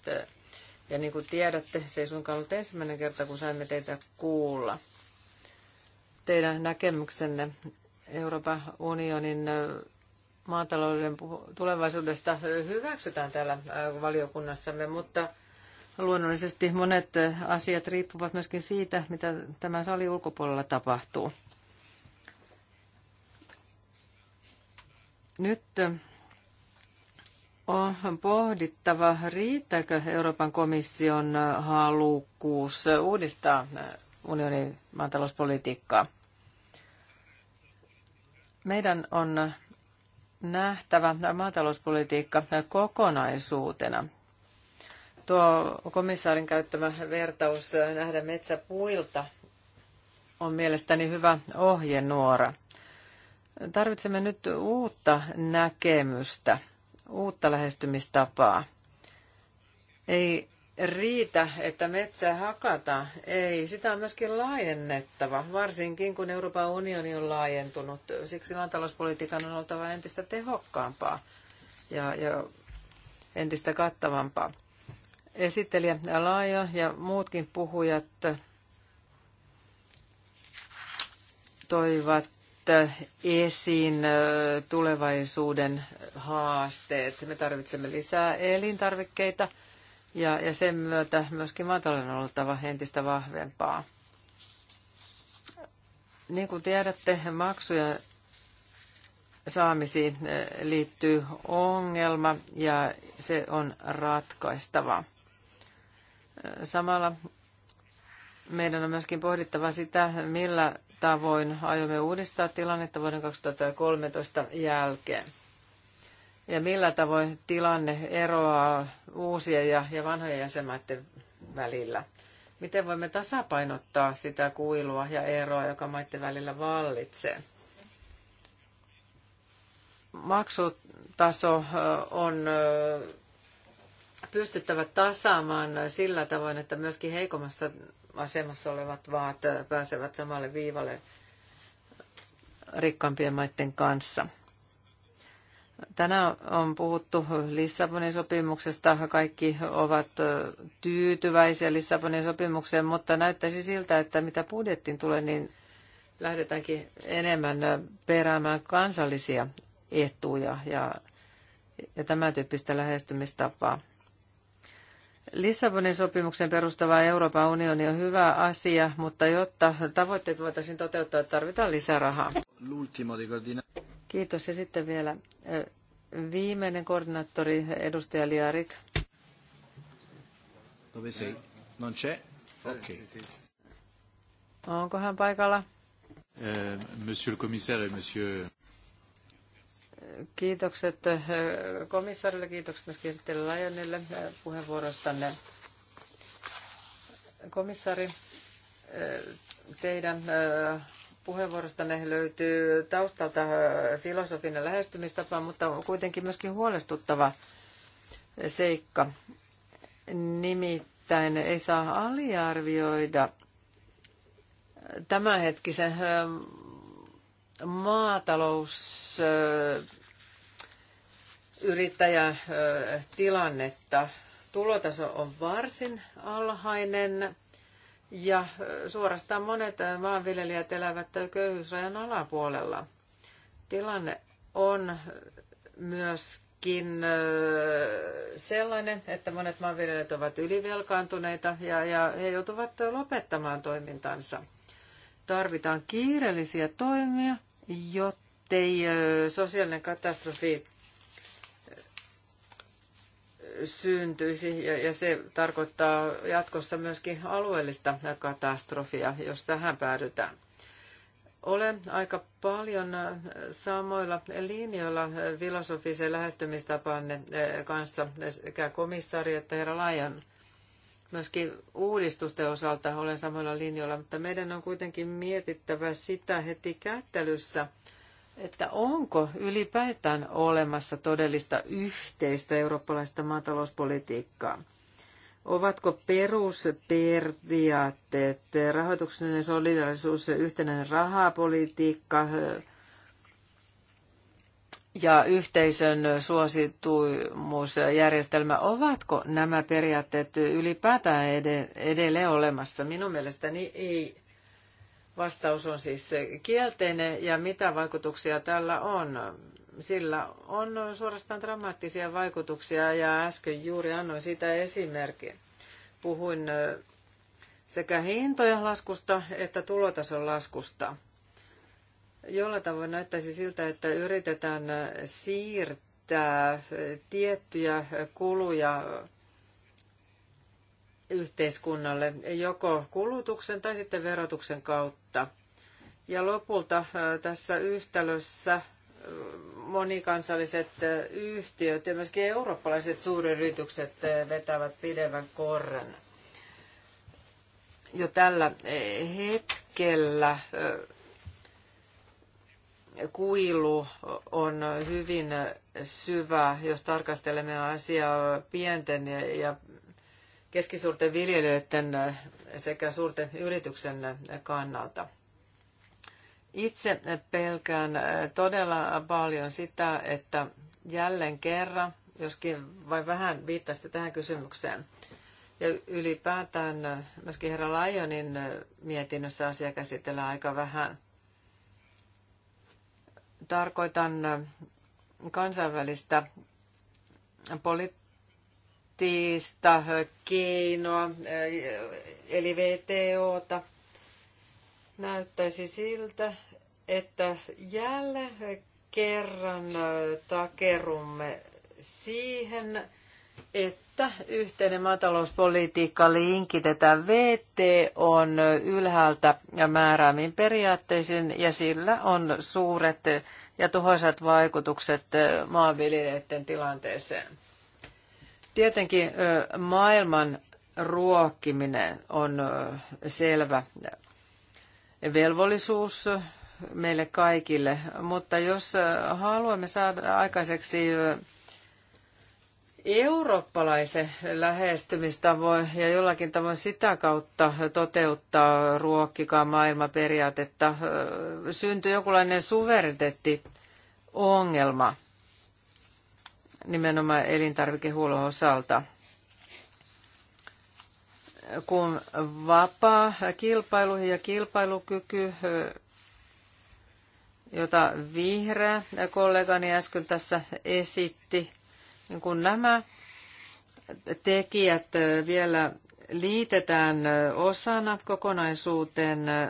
Ja niin kuin tiedätte, se ei suinkaan ollut ensimmäinen kerta, kun saimme teitä kuulla. Teidän näkemyksenne Euroopan unionin maatalouden tulevaisuudesta hyväksytään täällä valiokunnassamme, mutta Luonnollisesti monet eh, asiat riippuvat myöskin siitä, mitä tämän salin ulkopuolella tapahtuu. Nyt eh, on pohdittava, riittääkö Euroopan komission eh, halukkuus uudistaa unionin maatalouspolitiikkaa. Meidän on nähtävä maatalouspolitiikka kokonaisuutena. Tuo komissaarin käyttämä vertaus eh, nähdä puilta on mielestäni hyvä ohjenuora. Tarvitsemme nyt uutta näkemystä, uutta lähestymistapaa. Ei riitä, että metsää hakata. Ei, sitä on myöskin laajennettava, varsinkin kun Euroopan unioni on laajentunut. Siksi maatalouspolitiikan on oltava entistä tehokkaampaa ja, ja entistä kattavampaa esittelijä Laaja ja muutkin puhujat toivat esiin tulevaisuuden haasteet. Me tarvitsemme lisää elintarvikkeita ja, ja sen myötä myöskin maatalouden oltava entistä vahvempaa. Niin kuin tiedätte, maksujen saamisiin liittyy ongelma ja se on ratkaistava. Samalla meidän on myöskin pohdittava sitä, millä tavoin aiomme uudistaa tilannetta vuoden 2013 jälkeen. Ja millä tavoin tilanne eroaa uusien ja, ja vanhojen jäsenmaiden välillä. Miten voimme tasapainottaa sitä kuilua ja eroa, joka maiden välillä vallitsee. Maksutaso on pystyttävä tasaamaan sillä tavoin, että myöskin heikommassa asemassa olevat vaat pääsevät samalle viivalle rikkaampien maiden kanssa. Tänään on puhuttu Lissabonin sopimuksesta. Kaikki ovat tyytyväisiä Lissabonin sopimukseen, mutta näyttäisi siltä, että mitä budjettiin tulee, niin lähdetäänkin enemmän peräämään kansallisia etuja ja, ja tämän tyyppistä lähestymistapaa. Lissabonin sopimuksen perustava Euroopan unioni on hyvä asia, mutta jotta tavoitteet voitaisiin toteuttaa, tarvitaan lisärahaa. Kiitos. Ja sitten vielä viimeinen koordinaattori, edustaja Liarik. Non Onko hän paikalla? Eh, monsieur le commissaire et monsieur... Kiitokset eh, komissaarille, kiitokset myös esittelijä Lajonille eh, puheenvuorostanne. Komissaari, eh, teidän puheenvuorostanne löytyy taustalta filosofinen lähestymistapa, mutta kuitenkin myöskin huolestuttava seikka. Nimittäin ei saa aliarvioida tämänhetkisen maatalousyrittäjän Tulotaso on varsin alhainen ja suorastaan monet maanviljelijät elävät köyhyysrajan alapuolella. Tilanne on myöskin sellainen, että monet maanviljelijät ovat ylivelkaantuneita ja, ja he joutuvat lopettamaan toimintansa. Tarvitaan kiireellisiä toimia – jottei sosiaalinen katastrofi syntyisi ja, se tarkoittaa jatkossa myöskin alueellista katastrofia, jos tähän päädytään. Olen aika paljon samoilla linjoilla filosofisen lähestymistapanne kanssa sekä komissaari että herra Laajan myöskin uudistusten osalta olen samoilla linjoilla, mutta meidän on kuitenkin mietittävä sitä heti kättelyssä, että onko ylipäätään olemassa todellista yhteistä eurooppalaista maatalouspolitiikkaa. Ovatko perusperiaatteet, rahoituksellinen solidarisuus, yhtenäinen rahapolitiikka, ja yhteisön suosituimuusjärjestelmä, ovatko nämä periaatteet ylipäätään edelleen olemassa? Minun mielestäni ei. Vastaus on siis kielteinen ja mitä vaikutuksia tällä on? Sillä on suorastaan dramaattisia vaikutuksia ja äsken juuri annoin sitä esimerkin. Puhuin sekä hintojen laskusta että tulotason laskusta – jollain tavoin näyttäisi siltä, että yritetään siirtää tiettyjä kuluja yhteiskunnalle joko kulutuksen tai sitten verotuksen kautta. Ja lopulta äh, tässä yhtälössä äh, monikansalliset äh, yhtiöt ja myöskin eurooppalaiset suuryritykset vetävät pidemmän korren. Jo tällä hetkellä kuilu on hyvin syvä, jos tarkastelemme asiaa pienten ja keskisuurten viljelijöiden sekä suurten yrityksen kannalta. Itse pelkään todella paljon sitä, että jälleen kerran, joskin vain vähän viittasitte tähän kysymykseen, ja ylipäätään myöskin herra Lajonin mietinnössä asia käsitellään aika vähän – Tarkoitan kansainvälistä poliittista keinoa, eli VTOta. Näyttäisi siltä, että jälleen kerran takerumme siihen, että että yhteinen maatalouspolitiikka linkitetään on ylhäältä ja määräämiin periaatteisiin ja sillä on suuret ja tuhoisat vaikutukset maanviljelijöiden tilanteeseen. Tietenkin maailman ruokkiminen on selvä velvollisuus meille kaikille, mutta jos haluamme saada aikaiseksi eurooppalaisen lähestymistavoin ja jollakin tavoin sitä kautta toteuttaa ruokkikaa maailmaperiaatetta, syntyy jonkunlainen suvereniteetti ongelma nimenomaan elintarvikehuollon osalta. Kun vapaa kilpailu ja kilpailukyky, jota vihreä kollegani äsken tässä esitti, niin kun nämä tekijät äh, vielä liitetään äh, osana kokonaisuuteen, äh,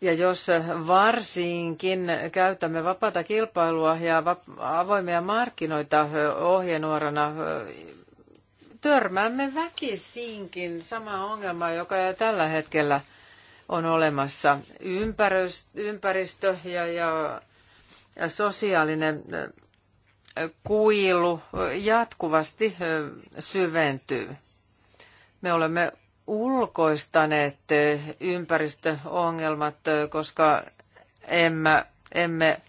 ja jos varsinkin käytämme vapaata kilpailua ja avoimia markkinoita ohjenuorana, törmäämme väkisinkin sama ongelma, joka jo tällä hetkellä on olemassa. Ympäristö ja, ja sosiaalinen kuilu jatkuvasti syventyy. Me olemme ulkoistaneet ympäristöongelmat, koska emme, emme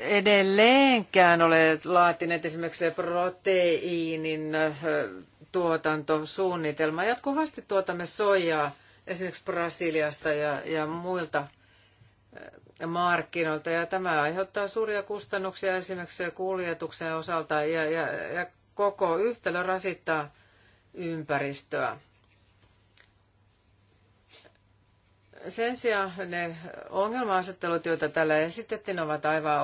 edelleenkään ole laatineet esimerkiksi proteiinin tuotantosuunnitelmaa. Jatkuvasti tuotamme soijaa esimerkiksi Brasiliasta ja, ja muilta markkinoilta ja tämä aiheuttaa suuria kustannuksia esimerkiksi kuljetuksen osalta ja, ja, ja koko yhtälö rasittaa ympäristöä. Sen sijaan ne ongelma-asettelut, joita tällä esitettiin, ovat aivan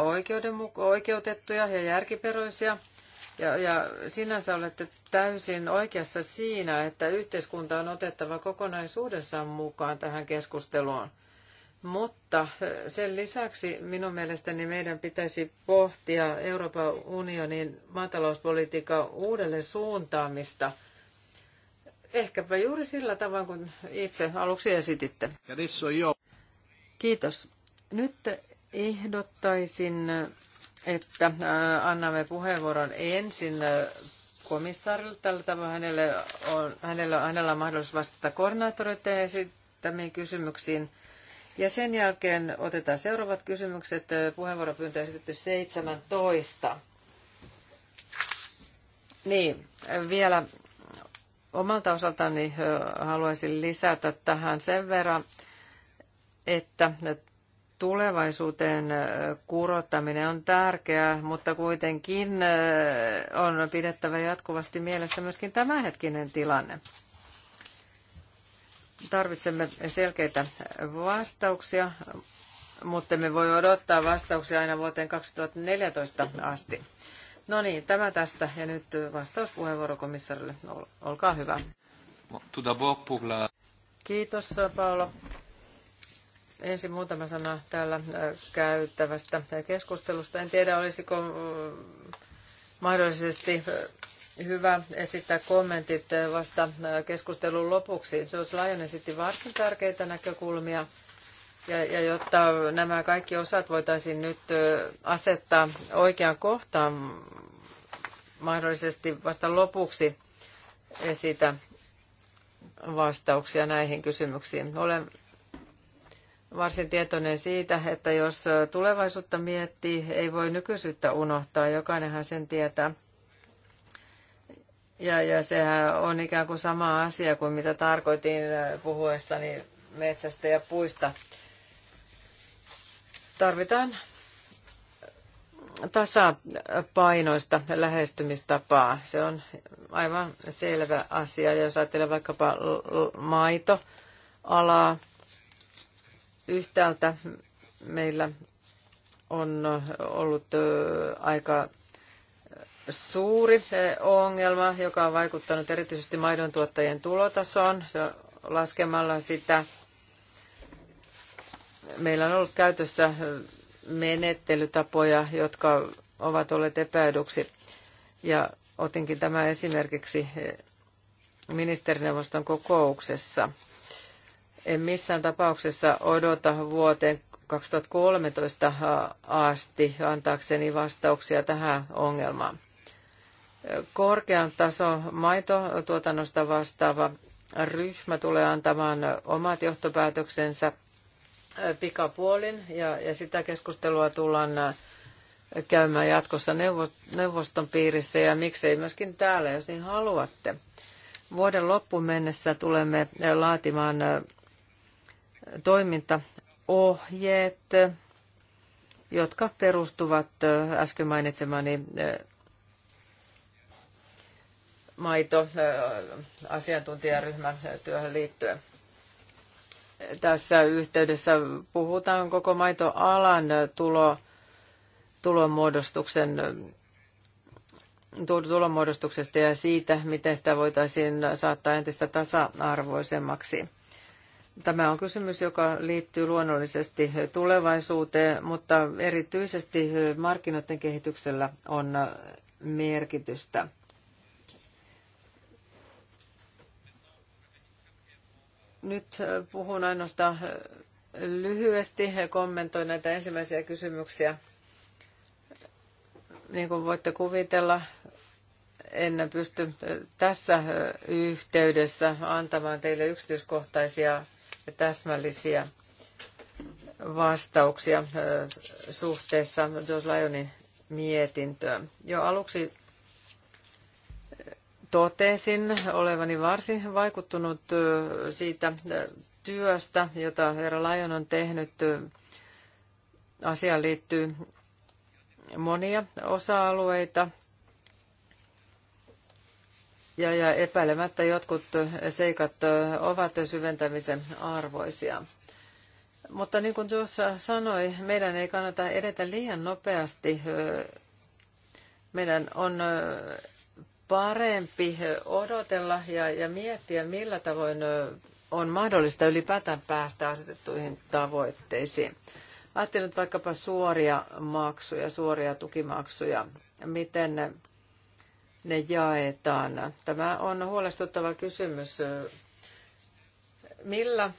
oikeutettuja ja järkiperoisia. Ja, ja sinänsä olette täysin oikeassa siinä, että yhteiskunta on otettava kokonaisuudessaan mukaan tähän keskusteluun – mutta sen lisäksi minun mielestäni meidän pitäisi pohtia Euroopan unionin maatalouspolitiikan uudelleen suuntaamista. Ehkäpä juuri sillä tavalla, kun itse aluksi esititte. Kiitos. Nyt ehdottaisin, että annamme puheenvuoron ensin komissaarille. Tällä tavalla hänelle on, hänellä, hänellä on mahdollisuus vastata koordinaattoreiden esittämiin kysymyksiin – ja sen jälkeen otetaan seuraavat kysymykset. Puheenvuoropyyntö esitetty 17. Niin, vielä omalta osaltani haluaisin lisätä tähän sen verran, että tulevaisuuteen kurottaminen on tärkeää, mutta kuitenkin on pidettävä jatkuvasti mielessä myöskin tämänhetkinen tilanne. Tarvitsemme selkeitä vastauksia, mutta me voi odottaa vastauksia aina vuoteen 2014 asti. No niin, tämä tästä. Ja nyt vastauspuheenvuoro komissarille. Olkaa hyvä. Kiitos, Paolo. Ensin muutama sana täällä käyttävästä keskustelusta. En tiedä, olisiko mahdollisesti hyvä esittää kommentit vasta keskustelun lopuksi. George Lyon esitti varsin tärkeitä näkökulmia. Ja, ja jotta nämä kaikki osat voitaisiin nyt asettaa oikeaan kohtaan, mahdollisesti vasta lopuksi esitä vastauksia näihin kysymyksiin. Olen varsin tietoinen siitä, että jos tulevaisuutta miettii, ei voi nykyisyyttä unohtaa. Jokainenhan sen tietää. Ja, ja sehän on ikään kuin sama asia kuin mitä tarkoitin äh, puhuessani metsästä ja puista. Tarvitaan tasapainoista lähestymistapaa. Se on aivan selvä asia. Jos ajattelee vaikkapa maitoalaa, yhtäältä meillä on ollut äh, aika suuri eh, ongelma, joka on vaikuttanut erityisesti maidon tuottajien tulotasoon. Se laskemalla sitä meillä on ollut käytössä eh, menettelytapoja, jotka ovat olleet epäydyksi. Ja otinkin tämä esimerkiksi eh, ministerineuvoston kokouksessa. En missään tapauksessa odota vuoteen 2013 asti antaakseni vastauksia tähän ongelmaan. Korkean tason maitotuotannosta vastaava ryhmä tulee antamaan omat johtopäätöksensä pikapuolin ja, ja sitä keskustelua tullaan äh, käymään jatkossa neuvoston piirissä ja miksei myöskin täällä, jos niin haluatte. Vuoden loppuun mennessä tulemme äh, laatimaan äh, toimintaohjeet, jotka perustuvat äsken mainitsemani maito asiantuntijaryhmän työhön liittyen. Tässä yhteydessä puhutaan koko maitoalan tulo, tulonmuodostuksen tulonmuodostuksesta ja siitä, miten sitä voitaisiin saattaa entistä tasa-arvoisemmaksi. Tämä on kysymys, joka liittyy luonnollisesti tulevaisuuteen, mutta erityisesti markkinoiden kehityksellä on merkitystä. Nyt äh, puhun ainoastaan äh, lyhyesti ja kommentoin näitä ensimmäisiä kysymyksiä. Niin kuin voitte kuvitella, en pysty äh, tässä yhteydessä antamaan teille yksityiskohtaisia ja täsmällisiä vastauksia suhteessa jos Lyonin mietintöön. Jo aluksi totesin olevani varsin vaikuttunut siitä työstä, jota herra Lajon on tehnyt. Asiaan liittyy monia osa-alueita. Ja, ja epäilemättä jotkut seikat ovat syventämisen arvoisia. Mutta niin kuin tuossa sanoi, meidän ei kannata edetä liian nopeasti. Meidän on parempi eh, odotella ja, ja miettiä, millä tavoin eh, on mahdollista ylipäätään päästä asetettuihin tavoitteisiin. Ajattelin nyt vaikkapa suoria maksuja, suoria tukimaksuja, miten ne, ne jaetaan. Tämä on huolestuttava kysymys. Millä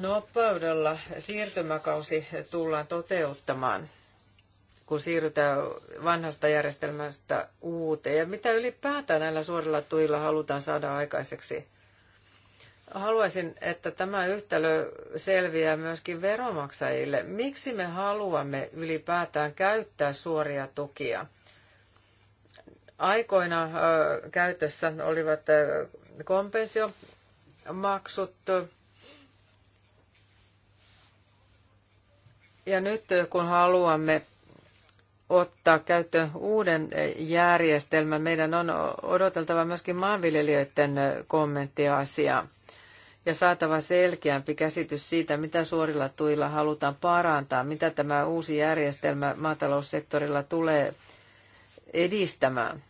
nopeudella siirtymäkausi tullaan toteuttamaan? kun siirrytään vanhasta järjestelmästä uuteen ja mitä ylipäätään näillä suorilla tuilla halutaan saada aikaiseksi. Haluaisin, että tämä yhtälö selviää myöskin veromaksajille. Miksi me haluamme ylipäätään käyttää suoria tukia? Aikoina käytössä olivat kompensiomaksut, ja nyt kun haluamme ottaa käyttöön uuden järjestelmän. Meidän on odoteltava myöskin maanviljelijöiden kommenttia asiaa ja saatava selkeämpi käsitys siitä, mitä suorilla tuilla halutaan parantaa, mitä tämä uusi järjestelmä maataloussektorilla tulee edistämään.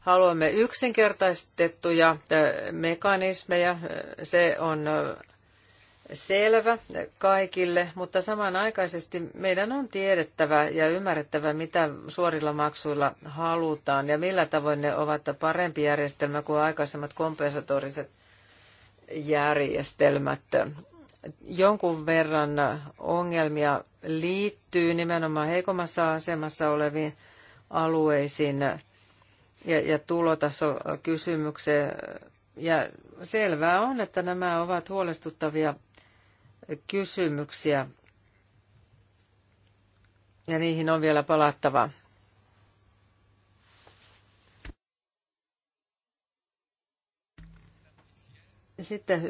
Haluamme yksinkertaistettuja mekanismeja. Se on selvä kaikille, mutta samanaikaisesti meidän on tiedettävä ja ymmärrettävä, mitä suorilla maksuilla halutaan ja millä tavoin ne ovat parempi järjestelmä kuin aikaisemmat kompensatoriset järjestelmät. Jonkun verran ongelmia liittyy nimenomaan heikommassa asemassa oleviin alueisiin ja, ja tulotaso ja selvää on, että nämä ovat huolestuttavia kysymyksiä ja niihin on vielä palattava. Sitten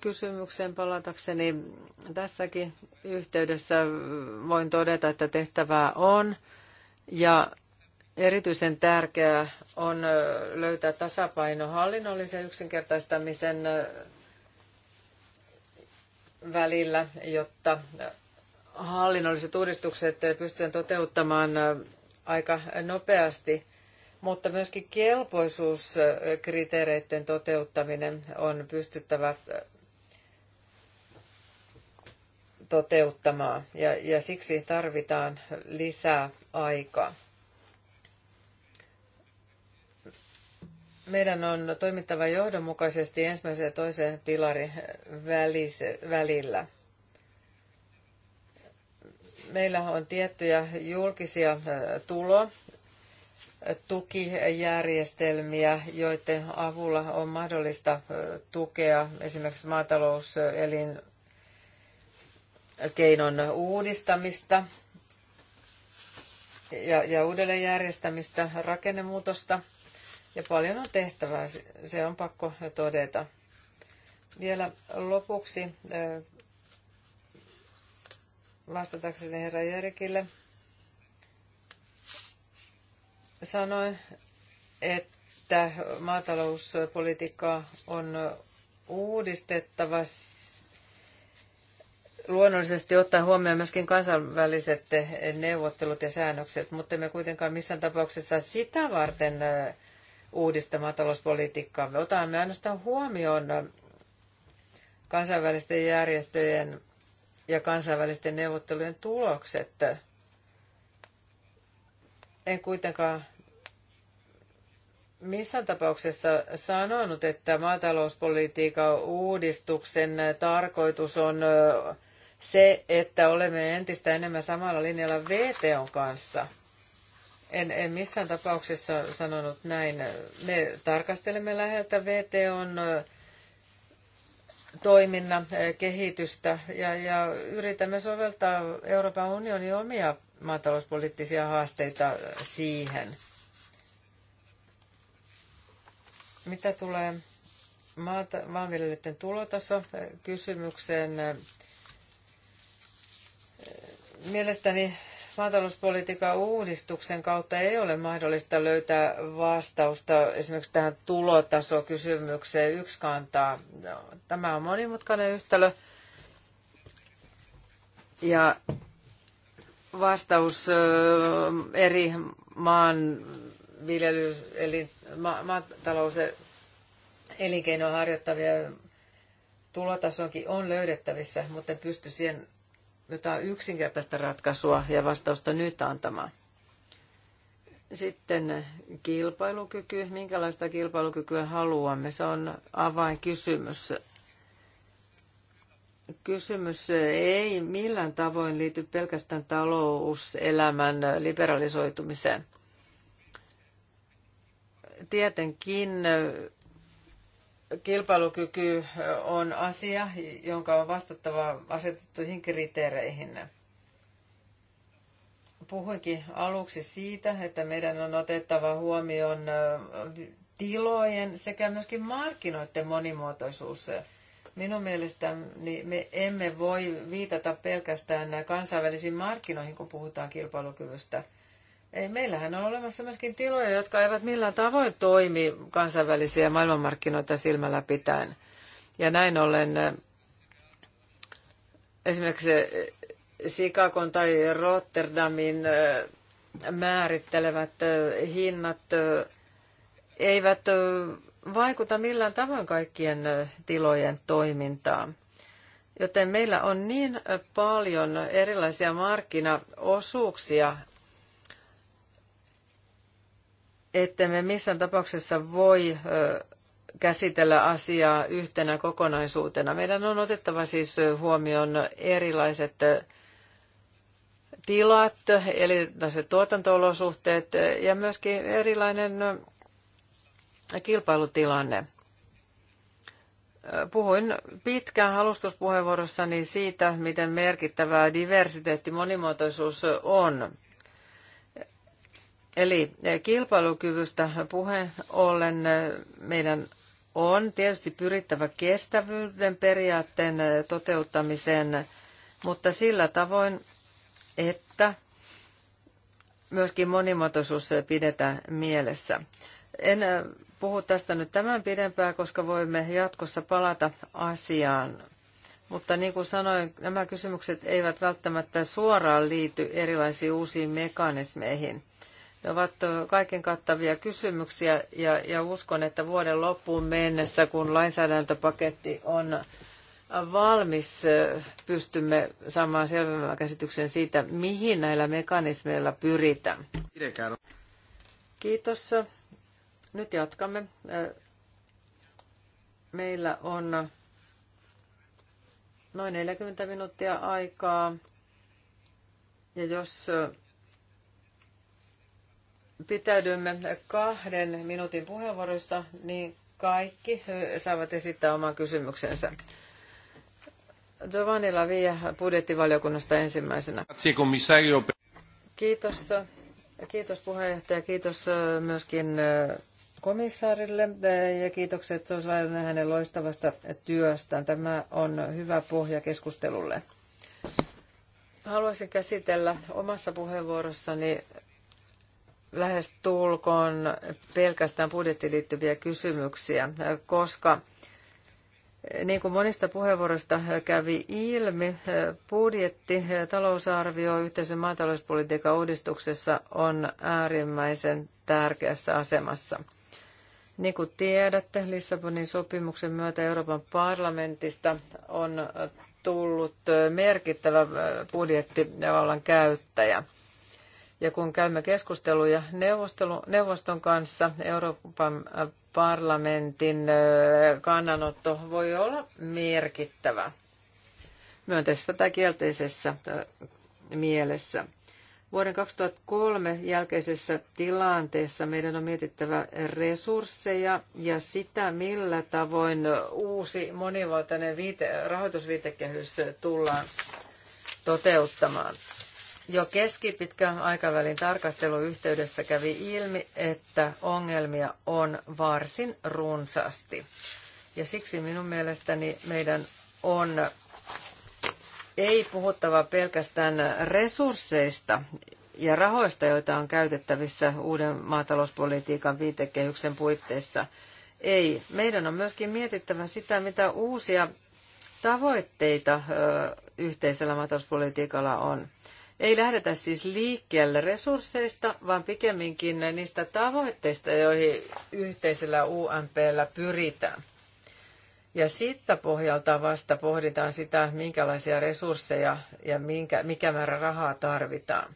kysymykseen palatakseni tässäkin yhteydessä voin todeta, että tehtävää on ja erityisen tärkeää on löytää tasapaino hallinnollisen yksinkertaistamisen välillä, jotta hallinnolliset uudistukset pystytään toteuttamaan aika nopeasti, mutta myöskin kelpoisuuskriteereiden toteuttaminen on pystyttävä toteuttamaan ja, ja siksi tarvitaan lisää aikaa. meidän on toimittava johdonmukaisesti ensimmäisen ja toisen pilarin välillä. Meillä on tiettyjä julkisia tulo tukijärjestelmiä, joiden avulla on mahdollista tukea esimerkiksi maatalouselin keinon uudistamista ja, ja uudelleenjärjestämistä, rakennemuutosta – ja paljon on tehtävää, se on pakko todeta. Vielä lopuksi vastatakseni herra Jerikille. sanoin, että maatalouspolitiikkaa on uudistettava luonnollisesti ottaa huomioon myöskin kansainväliset neuvottelut ja säännökset, mutta me kuitenkaan missään tapauksessa sitä varten uudistamaan talouspolitiikkaamme. Otamme ainoastaan huomioon kansainvälisten järjestöjen ja kansainvälisten neuvottelujen tulokset. En kuitenkaan missään tapauksessa sanonut, että maatalouspolitiikan uudistuksen tarkoitus on se, että olemme entistä enemmän samalla linjalla VTOn kanssa – en, en missään tapauksessa sanonut näin. Me tarkastelemme läheltä VTOn toiminnan kehitystä ja, ja yritämme soveltaa Euroopan unionin omia maatalouspoliittisia haasteita siihen. Mitä tulee maata, maanviljelijöiden tulotaso kysymykseen, mielestäni maatalouspolitiikan uudistuksen kautta ei ole mahdollista löytää vastausta esimerkiksi tähän tulotasokysymykseen yksi kantaa. No, tämä on monimutkainen yhtälö. Ja vastaus eri maan viljely, eli ma- maatalous elinkeinoa harjoittavia tulotasonkin on löydettävissä, mutta en pysty siihen jotain yksinkertaista ratkaisua ja vastausta nyt antamaan. Sitten kilpailukyky. Minkälaista kilpailukykyä haluamme? Se on avainkysymys. Kysymys ei millään tavoin liity pelkästään talouselämän liberalisoitumiseen. Tietenkin kilpailukyky on asia, jonka on vastattava asetettuihin kriteereihin. Puhuinkin aluksi siitä, että meidän on otettava huomioon tilojen sekä myöskin markkinoiden monimuotoisuus. Minun mielestäni me emme voi viitata pelkästään kansainvälisiin markkinoihin, kun puhutaan kilpailukyvystä – ei, meillähän on olemassa myöskin tiloja, jotka eivät millään tavoin toimi kansainvälisiä maailmanmarkkinoita silmällä pitäen. Ja näin ollen esimerkiksi Sikakon tai Rotterdamin määrittelevät hinnat eivät vaikuta millään tavoin kaikkien tilojen toimintaan. Joten meillä on niin paljon erilaisia markkinaosuuksia ettemme missään tapauksessa voi käsitellä asiaa yhtenä kokonaisuutena. Meidän on otettava siis huomioon erilaiset tilat, eli tuotantoolosuhteet ja myöskin erilainen kilpailutilanne. Puhuin pitkään halustuspuheenvuorossani siitä, miten merkittävää diversiteetti, monimuotoisuus on. Eli eh, kilpailukyvystä puheen ollen eh, meidän on tietysti pyrittävä kestävyyden periaatteen eh, toteuttamiseen, mutta sillä tavoin, että myöskin monimuotoisuus pidetään mielessä. En puhu tästä nyt tämän pidempään, koska voimme jatkossa palata asiaan. Mutta niin kuin sanoin, nämä kysymykset eivät välttämättä suoraan liity erilaisiin uusiin mekanismeihin – ne ovat kaiken kattavia kysymyksiä ja, ja uskon, että vuoden loppuun mennessä, kun lainsäädäntöpaketti on valmis, pystymme saamaan selvemmän käsityksen siitä, mihin näillä mekanismeilla pyritään. Kiitos. Nyt jatkamme. Meillä on noin 40 minuuttia aikaa. Ja jos pitäydymme kahden minuutin puheenvuoroissa, niin kaikki saavat esittää oman kysymyksensä. Giovanni Lavia budjettivaliokunnasta ensimmäisenä. Kiitos. Kiitos puheenjohtaja, kiitos myöskin komissaarille ja kiitokset Sosailun hänen loistavasta työstään. Tämä on hyvä pohja keskustelulle. Haluaisin käsitellä omassa puheenvuorossani lähes tulkoon pelkästään budjettiin liittyviä kysymyksiä, koska niin kuin monista puheenvuoroista kävi ilmi, budjetti, talousarvio yhteisen maatalouspolitiikan uudistuksessa on äärimmäisen tärkeässä asemassa. Niin kuin tiedätte, Lissabonin sopimuksen myötä Euroopan parlamentista on tullut merkittävä budjettivallan käyttäjä – ja kun käymme keskusteluja neuvoston kanssa, Euroopan parlamentin kannanotto voi olla merkittävä myönteisessä tai kielteisessä mielessä. Vuoden 2003 jälkeisessä tilanteessa meidän on mietittävä resursseja ja sitä, millä tavoin uusi monivuotinen rahoitusviitekehys tullaan toteuttamaan. Jo keskipitkän aikavälin tarkasteluyhteydessä kävi ilmi, että ongelmia on varsin runsaasti. Ja siksi minun mielestäni meidän on ei puhuttava pelkästään resursseista ja rahoista, joita on käytettävissä uuden maatalouspolitiikan viitekehyksen puitteissa. Ei. Meidän on myöskin mietittävä sitä, mitä uusia tavoitteita yhteisellä maatalouspolitiikalla on. Ei lähdetä siis liikkeelle resursseista, vaan pikemminkin niistä tavoitteista, joihin yhteisellä UMPllä pyritään. Ja siitä pohjalta vasta pohditaan sitä, minkälaisia resursseja ja minkä, mikä määrä rahaa tarvitaan.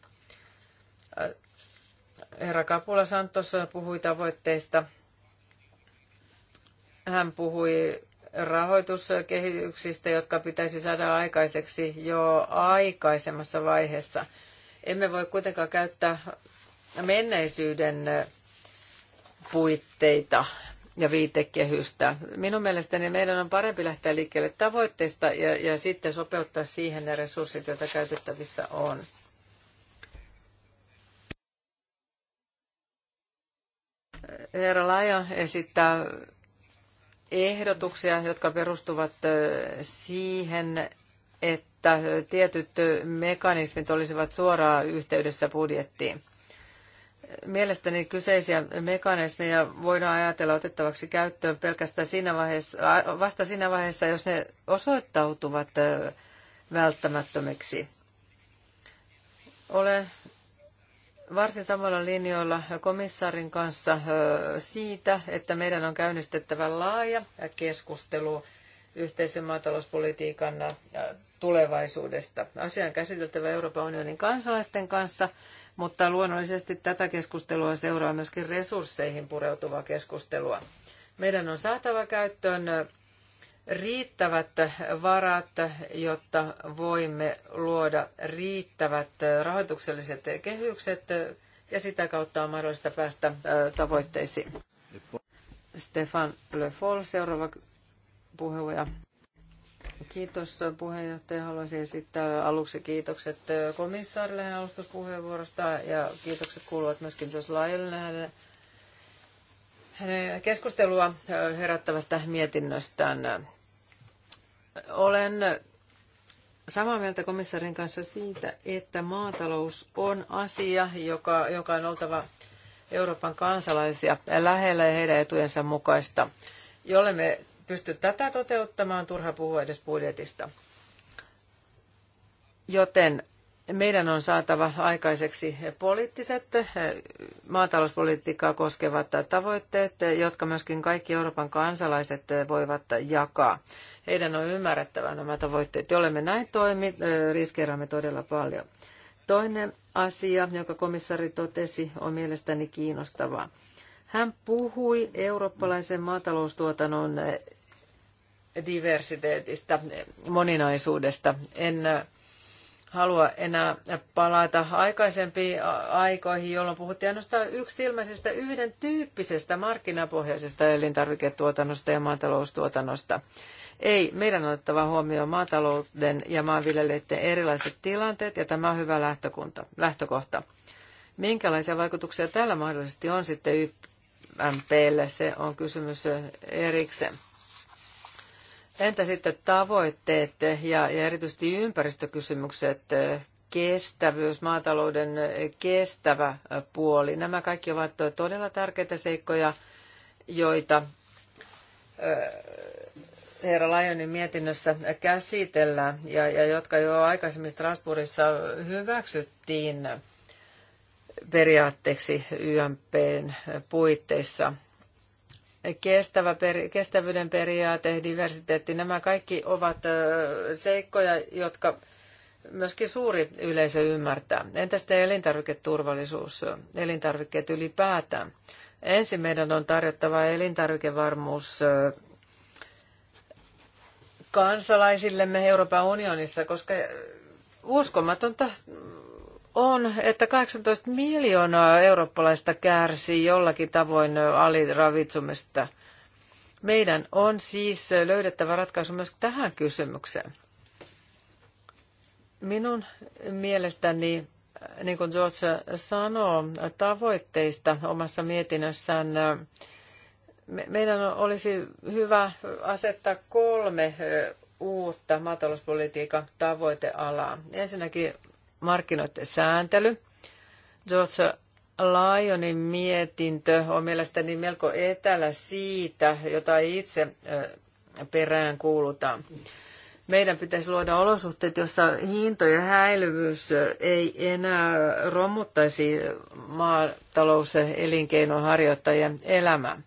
Herra Kapula Santos puhui tavoitteista. Hän puhui rahoituskehityksistä, jotka pitäisi saada aikaiseksi jo aikaisemmassa vaiheessa. Emme voi kuitenkaan käyttää menneisyyden puitteita ja viitekehystä. Minun mielestäni meidän on parempi lähteä liikkeelle tavoitteista ja, ja sitten sopeuttaa siihen ne resurssit, joita käytettävissä on. Herra Laaja esittää ehdotuksia, jotka perustuvat siihen, että tietyt mekanismit olisivat suoraan yhteydessä budjettiin. Mielestäni kyseisiä mekanismeja voidaan ajatella otettavaksi käyttöön pelkästään siinä vaiheessa, vasta siinä vaiheessa, jos ne osoittautuvat välttämättömiksi. Olen varsin samalla linjoilla komissaarin kanssa siitä, että meidän on käynnistettävä laaja keskustelu yhteisen maatalouspolitiikan tulevaisuudesta. Asia on käsiteltävä Euroopan unionin kansalaisten kanssa, mutta luonnollisesti tätä keskustelua seuraa myöskin resursseihin pureutuvaa keskustelua. Meidän on saatava käyttöön riittävät varat, jotta voimme luoda riittävät rahoitukselliset kehykset ja sitä kautta on mahdollista päästä tavoitteisiin. Stefan Le Foll, seuraava puheenjohtaja. Kiitos puheenjohtaja. Haluaisin esittää aluksi kiitokset komissaarille hänen alustuspuheenvuorosta ja kiitokset kuuluvat myöskin Jos Laille hänen keskustelua herättävästä mietinnöstään. Olen samaa mieltä komissarin kanssa siitä, että maatalous on asia, joka, joka on oltava Euroopan kansalaisia lähellä ja heidän etujensa mukaista. Jolle me pysty tätä toteuttamaan, turha puhua edes budjetista. Joten meidän on saatava aikaiseksi poliittiset eh, maatalouspolitiikkaa koskevat tavoitteet, eh, jotka myöskin kaikki Euroopan kansalaiset eh, voivat jakaa. Heidän on ymmärrettävä nämä tavoitteet. Jollemme näin toimi, riskeeraamme todella paljon. Toinen asia, jonka komissari totesi, on mielestäni kiinnostava. Hän puhui eurooppalaisen maataloustuotannon diversiteetistä, moninaisuudesta. En halua enää palata aikaisempiin aikoihin, jolloin puhuttiin ainoastaan yksilmäisestä, yhden tyyppisestä markkinapohjaisesta elintarviketuotannosta ja maataloustuotannosta. Ei, meidän on otettava huomioon maatalouden ja maanviljelijöiden erilaiset tilanteet ja tämä on hyvä lähtökunta, lähtökohta. Minkälaisia vaikutuksia tällä mahdollisesti on sitten YMPlle, se on kysymys erikseen. Entä sitten tavoitteet ja, ja erityisesti ympäristökysymykset, kestävyys, maatalouden kestävä puoli? Nämä kaikki ovat todella tärkeitä seikkoja, joita herra Lajonin mietinnössä käsitellään ja, ja jotka jo aikaisemmin Strasbourgissa hyväksyttiin periaatteeksi YMPn puitteissa – kestävä, kestävyyden periaate, diversiteetti, nämä kaikki ovat seikkoja, jotka myöskin suuri yleisö ymmärtää. Entä sitten elintarviketurvallisuus, elintarvikkeet ylipäätään? Ensin meidän on tarjottava elintarvikevarmuus kansalaisillemme Euroopan unionissa, koska uskomatonta on, että 18 miljoonaa eurooppalaista kärsii jollakin tavoin aliravitsumista. Meidän on siis löydettävä ratkaisu myös tähän kysymykseen. Minun mielestäni, niin kuin George sanoo, tavoitteista omassa mietinnössään meidän olisi hyvä asettaa kolme uutta maatalouspolitiikan tavoitealaa. Ensinnäkin markkinoiden sääntely. George Lyonin mietintö on mielestäni melko etälä siitä, jota itse perään kuulutaan. Meidän pitäisi luoda olosuhteet, jossa hintojen häilyvyys ei enää romuttaisi maatalous- ja elinkeinoharjoittajien elämää.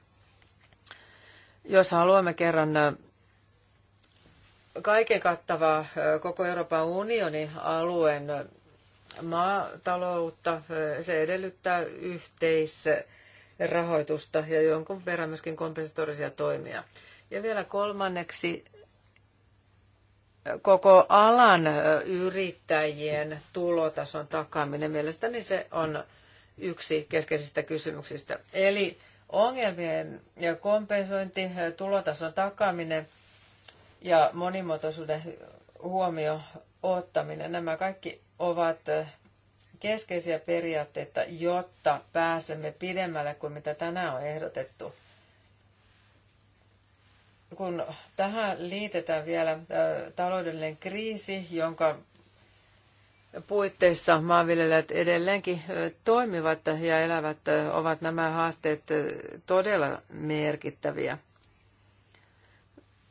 Jos haluamme kerran kaiken kattavaa koko Euroopan unionin alueen maataloutta. Se edellyttää yhteisrahoitusta ja jonkun verran myöskin kompensatorisia toimia. Ja vielä kolmanneksi koko alan yrittäjien tulotason takaaminen. Mielestäni se on yksi keskeisistä kysymyksistä. Eli ongelmien ja kompensointi, tulotason takaaminen ja monimuotoisuuden huomio ottaminen, nämä kaikki ovat keskeisiä periaatteita, jotta pääsemme pidemmälle kuin mitä tänään on ehdotettu. Kun tähän liitetään vielä taloudellinen kriisi, jonka puitteissa maanviljelijät edelleenkin toimivat ja elävät, ovat nämä haasteet todella merkittäviä.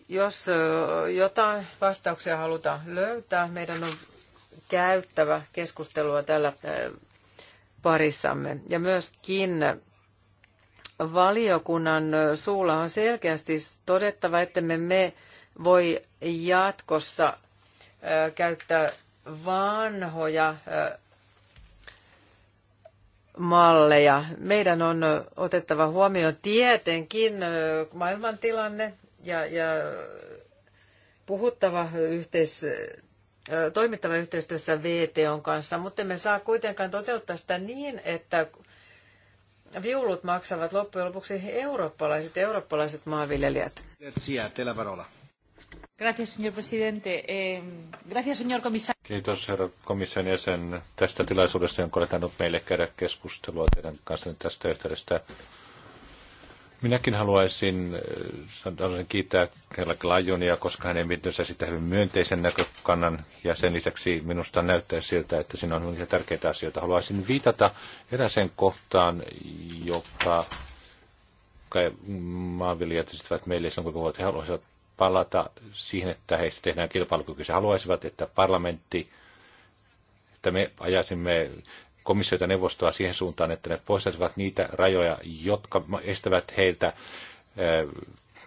Jos jotain vastauksia halutaan löytää, meidän on käyttävä keskustelua tällä parissamme. Ja myöskin valiokunnan suulla on selkeästi todettava, että me, me voi jatkossa käyttää vanhoja malleja. Meidän on otettava huomioon tietenkin maailmantilanne ja, ja puhuttava yhteis, toimittava yhteistyössä VTOn kanssa, mutta emme saa kuitenkaan toteuttaa sitä niin, että viulut maksavat loppujen lopuksi eurooppalaiset ja eurooppalaiset maanviljelijät. Gracias, presidente. Eh, Kiitos, herra komission jäsen, tästä tilaisuudesta, jonka olet meille käydä keskustelua teidän kanssanne tästä yhteydestä Minäkin äh, haluaisin kiittää Kerla Lajunia, koska hänen mietintönsä sitä hyvin myönteisen näkökannan, ja sen lisäksi minusta näyttää siltä, että siinä on hyvin tärkeitä asioita. Haluaisin viitata eräseen kohtaan, joka maanviljelijät esittävät meille silloin, kun puhuvat, he haluaisivat palata siihen, että heistä tehdään kilpailukykyisiä. Haluaisivat, että parlamentti, että me ajaisimme komissioita neuvostoa siihen suuntaan, että ne poistaisivat niitä rajoja, jotka estävät heiltä eh,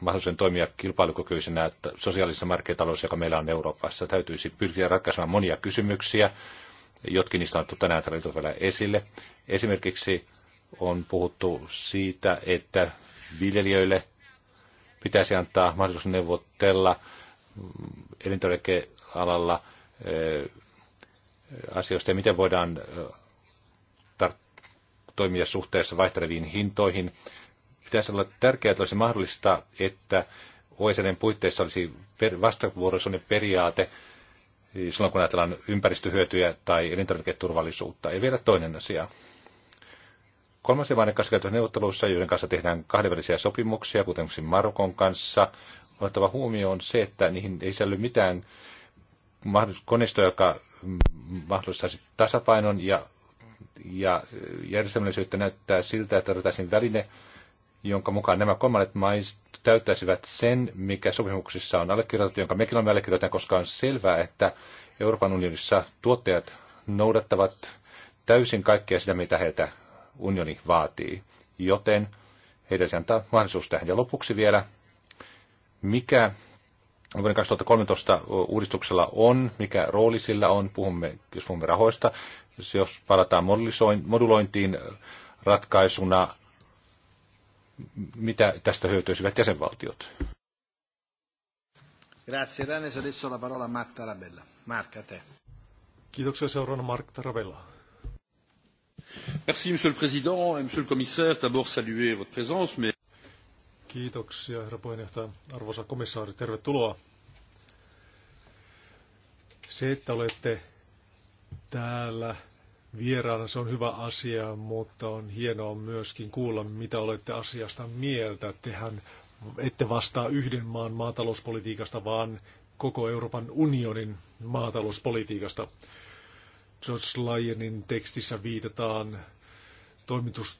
mahdollisuuden toimia kilpailukykyisenä sosiaalisessa markkinatalous, joka meillä on Euroopassa. Täytyisi pyrkiä ratkaisemaan monia kysymyksiä. Jotkin niistä on otettu tänään tällä vielä esille. Esimerkiksi on puhuttu siitä, että viljelijöille pitäisi antaa mahdollisuus neuvotella mm, elintarvikealalla eh, asioista ja miten voidaan eh, toimia suhteessa vaihteleviin hintoihin. Pitäisi olla tärkeää, että olisi mahdollista, että OECDn puitteissa olisi vastavuoroisuuden periaate silloin, kun ajatellaan ympäristöhyötyjä tai elintarviketurvallisuutta. Ja vielä toinen asia. Kolmansien maiden kanssa neuvotteluissa, joiden kanssa tehdään kahdenvälisiä sopimuksia, kuten Marokon kanssa, otettava huomio huomioon se, että niihin ei sälly mitään koneistoa, joka mahdollistaisi tasapainon ja ja eh, järjestelmällisyyttä näyttää siltä, että tarvitaan väline, jonka mukaan nämä kolmannet maat täyttäisivät sen, mikä sopimuksissa on allekirjoitettu, jonka mekin olemme allekirjoittaneet, koska on selvää, että Euroopan unionissa tuottajat noudattavat täysin kaikkea sitä, mitä heiltä unioni vaatii. Joten heidän se antaa mahdollisuus tähän. Ja lopuksi vielä, mikä vuoden 2013 uudistuksella on, mikä rooli sillä on, puhumme, jos puhumme rahoista, jos palataan modulointiin ratkaisuna, mitä tästä hyötyisivät jäsenvaltiot? Grazie Danes, adesso la parola a Mark Tarabella. Mark, a te. Kiitoksia seuraavana Mark Tarabella. Merci monsieur le président et monsieur le commissaire, d'abord saluer votre présence, mais... Kiitoksia herra puheenjohtaja, arvoisa komissaari, tervetuloa. Se, että olette täällä vieraana. Se on hyvä asia, mutta on hienoa myöskin kuulla, mitä olette asiasta mieltä. Tehän ette vastaa yhden maan maatalouspolitiikasta, vaan koko Euroopan unionin maatalouspolitiikasta. George Lyonin tekstissä viitataan toimituksen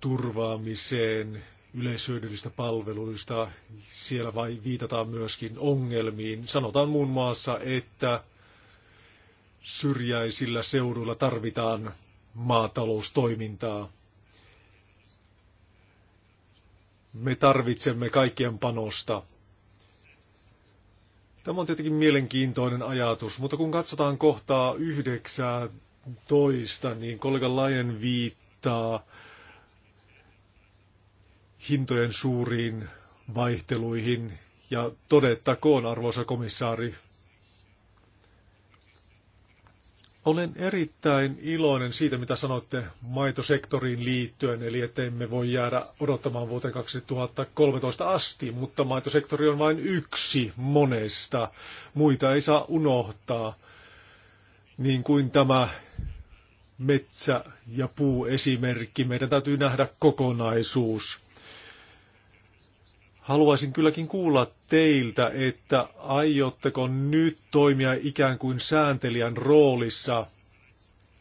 turvaamiseen, yleishyödyllistä palveluista. Siellä vai viitataan myöskin ongelmiin. Sanotaan muun muassa, että syrjäisillä seuduilla tarvitaan maataloustoimintaa. Me tarvitsemme kaikkien panosta. Tämä on tietenkin mielenkiintoinen ajatus, mutta kun katsotaan kohtaa 19, niin kollega Lajen viittaa hintojen suuriin vaihteluihin. Ja todettakoon, arvoisa komissaari, Olen erittäin iloinen siitä, mitä sanoitte maitosektoriin liittyen, eli että emme voi jäädä odottamaan vuoteen 2013 asti, mutta maitosektori on vain yksi monesta. Muita ei saa unohtaa, niin kuin tämä metsä- ja puuesimerkki. Meidän täytyy nähdä kokonaisuus. Haluaisin kylläkin kuulla teiltä, että aiotteko nyt toimia ikään kuin sääntelijän roolissa,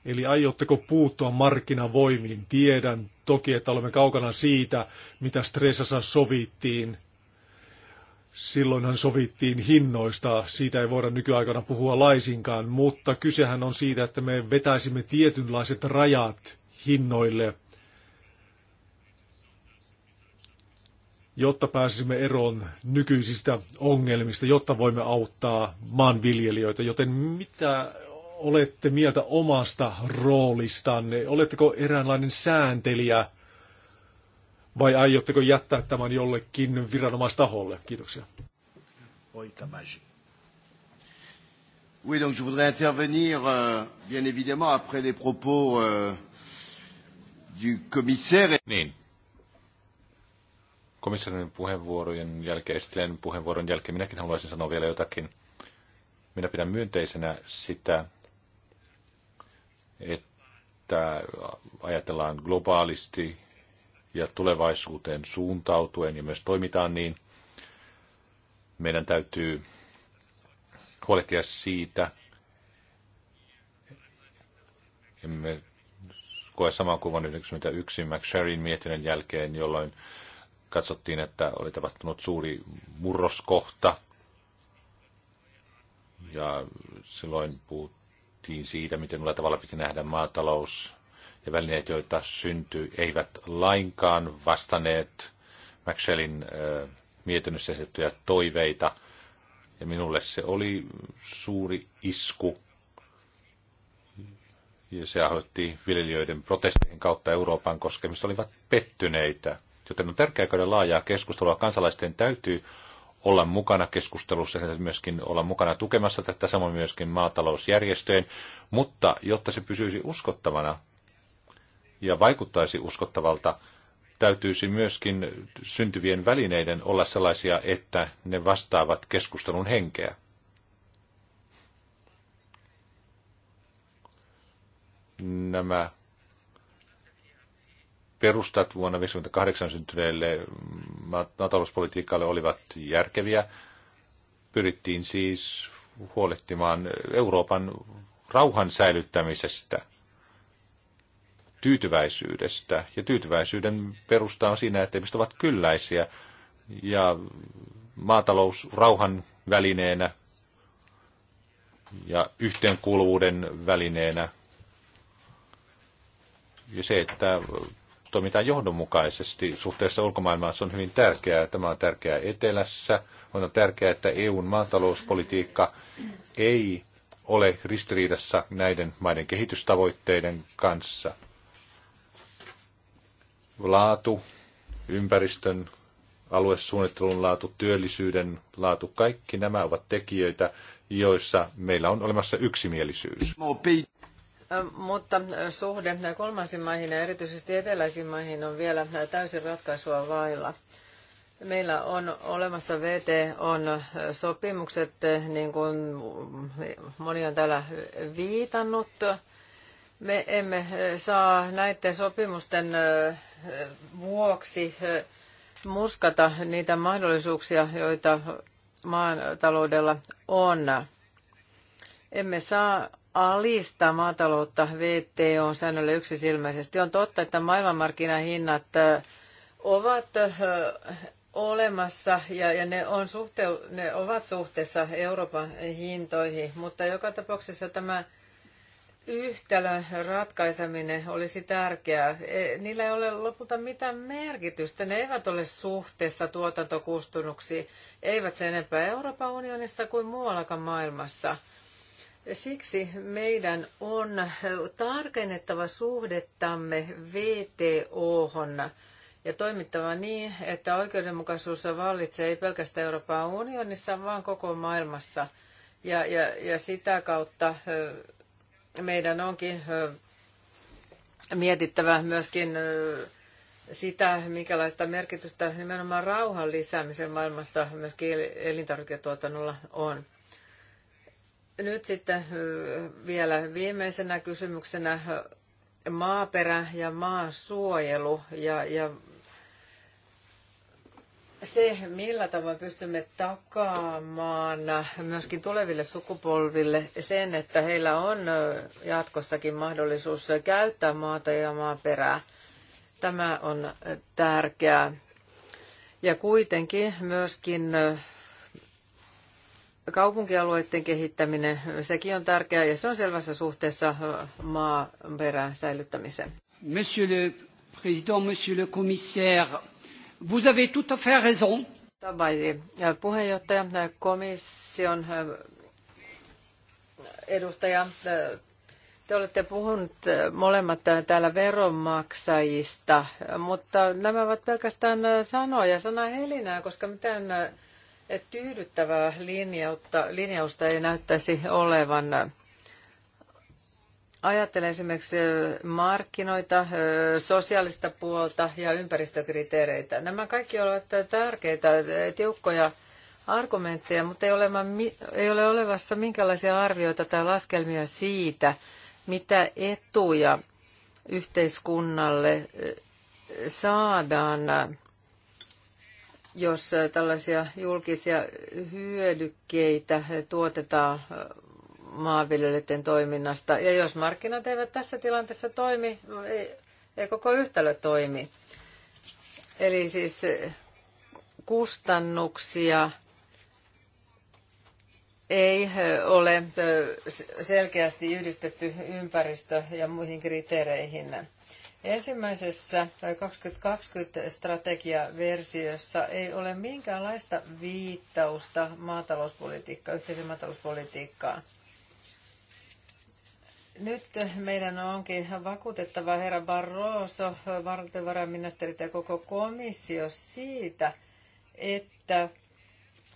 eli aiotteko puuttua markkinavoimiin. Tiedän toki, että olemme kaukana siitä, mitä stressassa sovittiin. Silloinhan sovittiin hinnoista, siitä ei voida nykyaikana puhua laisinkaan, mutta kysehän on siitä, että me vetäisimme tietynlaiset rajat hinnoille – jotta pääsisimme eroon nykyisistä ongelmista, jotta voimme auttaa maanviljelijöitä. Joten mitä olette mieltä omasta roolistanne? Oletteko eräänlainen sääntelijä vai aiotteko jättää tämän jollekin viranomaistaholle? Kiitoksia. Oui, donc je voudrais intervenir, euh, bien évidemment, après les propos euh, du commissaire. Niin, komissarin puheenvuorojen jälkeen, esittelijän puheenvuoron jälkeen, minäkin haluaisin sanoa vielä jotakin. Minä pidän myönteisenä sitä, että ajatellaan globaalisti ja tulevaisuuteen suuntautuen ja myös toimitaan niin. Meidän täytyy huolehtia siitä, emme koe samaa kuvan 1991 McSherryn mietinnön jälkeen, jolloin katsottiin, että oli tapahtunut suuri murroskohta. Ja silloin puhuttiin siitä, miten millä tavalla piti nähdä maatalous ja välineet, joita syntyi, eivät lainkaan vastanneet Maxwellin mietinnössä esitettyjä toiveita. Ja minulle se oli suuri isku. Ja se aiheutti viljelijöiden protestien kautta Euroopan koska olivat pettyneitä. Joten on tärkeää käydä laajaa keskustelua. Kansalaisten täytyy olla mukana keskustelussa ja myöskin olla mukana tukemassa tätä, samoin myöskin maatalousjärjestöjen, mutta jotta se pysyisi uskottavana ja vaikuttaisi uskottavalta, täytyisi myöskin syntyvien välineiden olla sellaisia, että ne vastaavat keskustelun henkeä. Nämä perustat vuonna 1958 syntyneelle maatalouspolitiikalle olivat järkeviä. Pyrittiin siis huolehtimaan Euroopan rauhan säilyttämisestä, tyytyväisyydestä. Ja tyytyväisyyden perusta on siinä, että ihmiset ovat kylläisiä. Ja maatalous rauhan välineenä ja yhteenkuuluvuuden välineenä. Ja se, että toimitaan johdonmukaisesti suhteessa ulkomaailmaan. Se on hyvin tärkeää. Tämä on tärkeää etelässä. On tärkeää, että EUn maatalouspolitiikka ei ole ristiriidassa näiden maiden kehitystavoitteiden kanssa. Laatu, ympäristön aluesuunnittelun laatu, työllisyyden laatu, kaikki nämä ovat tekijöitä, joissa meillä on olemassa yksimielisyys. Mutta suhde kolmansiin maihin ja erityisesti eteläisiin maihin on vielä täysin ratkaisua vailla. Meillä on olemassa VT on sopimukset, eh, niin kuin moni on täällä viitannut. Me emme eh, saa näiden sopimusten eh, vuoksi muskata niitä mahdollisuuksia, joita maan taloudella on. Emme saa alistaa maataloutta VTOn säännölle yksisilmäisesti. On totta, että maailmanmarkkinahinnat ovat olemassa ja, ja ne, on suhte, ne ovat suhteessa Euroopan hintoihin, mutta joka tapauksessa tämä yhtälön ratkaiseminen olisi tärkeää. E, niillä ei ole lopulta mitään merkitystä. Ne eivät ole suhteessa tuotantokustannuksiin, eivät sen enempää Euroopan unionissa kuin muuallakaan maailmassa. Siksi meidän on tarkennettava suhdettamme VTOhon ja toimittava niin, että oikeudenmukaisuus vallitsee ei pelkästään Euroopan unionissa, vaan koko maailmassa. Ja, ja, ja sitä kautta meidän onkin mietittävä myöskin sitä, minkälaista merkitystä nimenomaan rauhan lisäämisen maailmassa myöskin elintarviketuotannolla on. Nyt sitten vielä viimeisenä kysymyksenä maaperä ja maansuojelu ja, ja se, millä tavoin pystymme takaamaan myöskin tuleville sukupolville sen, että heillä on jatkossakin mahdollisuus käyttää maata ja maaperää. Tämä on tärkeää. Ja kuitenkin myöskin kaupunkialueiden kehittäminen, sekin on tärkeää ja se on selvässä suhteessa maaperän säilyttämiseen. Monsieur le président, monsieur le commissaire, vous avez tout à fait raison. Tabaidi, puheenjohtaja, komission edustaja, te olette puhunut molemmat täällä veronmaksajista, mutta nämä ovat pelkästään sanoja, sana helinää, koska mitään tyydyttävää linjausta, linjausta ei näyttäisi olevan. Ajattelen esimerkiksi markkinoita, sosiaalista puolta ja ympäristökriteereitä. Nämä kaikki ovat tärkeitä, tiukkoja argumentteja, mutta ei ole, ei ole olevassa minkälaisia arvioita tai laskelmia siitä, mitä etuja yhteiskunnalle saadaan jos äh, tällaisia julkisia hyödykkeitä äh, tuotetaan äh, maanviljelijöiden toiminnasta. Ja jos markkinat eivät tässä tilanteessa toimi, ei, ei koko yhtälö toimi. Eli siis kustannuksia ei ole selkeästi yhdistetty ympäristö- ja muihin kriteereihin. Ensimmäisessä 2020-strategiaversiossa ei ole minkäänlaista viittausta maatalouspolitiikkaan, yhteisen maatalouspolitiikkaan. Nyt meidän onkin vakuutettava herra Barroso, valtiovarainministeri ja koko komissio siitä, että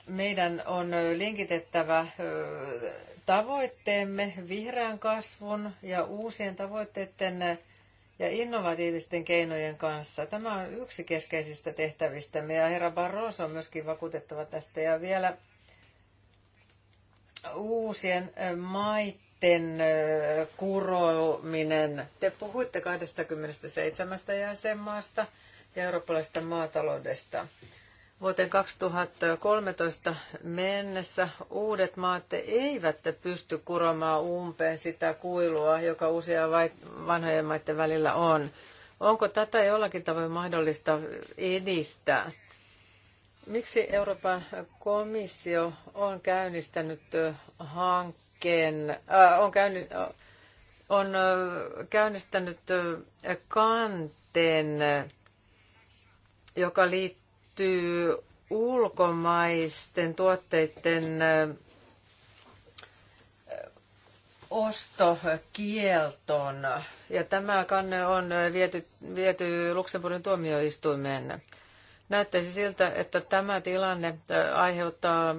meidän on linkitettävä tavoitteemme vihreän kasvun ja uusien tavoitteiden ja innovatiivisten keinojen kanssa. Tämä on yksi keskeisistä tehtävistä. Ja herra Barroso on myöskin vakuutettava tästä. Ja vielä uusien maiden kurominen. Te puhuitte 27 jäsenmaasta ja eurooppalaisesta maataloudesta. Vuoteen 2013 mennessä uudet maat eivät pysty kuromaan umpeen sitä kuilua, joka usein vanhojen maiden välillä on. Onko tätä jollakin tavoin mahdollista edistää? Miksi Euroopan komissio on käynnistänyt hankkeen, äh, on, käynni, on äh, käynnistänyt äh, kanteen, joka liittyy liittyy ulkomaisten tuotteiden ostokieltoon. Ja tämä kanne on viety, viety Luxemburgin tuomioistuimeen. Näyttäisi siltä, että tämä tilanne aiheuttaa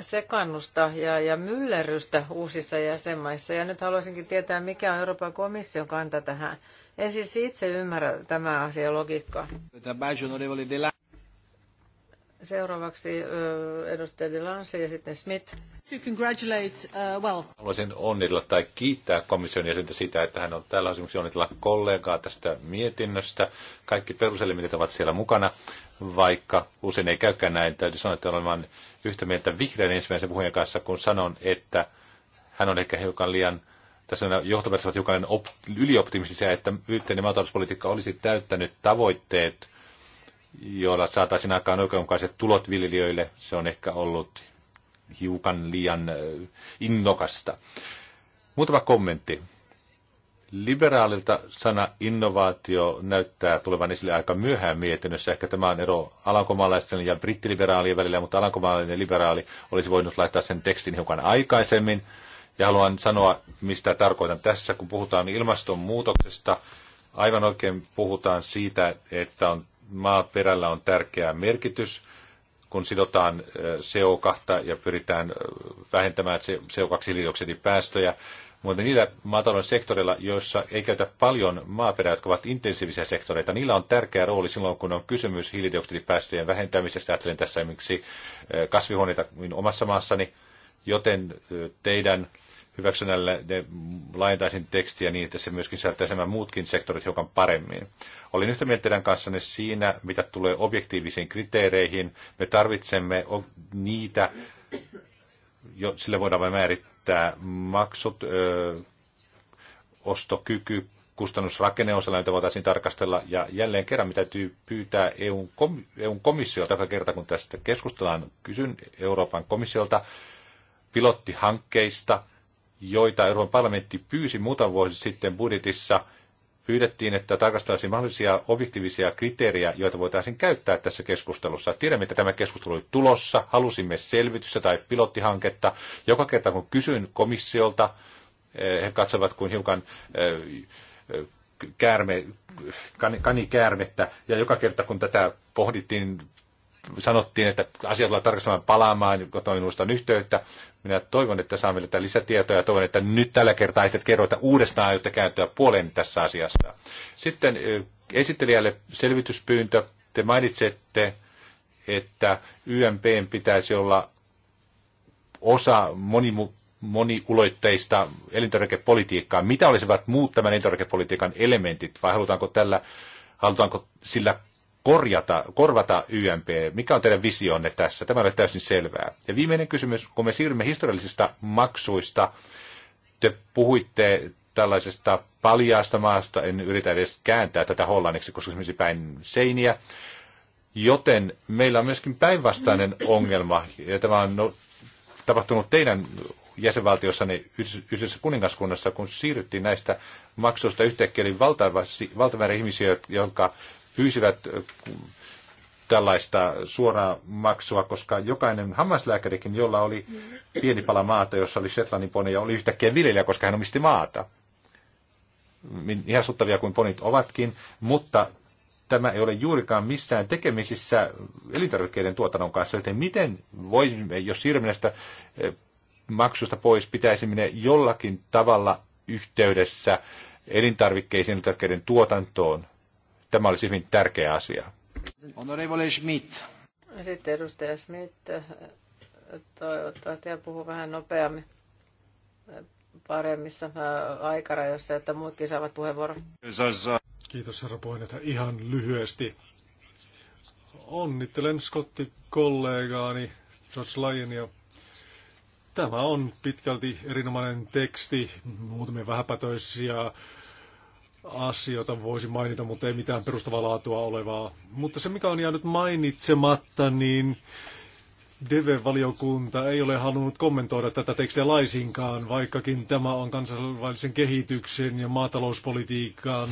sekannusta ja, ja myllerrystä uusissa jäsenmaissa. Ja nyt haluaisinkin tietää, mikä on Euroopan komission kanta tähän. En siis itse ymmärrä tämä asia logiikkaa. Seuraavaksi edustaja Delance ja sitten Smith. To congratulate, uh, well. Haluaisin onnitella tai kiittää komission jäsentä siitä, että hän on täällä esimerkiksi onnitella kollegaa tästä mietinnöstä. Kaikki peruselementit ovat siellä mukana, vaikka usein ei käykään näin. Täytyy sanoa, että olen yhtä mieltä vihreän ensimmäisen puheen kanssa, kun sanon, että hän on ehkä hiukan liian tässä on johtopäätös ovat hiukan op, ylioptimistisia, että yhteinen maatalouspolitiikka olisi täyttänyt tavoitteet – joilla saataisiin aikaan oikeudenmukaiset tulot viljelijöille. Se on ehkä ollut hiukan liian innokasta. Muutama kommentti. Liberaalilta sana innovaatio näyttää tulevan esille aika myöhään mietinnössä. Ehkä tämä on ero alankomaalaisten ja brittiliberaalien välillä, mutta alankomaalainen liberaali olisi voinut laittaa sen tekstin hiukan aikaisemmin. Ja haluan sanoa, mistä tarkoitan tässä, kun puhutaan ilmastonmuutoksesta. Aivan oikein puhutaan siitä, että on maaperällä on tärkeä merkitys, kun sidotaan CO2 ja pyritään vähentämään CO2-hiilidioksidipäästöjä. Mutta niillä maatalouden sektoreilla, joissa ei käytä paljon maaperää, jotka ovat intensiivisiä sektoreita, niillä on tärkeä rooli silloin, kun on kysymys hiilidioksidipäästöjen vähentämisestä. Ajattelen tässä esimerkiksi kasvihuoneita minun niin omassa maassani, joten teidän hyväksynnällä ne laajentaisin tekstiä niin, että se myöskin sisältäisi nämä muutkin sektorit hiukan paremmin. Olin yhtä mieltä teidän kanssanne siinä, mitä tulee objektiivisiin kriteereihin. Me tarvitsemme niitä, jo, sillä voidaan määrittää maksut, ö, ostokyky, kustannusrakenne on sellainen, voitaisiin tarkastella. Ja jälleen kerran mitä täytyy pyytää EUn, kom- EUn komissiolta, joka kerta kun tästä keskustellaan, kysyn Euroopan komissiolta pilottihankkeista, joita Euroopan parlamentti pyysi muutama vuosi sitten budjetissa, pyydettiin, että tarkastaisi mahdollisia objektiivisia kriteerejä, joita voitaisiin käyttää tässä keskustelussa. Tiedämme, että tämä keskustelu oli tulossa, halusimme selvitystä tai pilottihanketta. Joka kerta kun kysyin komissiolta, eh, he katsovat kuin hiukan eh, eh, käärme, kanikäärmettä, ja joka kerta kun tätä pohdittiin sanottiin, että asiat tulee tarkastamaan palaamaan, otoin uustan yhteyttä. Minä toivon, että saamme tätä lisätietoa ja toivon, että nyt tällä kertaa ette kerro, että uudestaan aiotte kääntyä puoleen tässä asiassa. Sitten esittelijälle selvityspyyntö. Te mainitsette, että YMP pitäisi olla osa monimu- moniulotteista elintarvikepolitiikkaa. Mitä olisivat muut tämän elintarvikepolitiikan elementit vai halutaanko tällä halutaanko sillä korjata, korvata YMP? Mikä on teidän visionne tässä? Tämä on täysin selvää. Ja viimeinen kysymys, kun me siirrymme historiallisista maksuista, te puhuitte tällaisesta paljaasta maasta, en yritä edes kääntää tätä hollanniksi, koska se menisi päin seiniä. Joten meillä on myöskin päinvastainen ongelma, ja tämä on no, tapahtunut teidän jäsenvaltiossanne yhdessä kuningaskunnassa, kun siirryttiin näistä maksuista yhtäkkiä, eli valtava, valtava ihmisiä, jotka pyysivät äh, tällaista suoraa maksua, koska jokainen hammaslääkärikin, jolla oli pieni pala maata, jossa oli Shetlandin ja oli yhtäkkiä viljelijä, koska hän omisti maata. Ihan suttavia kuin ponit ovatkin, mutta tämä ei ole juurikaan missään tekemisissä elintarvikkeiden tuotannon kanssa, joten miten voisimme, jos siirrymme näistä äh, maksusta pois, pitäisimme ne jollakin tavalla yhteydessä elintarvikkeisiin, elintarvikkeiden tuotantoon, Tämä olisi hyvin tärkeä asia. Honorable Schmidt. Sitten edustaja Schmidt. Äh, toivottavasti hän puhuu vähän nopeammin äh, paremmissa äh, aikarajoissa, että muutkin saavat puheenvuoron. Kiitos herra puheenjohtaja. Ihan lyhyesti. Onnittelen kollegaani, George Lyonia. Tämä on pitkälti erinomainen teksti, muutamia vähäpätöisiä asioita voisi mainita, mutta ei mitään perustavaa laatua olevaa. Mutta se, mikä on jäänyt mainitsematta, niin dv valiokunta ei ole halunnut kommentoida tätä tekstiä laisinkaan, vaikkakin tämä on kansainvälisen kehityksen ja maatalouspolitiikan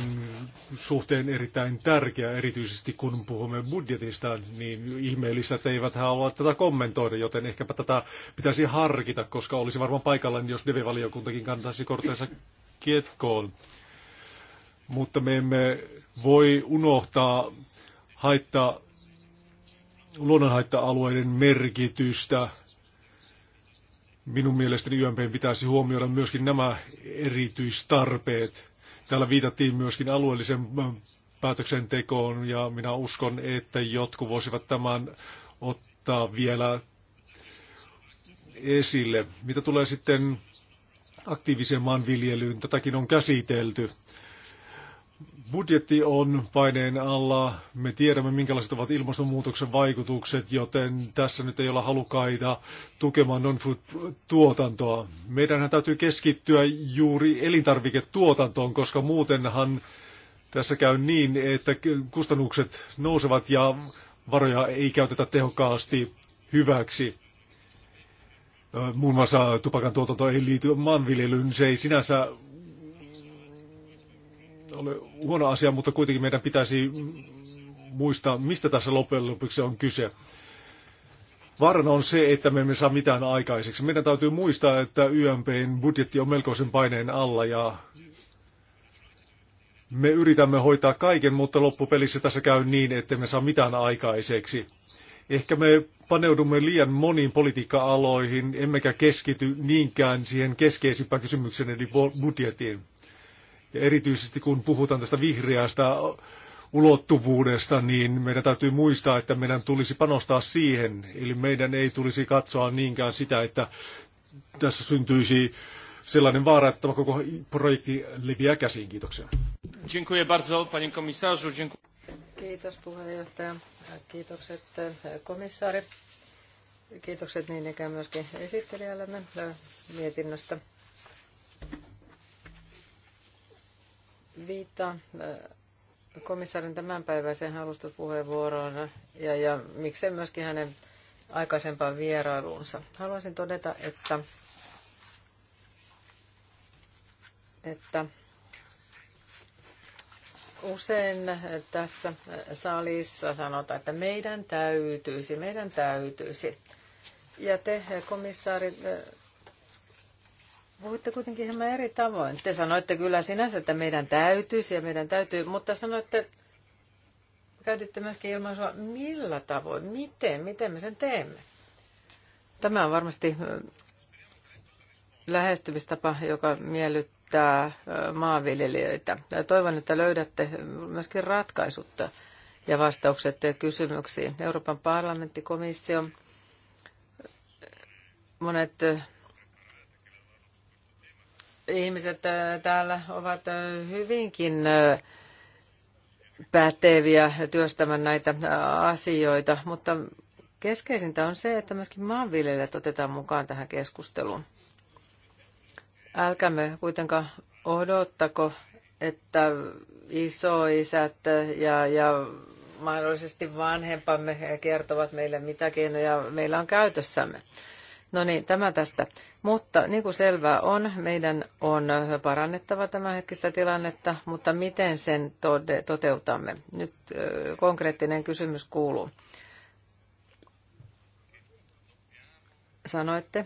suhteen erittäin tärkeä, erityisesti kun puhumme budjetista, niin ihmeellistä, että eivät halua tätä kommentoida, joten ehkäpä tätä pitäisi harkita, koska olisi varmaan paikallaan, jos dv valiokuntakin kantaisi kortensa kietkoon mutta me emme voi unohtaa haittaa, luonnonhaitta-alueiden merkitystä. Minun mielestäni YMP pitäisi huomioida myöskin nämä erityistarpeet. Täällä viitattiin myöskin alueellisen päätöksentekoon ja minä uskon, että jotkut voisivat tämän ottaa vielä esille. Mitä tulee sitten aktiiviseen maanviljelyyn, tätäkin on käsitelty. Budjetti on paineen alla. Me tiedämme, minkälaiset ovat ilmastonmuutoksen vaikutukset, joten tässä nyt ei olla halukaita tukemaan non-food-tuotantoa. Meidän täytyy keskittyä juuri elintarviketuotantoon, koska muutenhan tässä käy niin, että kustannukset nousevat ja varoja ei käytetä tehokkaasti hyväksi. Muun muassa tupakan tuotanto ei liity maanviljelyyn, se ei sinänsä ole huono asia, mutta kuitenkin meidän pitäisi muistaa, mistä tässä loppujen lopuksi on kyse. Vaarana on se, että me emme saa mitään aikaiseksi. Meidän täytyy muistaa, että YMPn budjetti on melkoisen paineen alla ja me yritämme hoitaa kaiken, mutta loppupelissä tässä käy niin, että me saa mitään aikaiseksi. Ehkä me paneudumme liian moniin politiikka-aloihin, emmekä keskity niinkään siihen keskeisimpään kysymykseen, eli budjettiin. Ja erityisesti kun puhutaan tästä vihreästä ulottuvuudesta, niin meidän täytyy muistaa, että meidän tulisi panostaa siihen. Eli meidän ei tulisi katsoa niinkään sitä, että tässä syntyisi sellainen vaara, että tämä koko projekti leviää käsiin. Kiitoksia. Dziękuję bardzo, panie komisarzu. Kiitos puheenjohtaja. Kiitokset eh, komissaari. Kiitokset niin ikään myöskin esittelijällemme eh, mietinnöstä. viittaan äh, komissaarin tämänpäiväiseen alustuspuheenvuoroon ja, ja miksei myöskin hänen aikaisempaan vierailuunsa. Haluaisin todeta, että, että usein tässä salissa sanotaan, että meidän täytyisi, meidän täytyisi. Ja te, komissaari, Puhuitte kuitenkin hieman eri tavoin. Te sanoitte kyllä sinänsä, että meidän täytyisi ja meidän täytyy, mutta sanoitte, käytitte myöskin ilmaisua, millä tavoin, miten, miten me sen teemme. Tämä on varmasti lähestymistapa, joka miellyttää maanviljelijöitä. Ja toivon, että löydätte myöskin ratkaisutta ja vastaukset kysymyksiin. Euroopan parlamentti, komissio, monet ihmiset äh, täällä ovat äh, hyvinkin äh, päteviä työstämään näitä asioita, mutta keskeisintä on se, että myöskin maanviljelijät otetaan mukaan tähän keskusteluun. Älkäämme kuitenkaan odottako, että isoisät ja, ja mahdollisesti vanhempamme kertovat meille mitä keinoja meillä on käytössämme. No niin, tämä tästä. Mutta niin kuin selvää on, meidän on parannettava tämä hetkistä tilannetta, mutta miten sen toteutamme? Nyt konkreettinen kysymys kuuluu. Sanoitte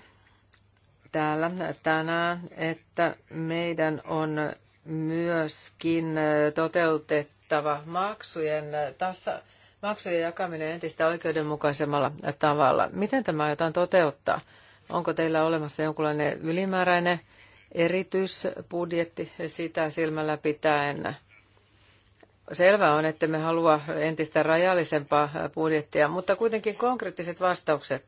täällä tänään, että meidän on myöskin toteutettava maksujen tasa maksujen jakaminen entistä oikeudenmukaisemmalla tavalla. Miten tämä aiotaan toteuttaa? Onko teillä olemassa jonkinlainen ylimääräinen erityisbudjetti sitä silmällä pitäen? Selvä on, että me halua entistä rajallisempaa budjettia, mutta kuitenkin konkreettiset vastaukset.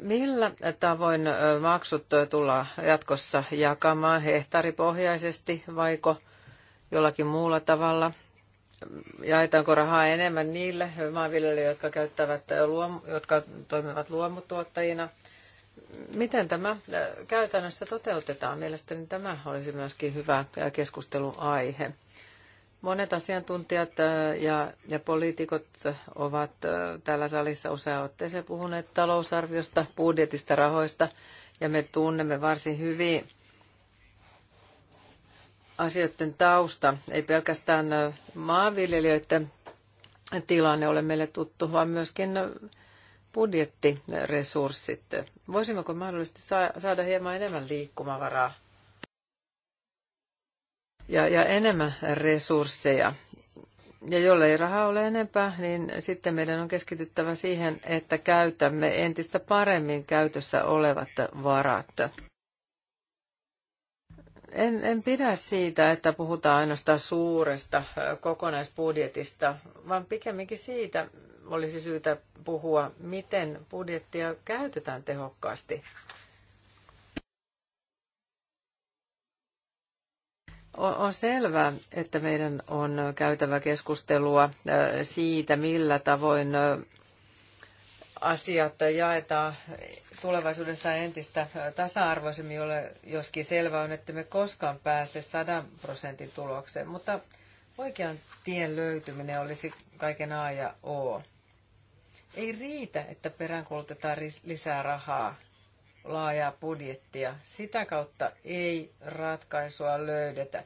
Millä tavoin maksut tullaan jatkossa jakamaan hehtaaripohjaisesti vaiko jollakin muulla tavalla? jaetaanko rahaa enemmän niille maanviljelijöille, jotka, käyttävät luom, jotka toimivat luomutuottajina. Miten tämä käytännössä toteutetaan? Mielestäni tämä olisi myöskin hyvä keskusteluaihe. Monet asiantuntijat ja, ja poliitikot ovat täällä salissa useaan otteeseen puhuneet talousarviosta, budjetista, rahoista, ja me tunnemme varsin hyvin asioiden tausta. Ei pelkästään maanviljelijöiden tilanne ole meille tuttu, vaan myöskin budjettiresurssit. Voisimmeko mahdollisesti saada hieman enemmän liikkumavaraa ja, ja enemmän resursseja? Ja jollei rahaa ole enempää, niin sitten meidän on keskityttävä siihen, että käytämme entistä paremmin käytössä olevat varat en, en pidä siitä, että puhutaan ainoastaan suuresta kokonaisbudjetista, vaan pikemminkin siitä olisi syytä puhua, miten budjettia käytetään tehokkaasti. On selvää, että meidän on käytävä keskustelua siitä, millä tavoin asiat jaetaan tulevaisuudessa entistä tasa-arvoisemmin, jolle joskin selvä on, että me koskaan pääse sadan prosentin tulokseen, mutta oikean tien löytyminen olisi kaiken A ja O. Ei riitä, että peräänkuulutetaan lisää rahaa, laajaa budjettia. Sitä kautta ei ratkaisua löydetä.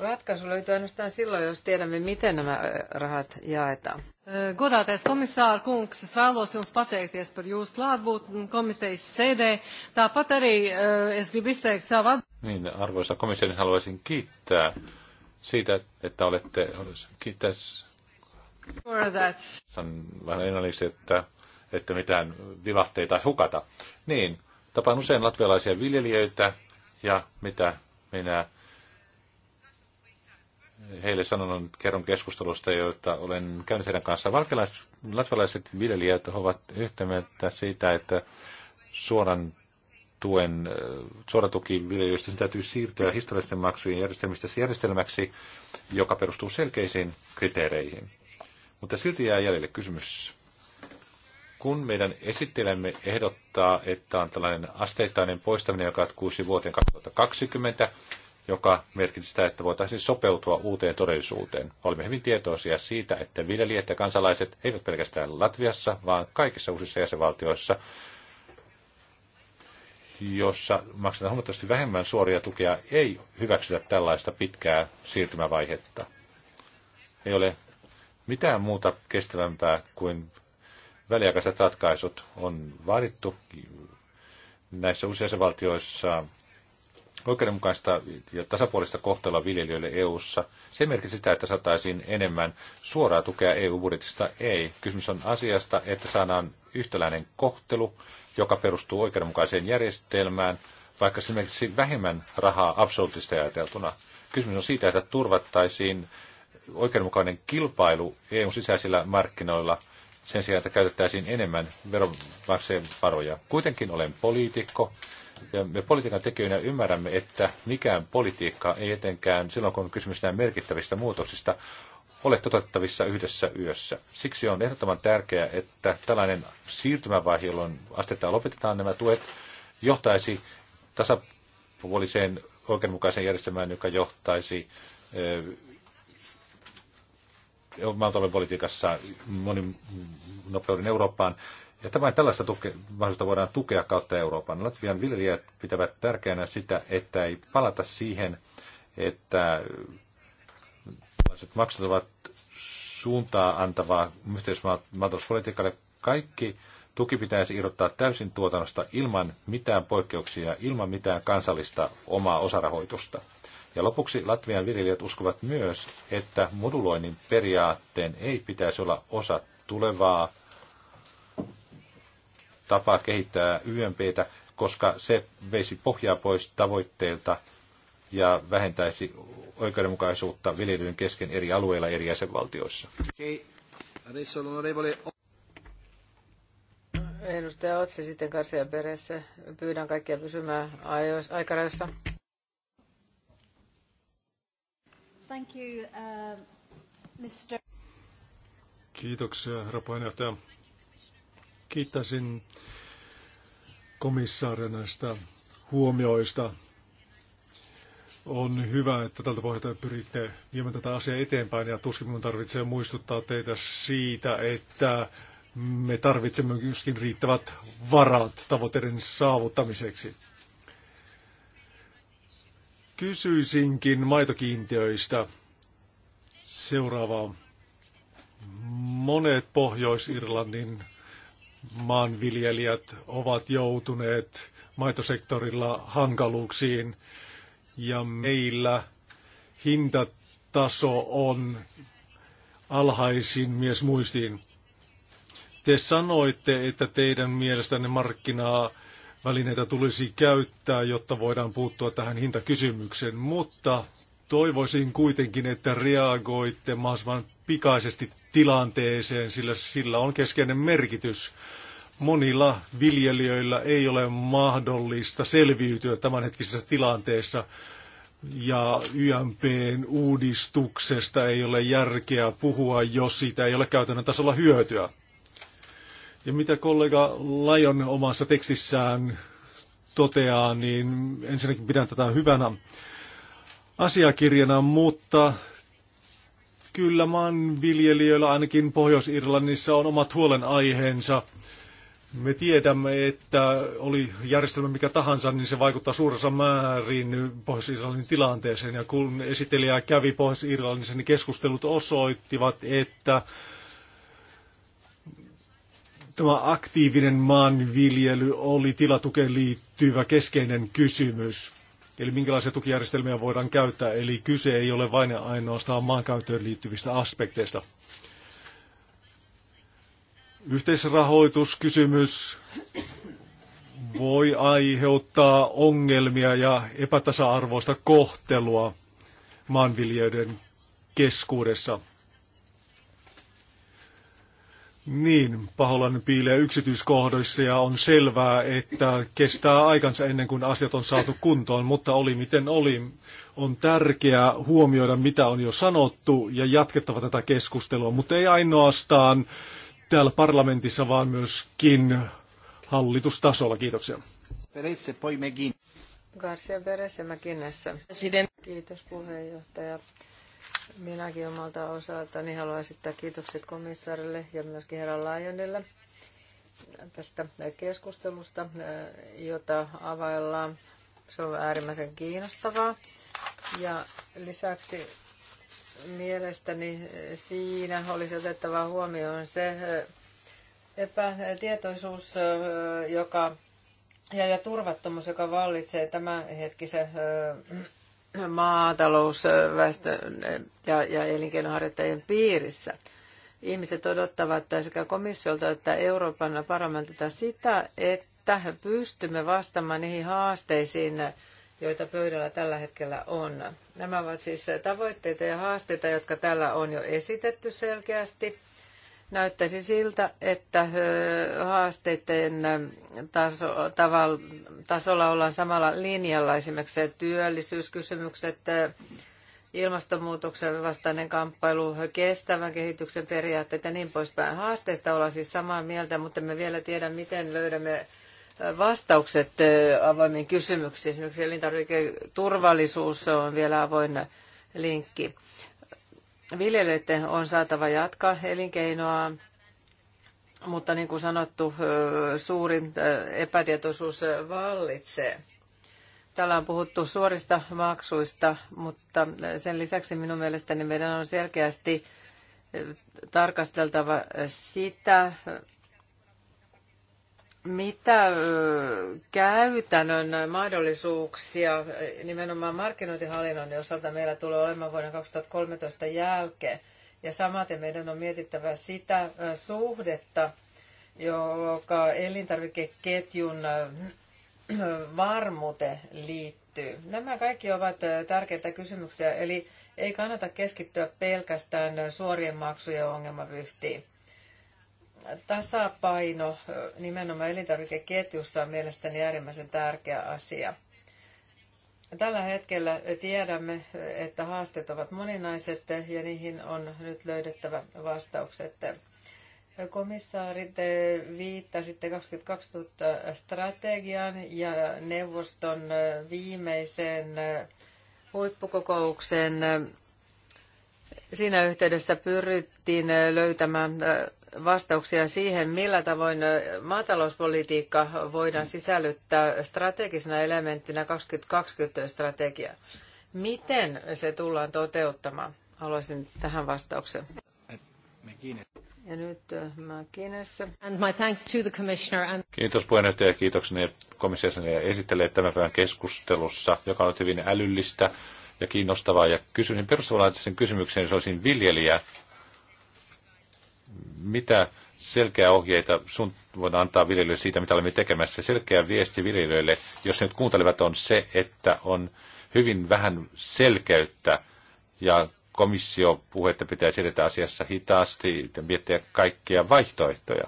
Ratkaisu löytyy ainoastaan silloin, jos tiedämme, miten nämä rahat jaetaan. Godātais komisār kungs, es vēlos jums pateikties par jūsu klātbūtni komitejas sēdē. Tāpat arī es gribu izteikt savu Niin, arvoisa komissioni, niin haluaisin kiittää siitä, että olette, kiittää on vähän englanniksi, että, että mitään vivahteita hukata. Niin, tapaan usein latvialaisia viljelijöitä ja mitä minä heille sanonut kerron keskustelusta, joita olen käynyt heidän kanssaan. Valkelaiset, latvalaiset viljelijät ovat yhtä mieltä siitä, että suoran tuen, äh, suoratuki, viljelijöistä sen täytyy siirtyä historiallisten maksujen järjestelmistä järjestelmäksi, joka perustuu selkeisiin kriteereihin. Mutta silti jää jäljelle kysymys. Kun meidän esittelemme ehdottaa, että on tällainen asteittainen poistaminen, joka jatkuisi vuoteen 2020, joka merkitsi sitä, että voitaisiin sopeutua uuteen todellisuuteen. Olimme hyvin tietoisia siitä, että viljelijät ja kansalaiset eivät pelkästään Latviassa, vaan kaikissa uusissa jäsenvaltioissa, jossa maksetaan huomattavasti vähemmän suoria tukia, ei hyväksytä tällaista pitkää siirtymävaihetta. Ei ole mitään muuta kestävämpää kuin väliaikaiset ratkaisut on vaadittu näissä uusissa jäsenvaltioissa oikeudenmukaista ja tasapuolista kohtelua viljelijöille EU:ssa. Se merkitsee sitä, että saataisiin enemmän suoraa tukea EU-budjetista. Ei. Kysymys on asiasta, että saadaan yhtäläinen kohtelu, joka perustuu oikeudenmukaiseen järjestelmään, vaikka esimerkiksi vähemmän rahaa absoluuttisesti ajateltuna. Kysymys on siitä, että turvattaisiin oikeudenmukainen kilpailu EUn sisäisillä markkinoilla – sen sijaan, että käytettäisiin enemmän veronmaksajien varoja. Kuitenkin olen poliitikko ja me politiikan tekijöinä ymmärrämme, että mikään politiikka ei etenkään silloin, kun on kysymys näin merkittävistä muutoksista, ole toteuttavissa yhdessä yössä. Siksi on ehdottoman tärkeää, että tällainen siirtymävaihe, jolloin astetta lopetetaan nämä tuet, johtaisi tasapuoliseen oikeudenmukaiseen järjestelmään, joka johtaisi eh, maatalouden politiikassa monin nopeuden Eurooppaan, että vain tällaista tuke- mahdollisuutta voidaan tukea kautta Euroopan. Latvian viljelijät pitävät tärkeänä sitä, että ei palata siihen, että maksut ovat suuntaa antavaa yhteismaatalouspolitiikalle. Kaikki tuki pitäisi irrottaa täysin tuotannosta ilman mitään poikkeuksia, ilman mitään kansallista omaa osarahoitusta. Ja lopuksi Latvian viljelijät uskovat myös, että moduloinnin periaatteen ei pitäisi olla osa tulevaa tapa kehittää YMPtä, koska se veisi pohjaa pois tavoitteilta ja vähentäisi oikeudenmukaisuutta viljelyyn kesken eri alueilla eri jäsenvaltioissa. Edustaja Otsi sitten Karsia peressä. Pyydän kaikkia pysymään aikarajassa. Thank you, uh, Mr. Kiitoksia, herra puheenjohtaja. Kiittäisin komissaaria näistä huomioista. On hyvä, että tältä pohjalta pyritte viemään tätä asiaa eteenpäin ja tuskin minun tarvitsee muistuttaa teitä siitä, että me tarvitsemme myöskin riittävät varat tavoitteiden saavuttamiseksi. Kysyisinkin maitokiintiöistä seuraavaa. Monet Pohjois-Irlannin maanviljelijät ovat joutuneet maitosektorilla hankaluuksiin ja meillä hintataso on alhaisin mies muistiin. Te sanoitte, että teidän mielestänne markkinaa välineitä tulisi käyttää, jotta voidaan puuttua tähän hintakysymykseen, mutta Toivoisin kuitenkin, että reagoitte mahdollisimman pikaisesti tilanteeseen, sillä sillä on keskeinen merkitys. Monilla viljelijöillä ei ole mahdollista selviytyä tämänhetkisessä tilanteessa ja YMPn uudistuksesta ei ole järkeä puhua, jos siitä ei ole käytännön tasolla hyötyä. Ja mitä kollega Lajon omassa tekstissään toteaa, niin ensinnäkin pidän tätä hyvänä asiakirjana, mutta kyllä maanviljelijöillä ainakin Pohjois-Irlannissa on omat huolenaiheensa. Me tiedämme, että oli järjestelmä mikä tahansa, niin se vaikuttaa suuressa määrin Pohjois-Irlannin tilanteeseen. Ja kun esittelijä kävi Pohjois-Irlannissa, niin keskustelut osoittivat, että tämä aktiivinen maanviljely oli tilatukeen liittyvä keskeinen kysymys. Eli minkälaisia tukijärjestelmiä voidaan käyttää. Eli kyse ei ole vain ja ainoastaan maankäyttöön liittyvistä aspekteista. Yhteisrahoituskysymys voi aiheuttaa ongelmia ja epätasa-arvoista kohtelua maanviljelijöiden keskuudessa. Niin, paholainen piilee yksityiskohdoissa ja on selvää, että kestää aikansa ennen kuin asiat on saatu kuntoon, mutta oli miten oli. On tärkeää huomioida, mitä on jo sanottu ja jatkettava tätä keskustelua, mutta ei ainoastaan täällä parlamentissa, vaan myöskin hallitustasolla. Kiitoksia. Garcia Perez ja Kiitos puheenjohtaja. Minäkin omalta osaltani haluan esittää kiitokset komissaarille ja myöskin herra Laajonille tästä keskustelusta, jota availlaan. Se on äärimmäisen kiinnostavaa. Ja lisäksi mielestäni siinä olisi otettava huomioon se epätietoisuus joka, ja, ja turvattomuus, joka vallitsee tämänhetkisen maatalousväestön ja, ja elinkeinoharjoittajien piirissä. Ihmiset odottavat sekä komissiolta että Euroopan parlamentilta sitä, että pystymme vastaamaan niihin haasteisiin, joita pöydällä tällä hetkellä on. Nämä ovat siis tavoitteita ja haasteita, jotka täällä on jo esitetty selkeästi – Näyttäisi siltä, että haasteiden taso, taval, tasolla ollaan samalla linjalla. Esimerkiksi työllisyyskysymykset, ilmastonmuutoksen vastainen kamppailu, kestävän kehityksen periaatteet ja niin poispäin. Haasteista ollaan siis samaa mieltä, mutta me vielä tiedä, miten löydämme vastaukset avoimiin kysymyksiin. Esimerkiksi elintarviketurvallisuus on vielä avoin linkki. Viljelijöiden on saatava jatkaa elinkeinoa, mutta niin kuin sanottu, suurin epätietoisuus vallitsee. Täällä on puhuttu suorista maksuista, mutta sen lisäksi minun mielestäni meidän on selkeästi tarkasteltava sitä, mitä käytännön mahdollisuuksia nimenomaan markkinointihallinnon osalta meillä tulee olemaan vuoden 2013 jälkeen? Ja samaten meidän on mietittävä sitä suhdetta, joka elintarvikeketjun varmuute liittyy. Nämä kaikki ovat tärkeitä kysymyksiä, eli ei kannata keskittyä pelkästään suorien maksujen ongelmavyhtiin tasapaino nimenomaan elintarvikeketjussa on mielestäni äärimmäisen tärkeä asia. Tällä hetkellä tiedämme, että haasteet ovat moninaiset ja niihin on nyt löydettävä vastaukset. te viittasitte 2020 strategian ja neuvoston viimeiseen huippukokoukseen Siinä yhteydessä pyrittiin äh, löytämään äh, vastauksia siihen, millä tavoin äh, maatalouspolitiikka voidaan sisällyttää strategisena elementtinä 2020-strategiaan. Miten se tullaan toteuttamaan? Haluaisin tähän vastauksen. Ja nyt And my thanks to the commissioner and... Kiitos puheenjohtaja ja kiitokseni komissiossa ja tämän päivän keskustelussa, joka on hyvin älyllistä ja kiinnostavaa. Ja kysyisin perustavanlaatuisen kysymyksen, jos olisin viljelijä, mitä selkeä ohjeita sun voidaan antaa viljelijöille siitä, mitä olemme tekemässä. Selkeä viesti viljelijöille, jos nyt kuuntelevat, on se, että on hyvin vähän selkeyttä ja komissio puhetta pitää pitäisi edetä asiassa hitaasti ja miettiä kaikkia vaihtoehtoja.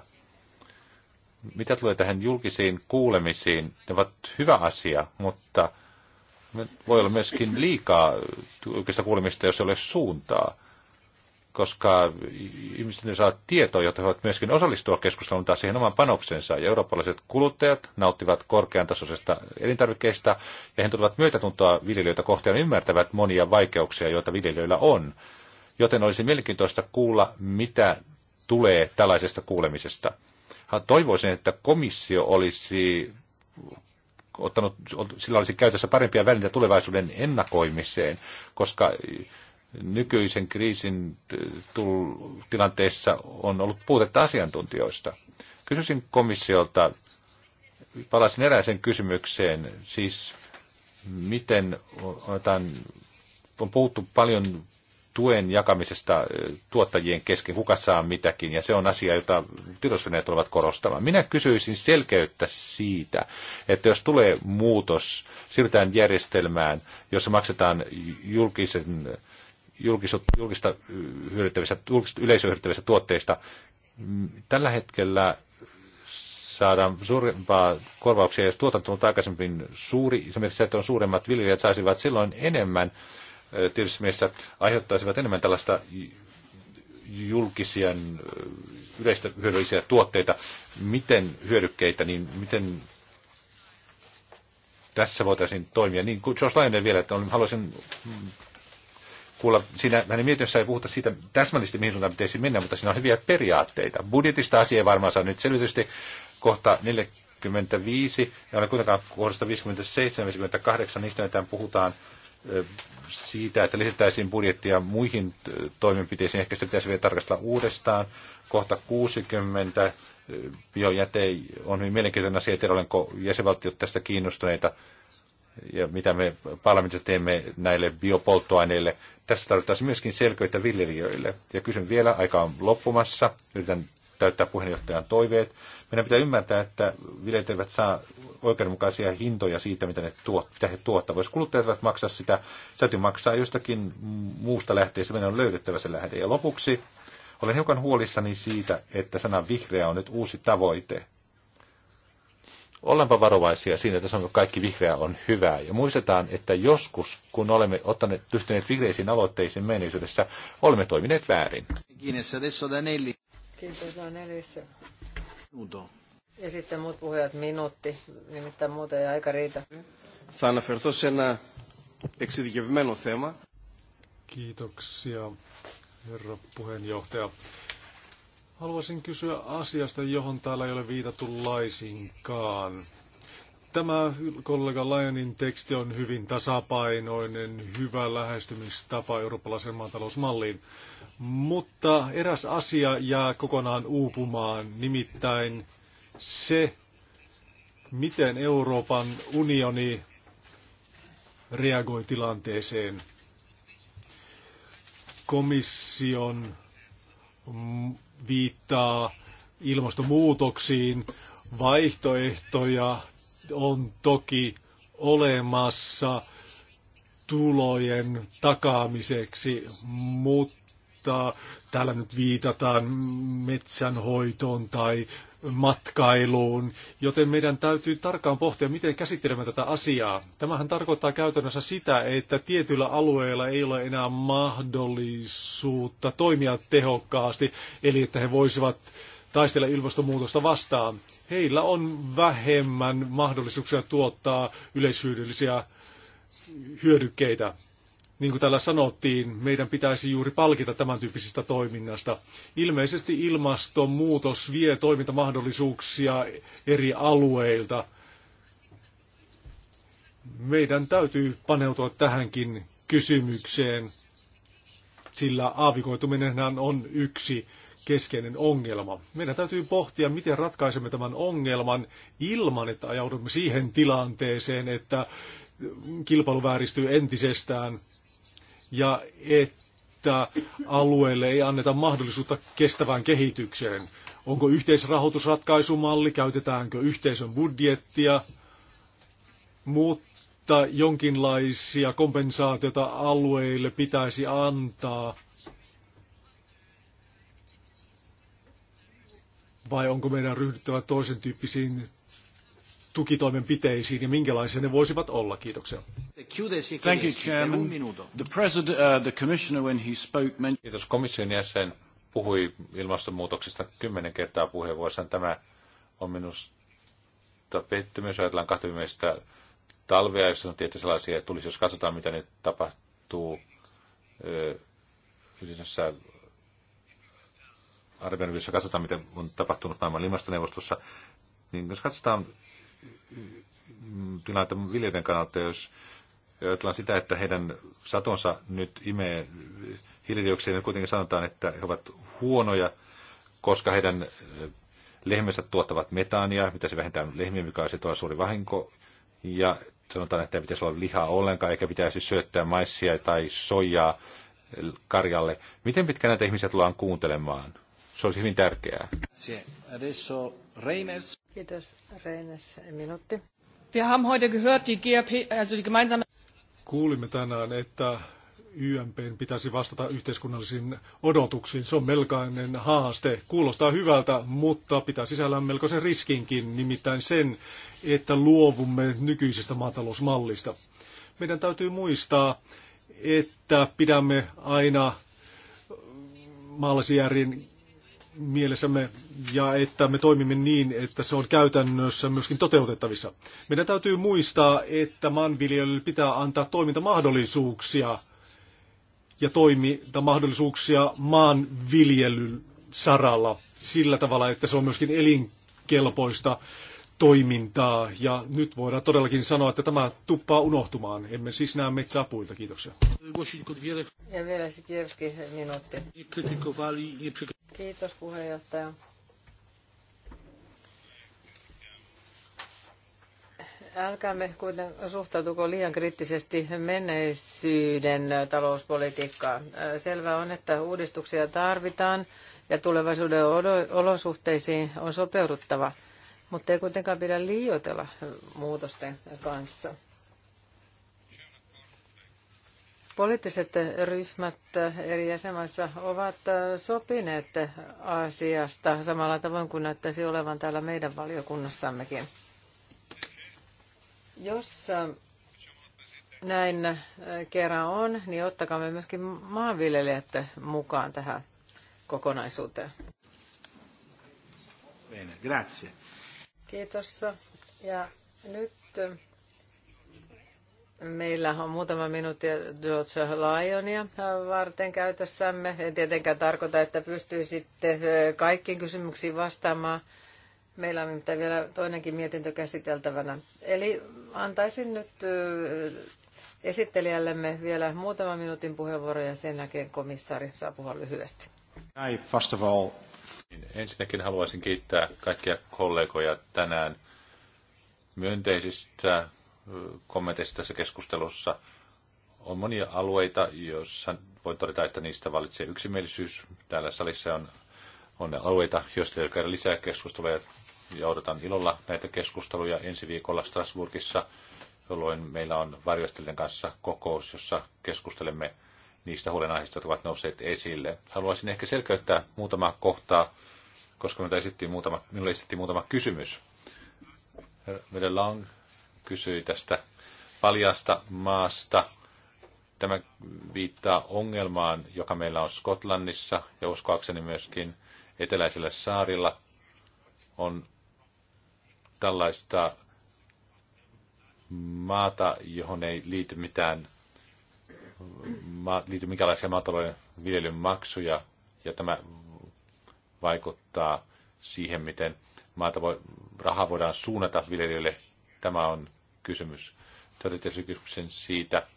Mitä tulee tähän julkisiin kuulemisiin, ne ovat hyvä asia, mutta – voi olla myöskin liikaa julkista kuulemista, jos ei ole suuntaa, koska ihmiset ne saa tietoa, jotta he voivat myöskin osallistua keskusteluun tai siihen oman panoksensa. Ja eurooppalaiset kuluttajat nauttivat korkean tasoisesta elintarvikkeista ja he tulevat myötätuntoa viljelijöitä kohtaan ja ymmärtävät monia vaikeuksia, joita viljelijöillä on. Joten olisi mielenkiintoista kuulla, mitä tulee tällaisesta kuulemisesta. Toivoisin, että komissio olisi ottanut, sillä olisi käytössä parempia välineitä tulevaisuuden ennakoimiseen, koska nykyisen kriisin tilanteessa on ollut puutetta asiantuntijoista. Kysyisin komissiolta, palasin erääseen kysymykseen, siis miten otan, on puhuttu paljon tuen jakamisesta tuottajien kesken, kuka saa mitäkin, ja se on asia, jota tiedotusvälineet tulevat korostamaan. Minä kysyisin selkeyttä siitä, että jos tulee muutos, siirrytään järjestelmään, jossa maksetaan julkisen, julkista, julkista julkista, yleisöhyödyttävistä tuotteista, tällä hetkellä saadaan suurempaa korvauksia, jos tuotanto on aikaisemmin suuri, esimerkiksi se, että on suuremmat viljelijät saisivat silloin enemmän, tietysti meistä aiheuttaisivat enemmän tällaista julkisia yleistä hyödyllisiä tuotteita. Miten hyödykkeitä, niin miten tässä voitaisiin toimia? Niin kuin Josh Lionel vielä, että on, haluaisin kuulla, siinä hänen mietinnössä ei puhuta siitä täsmällisesti, mihin suuntaan pitäisi mennä, mutta siinä on hyviä periaatteita. Budjetista asia varmaan saa nyt selvitysti kohta 45, ja olen kuitenkaan kohdasta 57-58, niistä näitä puhutaan siitä, että lisättäisiin budjettia muihin toimenpiteisiin. Ehkä sitä pitäisi vielä tarkastella uudestaan. Kohta 60 biojäte on hyvin mielenkiintoinen asia, että olenko jäsenvaltiot tästä kiinnostuneita ja mitä me parlamentissa teemme näille biopolttoaineille. Tässä tarvittaisiin myöskin selkeyttä viljelijöille. Ja kysyn vielä, aika on loppumassa. Yritän täyttää puheenjohtajan toiveet. Meidän pitää ymmärtää, että viljelijät eivät saa oikeudenmukaisia hintoja siitä, mitä, ne tuot, mitä he tuottavat. Jos kuluttajat eivät maksaa sitä, täytyy maksaa jostakin muusta lähteestä. Meidän on löydettävä se lähde. Ja lopuksi olen hiukan huolissani siitä, että sana vihreä on nyt uusi tavoite. Ollaanpa varovaisia siinä, että sanotaan, kaikki vihreä on hyvää. Ja muistetaan, että joskus, kun olemme ottaneet, ryhtyneet vihreisiin aloitteisiin menneisyydessä, olemme toimineet väärin. Kiitos, on nelissä. Udo. Ja sitten muut puhujat minuutti, nimittäin muuten ei aika riitä. Θα αναφερθώ σε ένα εξειδικευμένο θέμα. Kiitoksia, herra puheenjohtaja. Haluaisin kysyä asiasta, johon täällä ei ole viitattu laisinkaan. Tämä kollega Lionin teksti on hyvin tasapainoinen, hyvä lähestymistapa eurooppalaisen maatalousmalliin. Mutta eräs asia jää kokonaan uupumaan, nimittäin se, miten Euroopan unioni reagoi tilanteeseen. Komission viittaa ilmastonmuutoksiin. Vaihtoehtoja on toki olemassa tulojen takaamiseksi, mutta mutta täällä nyt viitataan metsänhoitoon tai matkailuun, joten meidän täytyy tarkkaan pohtia, miten käsittelemme tätä asiaa. Tämähän tarkoittaa käytännössä sitä, että tietyillä alueilla ei ole enää mahdollisuutta toimia tehokkaasti, eli että he voisivat taistella ilmastonmuutosta vastaan. Heillä on vähemmän mahdollisuuksia tuottaa yleishyödyllisiä hyödykkeitä. Niin kuin täällä sanottiin, meidän pitäisi juuri palkita tämän tyyppisestä toiminnasta. Ilmeisesti ilmastonmuutos vie toimintamahdollisuuksia eri alueilta. Meidän täytyy paneutua tähänkin kysymykseen, sillä aavikoituminenhan on yksi keskeinen ongelma. Meidän täytyy pohtia, miten ratkaisemme tämän ongelman ilman, että ajaudumme siihen tilanteeseen, että kilpailu vääristyy entisestään – ja että alueelle ei anneta mahdollisuutta kestävään kehitykseen. Onko yhteisrahoitusratkaisumalli, käytetäänkö yhteisön budjettia, mutta jonkinlaisia kompensaatiota alueille pitäisi antaa. Vai onko meidän ryhdyttävä toisen tyyppisiin tukitoimenpiteisiin ja minkälaisia ne voisivat olla? Kiitoksia. Thank you, Chairman. The president, uh, the commissioner, when he spoke, men- Kiitos komission jäsen puhui ilmastonmuutoksesta kymmenen kertaa puheenvuorossaan. Tämä on minusta pettymys. Ajatellaan kahta viimeistä talvea, jos on tietysti sellaisia että tulisi, jos katsotaan mitä nyt tapahtuu uh, yhdessä arvioinnissa, katsotaan mitä on tapahtunut maailman ilmastoneuvostossa, niin jos katsotaan tilannetta viljelijöiden kannalta, jos ajatellaan sitä, että heidän satonsa nyt imee hiilidioksidia, niin kuitenkin sanotaan, että he ovat huonoja, koska heidän eh, lehmensä tuottavat metaania, mitä se vähentää lehmiä, mikä on sitova suuri vahinko, ja sanotaan, että ei pitäisi olla lihaa ollenkaan, eikä pitäisi syöttää maissia tai soijaa eh, karjalle. Miten pitkään näitä ihmisiä tullaan kuuntelemaan? Se olisi hyvin tärkeää. Kiitos, Reimers. Minuutti. Wir haben heute gehört, die GRP, also die gemeinsame... Kuulimme tänään, että YMP pitäisi vastata yhteiskunnallisiin odotuksiin. Se on melkainen haaste. Kuulostaa hyvältä, mutta pitää sisällään melkoisen riskinkin, nimittäin sen, että luovumme nykyisestä maatalousmallista. Meidän täytyy muistaa, että pidämme aina maalaisjärjen mielessämme ja että me toimimme niin, että se on käytännössä myöskin toteutettavissa. Meidän täytyy muistaa, että maanviljelijöille pitää antaa toimintamahdollisuuksia ja toimintamahdollisuuksia maanviljelyn saralla sillä tavalla, että se on myöskin elinkelpoista toimintaa. Ja nyt voidaan todellakin sanoa, että tämä tuppaa unohtumaan. Emme siis näe metsää puilta. Kiitoksia. Ja vielä Sikierski minuutti. Kiitos puheenjohtaja. Älkäämme kuitenkaan suhtautuko liian kriittisesti menneisyyden talouspolitiikkaan. Selvää on, että uudistuksia tarvitaan ja tulevaisuuden olosuhteisiin on sopeuduttava – mutta ei kuitenkaan pidä liioitella muutosten kanssa. Poliittiset ryhmät eri jäsenmaissa ovat sopineet asiasta samalla tavoin kuin näyttäisi olevan täällä meidän valiokunnassammekin. Jos näin kerran on, niin ottakaamme myöskin maanviljelijät mukaan tähän kokonaisuuteen. Bene, grazie. Kiitos. Ja nyt meillä on muutama minuutti George Lyonia varten käytössämme. En tietenkään tarkoita, että pystyisitte kaikkiin kysymyksiin vastaamaan. Meillä on vielä toinenkin mietintö käsiteltävänä. Eli antaisin nyt esittelijällemme vielä muutaman minuutin puheenvuoro ja sen jälkeen komissaari saa puhua lyhyesti. I first of all Ensinnäkin haluaisin kiittää kaikkia kollegoja tänään myönteisistä kommenteista tässä keskustelussa. On monia alueita, joissa voi todeta, että niistä valitsee yksimielisyys. Täällä salissa on, on alueita, joista ei käydä lisää keskusteluja ja odotan ilolla näitä keskusteluja ensi viikolla Strasbourgissa, jolloin meillä on varjostelijan kanssa kokous, jossa keskustelemme niistä huolenaiheista, jotka ovat nousseet esille. Haluaisin ehkä selkeyttää muutama kohtaa, koska minulle esittiin muutama, minulle esittiin muutama kysymys. Meidän Lang kysyi tästä paljasta maasta. Tämä viittaa ongelmaan, joka meillä on Skotlannissa ja uskoakseni myöskin eteläisillä saarilla on tällaista maata, johon ei liity mitään liity minkälaisia maatalouden viljelyn maksuja, ja tämä vaikuttaa siihen, miten maata voi, raha voidaan suunnata viljelijöille. Tämä on kysymys. Tätä otitte kysymyksen siitä,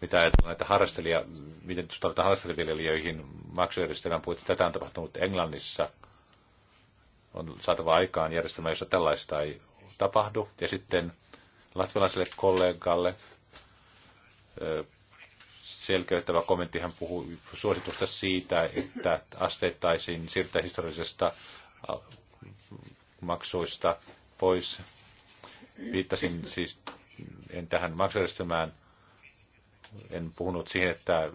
mitä ajatellaan näitä harrastelija, miten tuosta harrastelijaviljelijöihin maksujärjestelmän puitteissa. Tätä on tapahtunut Englannissa. On saatava aikaan järjestelmä, jossa tällaista ei tapahdu. Ja sitten latvialaiselle kollegalle selkeyttävä kommentti. Hän puhui suositusta siitä, että asteittaisiin siirtää historiallisesta äh, maksuista pois. Viittasin siis en tähän maksujärjestelmään, en puhunut siihen, että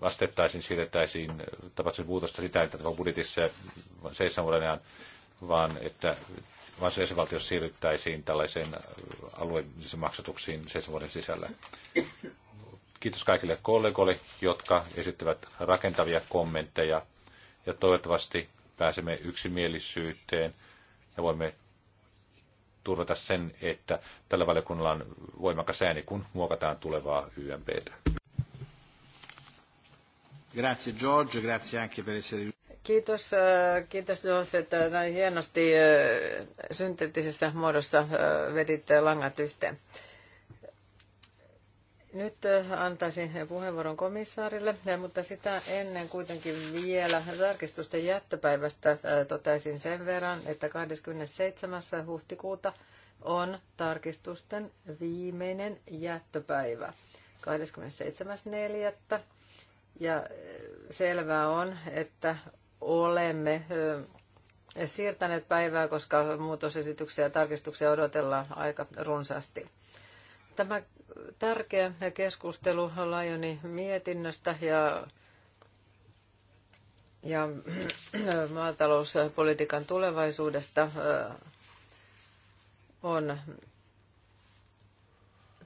astettaisiin siirrettäisiin tapahtuisi muutosta sitä, että budjetissa seitsemän vuoden ajan, vaan että vaan siirryttäisiin tällaiseen alueellisiin maksatuksiin seitsemän vuoden sisällä. Kiitos kaikille kollegoille, jotka esittävät rakentavia kommentteja ja toivottavasti pääsemme yksimielisyyteen ja voimme turvata sen, että tällä valiokunnalla on voimakas ääni, kun muokataan tulevaa YMPtä. Grazie George, grazie anche per essere... Kiitos, äh, kiitos Jos, että näin hienosti äh, synteettisessä muodossa äh, vedit langat yhteen. Nyt äh, antaisin puheenvuoron komissaarille, mutta sitä ennen kuitenkin vielä tarkistusten jättöpäivästä äh, toteaisin sen verran, että 27. huhtikuuta on tarkistusten viimeinen jättöpäivä. 27.4. Ja äh, selvää on, että olemme siirtäneet päivää, koska muutosesityksiä ja tarkistuksia odotellaan aika runsaasti. Tämä tärkeä keskustelu Lajoni mietinnöstä ja, ja maatalouspolitiikan tulevaisuudesta on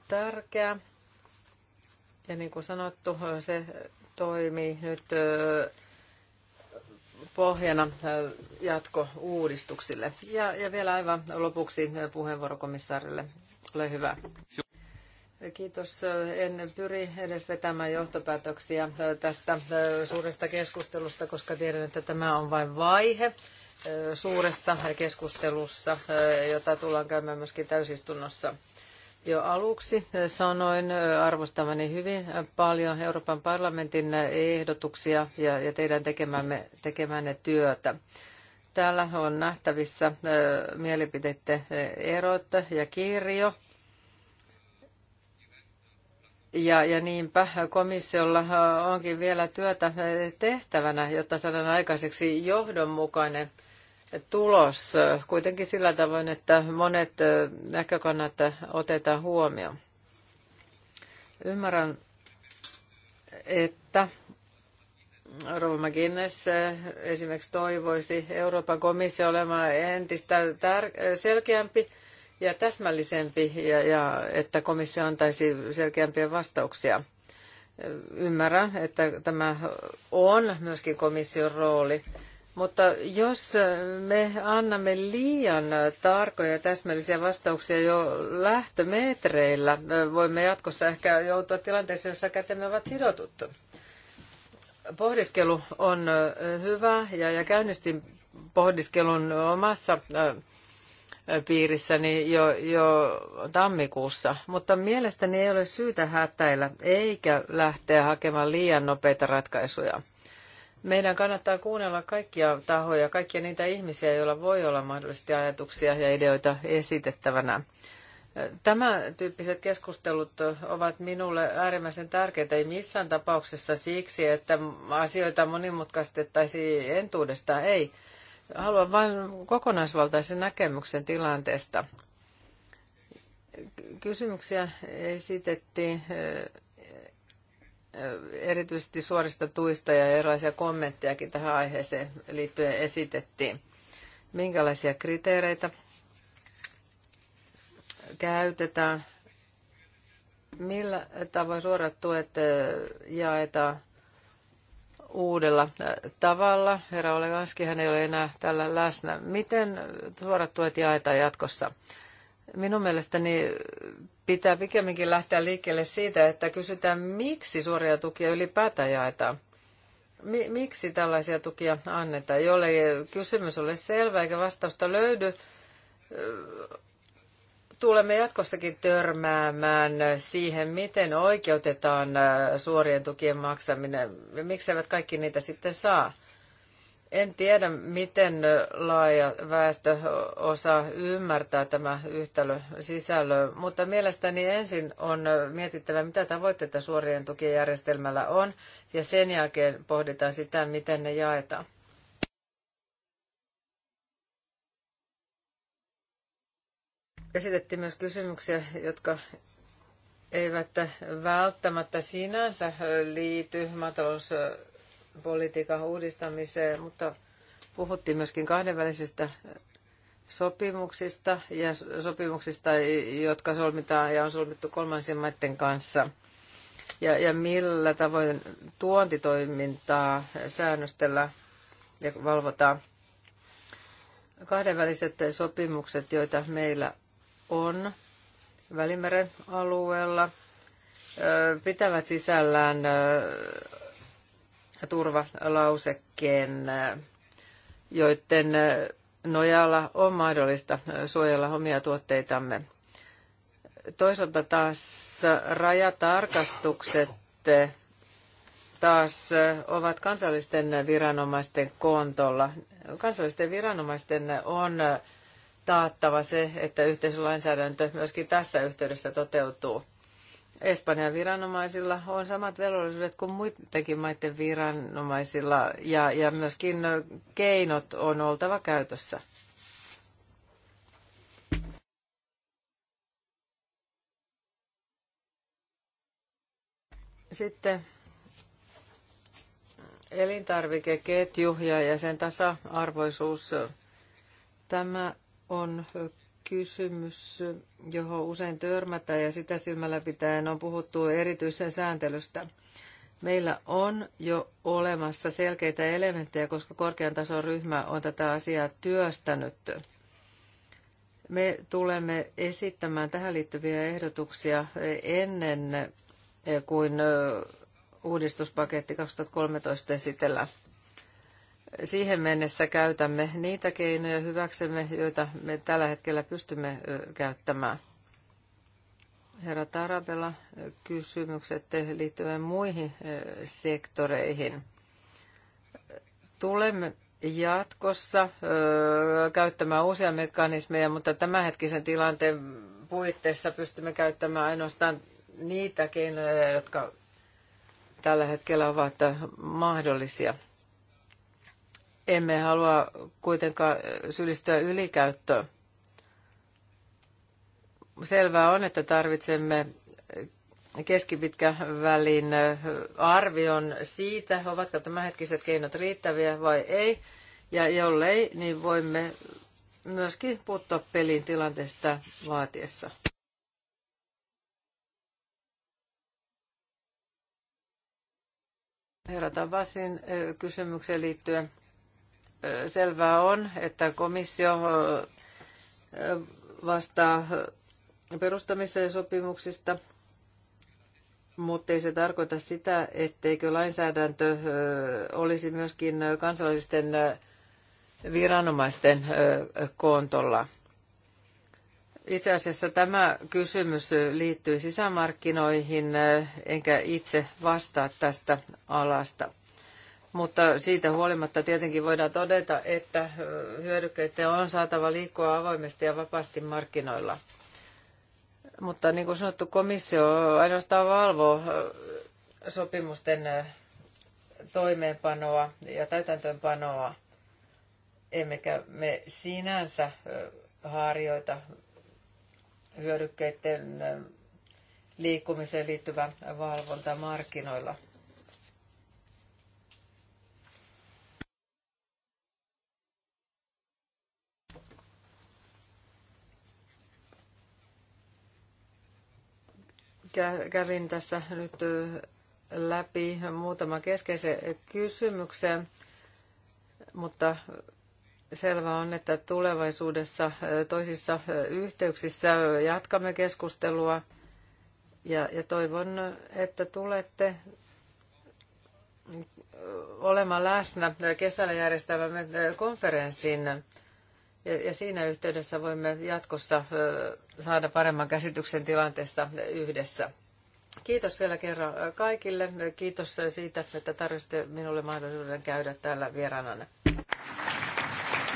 tärkeä. Ja niin kuin sanottu, se toimii nyt pohjana jatkouudistuksille. Ja, ja vielä aivan lopuksi puheenvuorokomissaarille. Ole hyvä. Kiitos. En pyri edes vetämään johtopäätöksiä tästä suuresta keskustelusta, koska tiedän, että tämä on vain vaihe suuressa keskustelussa, jota tullaan käymään myöskin täysistunnossa. Jo aluksi sanoin arvostavani hyvin paljon Euroopan parlamentin ehdotuksia ja, teidän tekemänne, tekemänne työtä. Täällä on nähtävissä mielipiteiden erot ja kirjo ja, ja niinpä komissiolla onkin vielä työtä tehtävänä, jotta saadaan aikaiseksi johdonmukainen tulos kuitenkin sillä tavoin, että monet näkökannat otetaan huomioon. Ymmärrän, että Rova McGuinness esimerkiksi toivoisi Euroopan komissio olemaan entistä selkeämpi ja täsmällisempi ja, ja että komissio antaisi selkeämpiä vastauksia. Ymmärrän, että tämä on myöskin komission rooli, mutta jos me annamme liian tarkoja ja täsmällisiä vastauksia jo lähtömetreillä, voimme jatkossa ehkä joutua tilanteeseen, jossa kätemme ovat sidotut. Pohdiskelu on hyvä ja, ja käynnistin pohdiskelun omassa äh, piirissäni jo, jo tammikuussa, mutta mielestäni ei ole syytä hätäillä eikä lähteä hakemaan liian nopeita ratkaisuja. Meidän kannattaa kuunnella kaikkia tahoja, kaikkia niitä ihmisiä, joilla voi olla mahdollisesti ajatuksia ja ideoita esitettävänä. Tämä tyyppiset keskustelut ovat minulle äärimmäisen tärkeitä, ei missään tapauksessa siksi, että asioita monimutkaistettaisiin entuudestaan, ei Haluan vain kokonaisvaltaisen näkemyksen tilanteesta. Kysymyksiä esitettiin erityisesti suorista tuista ja erilaisia kommenttejakin tähän aiheeseen liittyen esitettiin. Minkälaisia kriteereitä käytetään? Millä tavoin suorat tuet jaetaan? uudella äh, tavalla. Herra Olevanski, hän ei ole enää tällä läsnä. Miten suorat tuet jaetaan jatkossa? Minun mielestäni pitää pikemminkin lähteä liikkeelle siitä, että kysytään, miksi suoria tukia ylipäätään jaetaan. miksi tällaisia tukia annetaan? Jollei kysymys ole selvä eikä vastausta löydy, tulemme jatkossakin törmäämään siihen, miten oikeutetaan äh, suorien tukien maksaminen. Miksi eivät kaikki niitä sitten saa? En tiedä, miten laaja väestö osaa ymmärtää tämä yhtälö sisällö, mutta mielestäni ensin on mietittävä, mitä tavoitteita suorien järjestelmällä on, ja sen jälkeen pohditaan sitä, miten ne jaetaan. Esitettiin myös kysymyksiä, jotka eivät välttämättä sinänsä liity maatalouspolitiikan uudistamiseen, mutta puhuttiin myöskin kahdenvälisistä sopimuksista ja sopimuksista, jotka solmitaan ja on solmittu kolmansien maiden kanssa. Ja, ja millä tavoin tuontitoimintaa säännöstellä ja valvotaan. Kahdenväliset sopimukset, joita meillä on Välimeren alueella pitävät sisällään turvalausekkeen, joiden nojalla on mahdollista suojella omia tuotteitamme. Toisaalta taas rajatarkastukset taas ovat kansallisten viranomaisten kontolla. Kansallisten viranomaisten on taattava se, että yhteisölainsäädäntö myöskin tässä yhteydessä toteutuu. Espanjan viranomaisilla on samat velvollisuudet kuin muidenkin maiden viranomaisilla ja, ja myöskin keinot on oltava käytössä. Sitten elintarvikeketju ja sen tasa-arvoisuus. Tämä on kysymys, johon usein törmätään ja sitä silmällä pitäen on puhuttu erityisen sääntelystä. Meillä on jo olemassa selkeitä elementtejä, koska korkean tason ryhmä on tätä asiaa työstänyt. Me tulemme esittämään tähän liittyviä ehdotuksia ennen kuin uudistuspaketti 2013 esitellään. Siihen mennessä käytämme niitä keinoja hyväksemme, joita me tällä hetkellä pystymme käyttämään. Herra Tarabella, kysymykset liittyen muihin sektoreihin. Tulemme jatkossa käyttämään uusia mekanismeja, mutta tämänhetkisen tilanteen puitteissa pystymme käyttämään ainoastaan niitä keinoja, jotka tällä hetkellä ovat mahdollisia. Emme halua kuitenkaan syyllistyä ylikäyttöön. Selvää on, että tarvitsemme keskipitkän välin arvion siitä, ovatko tämänhetkiset keinot riittäviä vai ei. Ja jollei, niin voimme myöskin puuttua pelin tilanteesta vaatiessa. Herra Tabasin kysymykseen liittyen selvää on, että komissio vastaa perustamiseen sopimuksista, mutta ei se tarkoita sitä, etteikö lainsäädäntö olisi myöskin kansallisten viranomaisten kontolla. Itse asiassa tämä kysymys liittyy sisämarkkinoihin, enkä itse vastaa tästä alasta mutta siitä huolimatta tietenkin voidaan todeta, että hyödykkeitä on saatava liikkua avoimesti ja vapaasti markkinoilla. Mutta niin kuin sanottu, komissio ainoastaan valvoo sopimusten toimeenpanoa ja täytäntöönpanoa, emmekä me sinänsä harjoita hyödykkeiden liikkumiseen liittyvää valvontaa markkinoilla – kävin tässä nyt läpi muutama keskeisen kysymyksen, mutta selvä on, että tulevaisuudessa toisissa yhteyksissä jatkamme keskustelua ja, ja toivon, että tulette olemaan läsnä kesällä järjestävämme konferenssin ja, siinä yhteydessä voimme jatkossa saada paremman käsityksen tilanteesta yhdessä. Kiitos vielä kerran kaikille. Kiitos siitä, että tarjositte minulle mahdollisuuden käydä täällä vieraananne.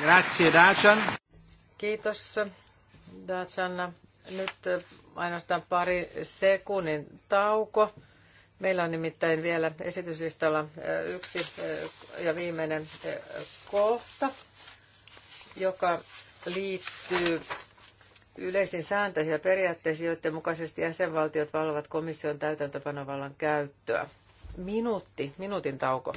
Grazie, Dacian. Kiitos, Dacian. Nyt ainoastaan pari sekunnin tauko. Meillä on nimittäin vielä esityslistalla yksi ja viimeinen kohta joka liittyy yleisiin sääntöihin ja periaatteisiin, joiden mukaisesti jäsenvaltiot valvovat komission täytäntöpanovallan käyttöä. Minuutti, minuutin tauko.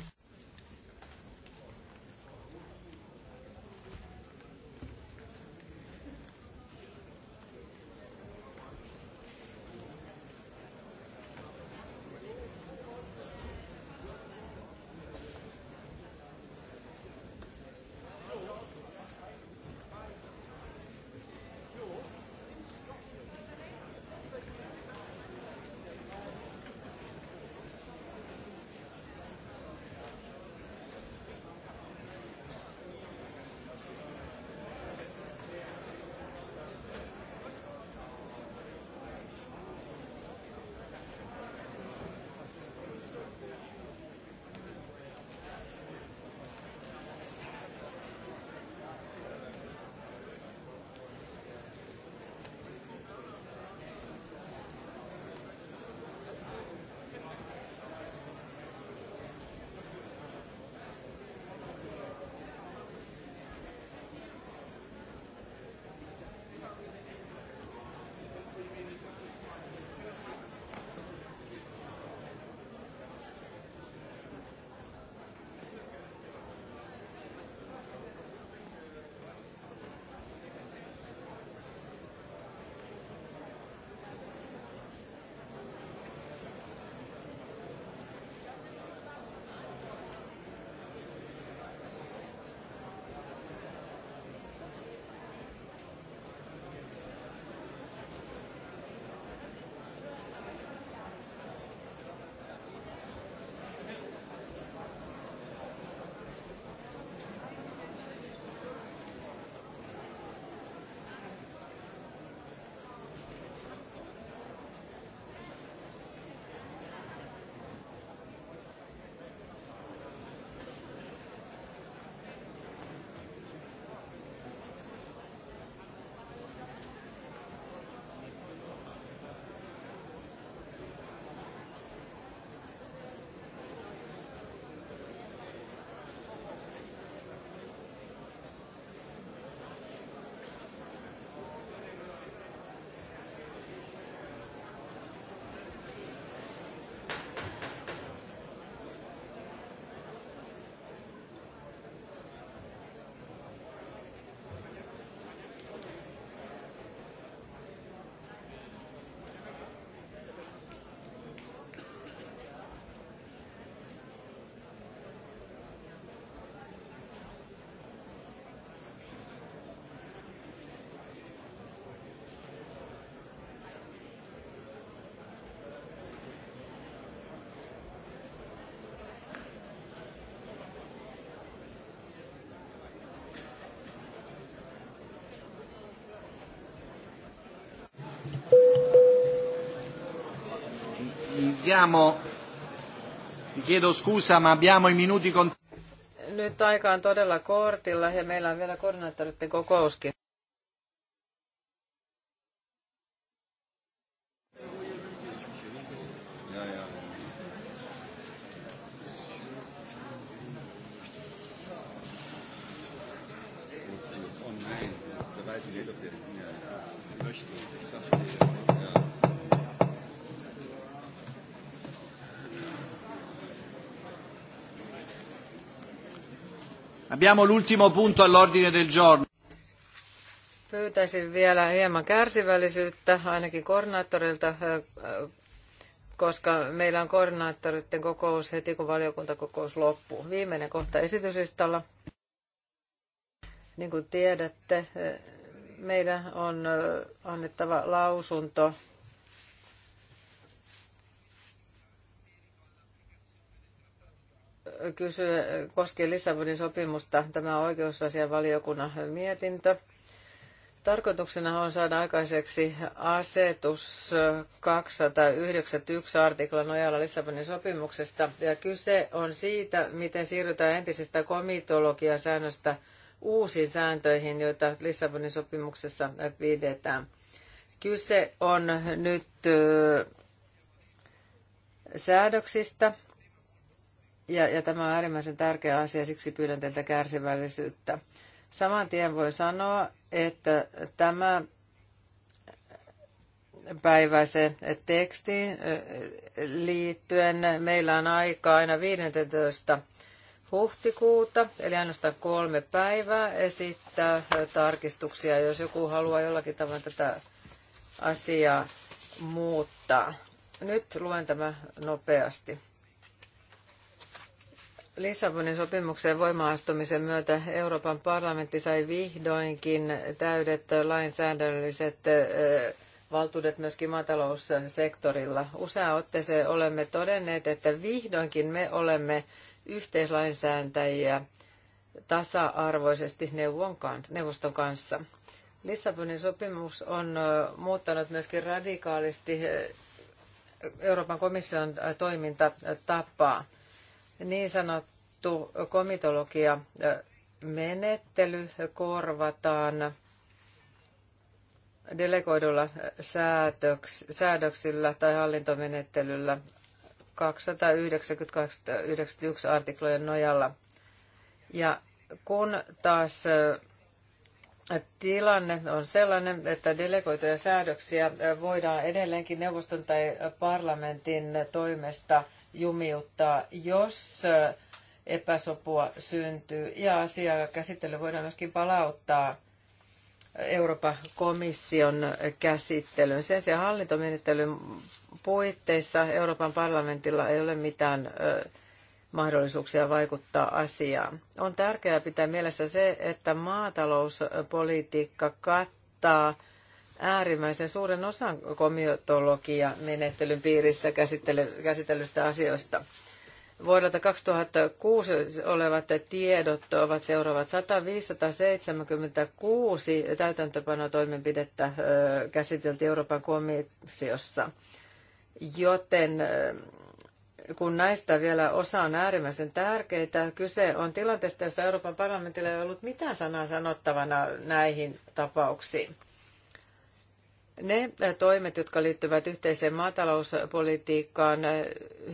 Siamo, Mi chiedo scusa, ma abbiamo i minuti con... Nyt aika on todella kortilla ja meillä on vielä koordinaattoreiden kokouskin. Abbiamo l'ultimo punto all'ordine del giorno. Pyytäisin vielä hieman kärsivällisyyttä, ainakin koordinaattorilta, äh, äh, koska meillä on koordinaattoritten kokous heti, kun valiokuntakokous loppuu. Viimeinen kohta esityslistalla. Niin kuin tiedätte, äh, meidän on annettava lausunto kysyy, koskee Lissabonin sopimusta tämä oikeusasianvaliokunnan mietintö. Tarkoituksena on saada aikaiseksi asetus 291 artiklan nojalla Lissabonin sopimuksesta. Ja kyse on siitä, miten siirrytään entisestä komitologiasäännöstä uusiin sääntöihin, joita Lissabonin sopimuksessa pidetään. Kyse on nyt säädöksistä, ja, ja tämä on äärimmäisen tärkeä asia, siksi pyydän teiltä kärsivällisyyttä. Saman tien voi sanoa, että tämä päiväisen tekstiin liittyen meillä on aika aina 15 huhtikuuta, eli ainoastaan kolme päivää esittää tarkistuksia, jos joku haluaa jollakin tavalla tätä asiaa muuttaa. Nyt luen tämä nopeasti. Lissabonin sopimuksen voimaastumisen myötä Euroopan parlamentti sai vihdoinkin täydet lainsäädännölliset valtuudet myöskin maataloussektorilla. Usea otteeseen olemme todenneet, että vihdoinkin me olemme yhteislainsääntäjiä tasa-arvoisesti neuvoston kanssa. Lissabonin sopimus on muuttanut myöskin radikaalisti Euroopan komission toimintatapaa niin sanottu komitologia menettely korvataan delegoidulla säädöksillä tai hallintomenettelyllä 291 artiklojen nojalla. Ja kun taas äh, tilanne on sellainen, että delegoituja säädöksiä äh, voidaan edelleenkin neuvoston tai parlamentin toimesta – jumiuttaa, jos epäsopua syntyy. Ja asiaa käsittely voidaan myöskin palauttaa Euroopan komission käsittelyyn. Sen sijaan hallintomenettelyn puitteissa Euroopan parlamentilla ei ole mitään mahdollisuuksia vaikuttaa asiaan. On tärkeää pitää mielessä se, että maatalouspolitiikka kattaa – äärimmäisen suuren osan komiotologia menettelyn piirissä käsitellystä asioista. Vuodelta 2006 olevat tiedot ovat seuraavat 1576 täytäntöpanotoimenpidettä käsiteltiin Euroopan komissiossa, joten kun näistä vielä osa on äärimmäisen tärkeitä. Kyse on tilanteesta, jossa Euroopan parlamentilla ei ollut mitään sanaa sanottavana näihin tapauksiin. Ne toimet, jotka liittyvät yhteiseen maatalouspolitiikkaan,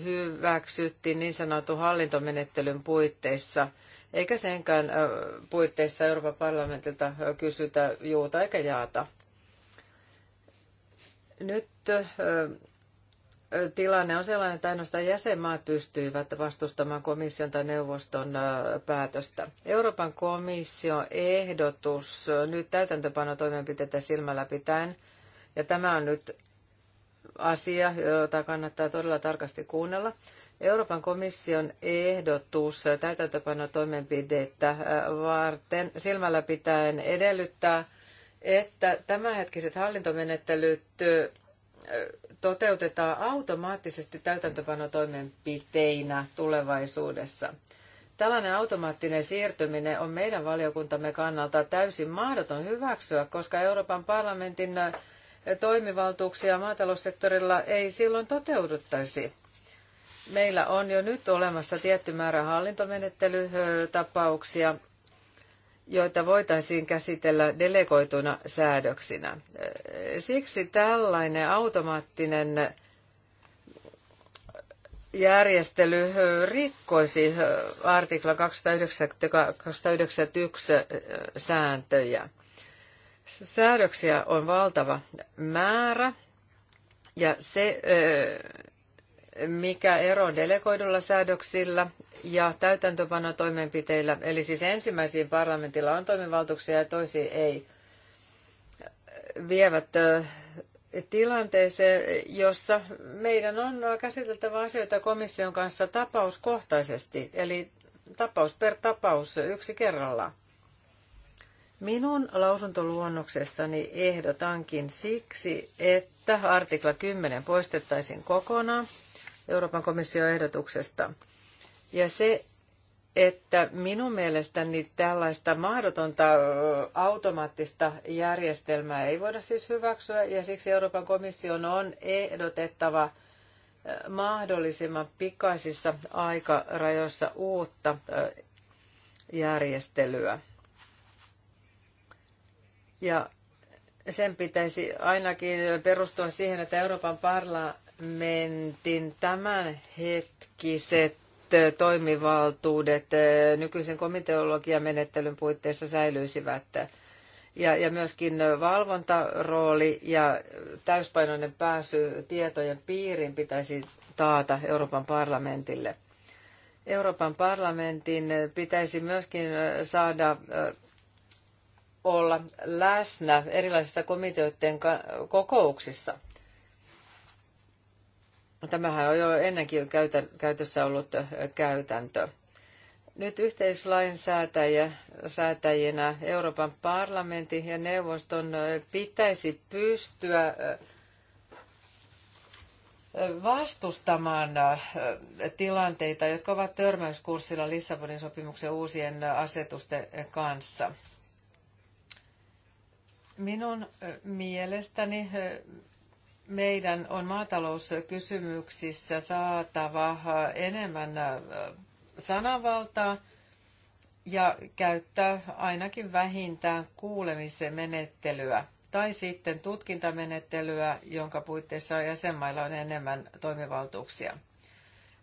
hyväksyttiin niin sanotun hallintomenettelyn puitteissa, eikä senkään puitteissa Euroopan parlamentilta kysytä juuta eikä jaata. Nyt tilanne on sellainen, että ainoastaan jäsenmaat pystyivät vastustamaan komission tai neuvoston päätöstä. Euroopan komission ehdotus nyt täytäntöpanotoimenpiteitä silmällä pitäen – ja tämä on nyt asia, jota kannattaa todella tarkasti kuunnella. Euroopan komission ehdotus täytäntöpanotoimenpidettä äh, varten silmällä pitäen edellyttää, että tämänhetkiset hallintomenettelyt äh, toteutetaan automaattisesti täytäntöpanotoimenpiteinä tulevaisuudessa. Tällainen automaattinen siirtyminen on meidän valiokuntamme kannalta täysin mahdoton hyväksyä, koska Euroopan parlamentin toimivaltuuksia maataloussektorilla ei silloin toteuduttaisi. Meillä on jo nyt olemassa tietty määrä hallintomenettelytapauksia, joita voitaisiin käsitellä delegoituna säädöksinä. Siksi tällainen automaattinen järjestely rikkoisi artikla 291 sääntöjä. Säädöksiä on valtava määrä ja se, mikä ero on delegoidulla säädöksillä ja täytäntöpanotoimenpiteillä, eli siis ensimmäisiin parlamentilla on toimivaltuuksia ja toisiin ei, vievät tilanteeseen, jossa meidän on käsiteltävä asioita komission kanssa tapauskohtaisesti, eli tapaus per tapaus yksi kerrallaan. Minun lausuntoluonnoksessani ehdotankin siksi, että artikla 10 poistettaisiin kokonaan Euroopan komission ehdotuksesta. Ja se, että minun mielestäni tällaista mahdotonta automaattista järjestelmää ei voida siis hyväksyä, ja siksi Euroopan komission on ehdotettava mahdollisimman pikaisissa aikarajoissa uutta järjestelyä. Ja sen pitäisi ainakin perustua siihen, että Euroopan parlamentin tämänhetkiset toimivaltuudet nykyisen komiteologiamenettelyn puitteissa säilyisivät. Ja, ja myöskin valvontarooli ja täyspainoinen pääsy tietojen piiriin pitäisi taata Euroopan parlamentille. Euroopan parlamentin pitäisi myöskin saada olla läsnä erilaisissa komiteoiden kokouksissa. Tämähän on jo ennenkin käytössä ollut käytäntö. Nyt yhteislainsäätäjinä Euroopan parlamentin ja neuvoston pitäisi pystyä vastustamaan tilanteita, jotka ovat törmäyskurssilla Lissabonin sopimuksen uusien asetusten kanssa. Minun mielestäni meidän on maatalouskysymyksissä saatava enemmän sananvaltaa ja käyttää ainakin vähintään kuulemisen menettelyä tai sitten tutkintamenettelyä, jonka puitteissa jäsenmailla on enemmän toimivaltuuksia.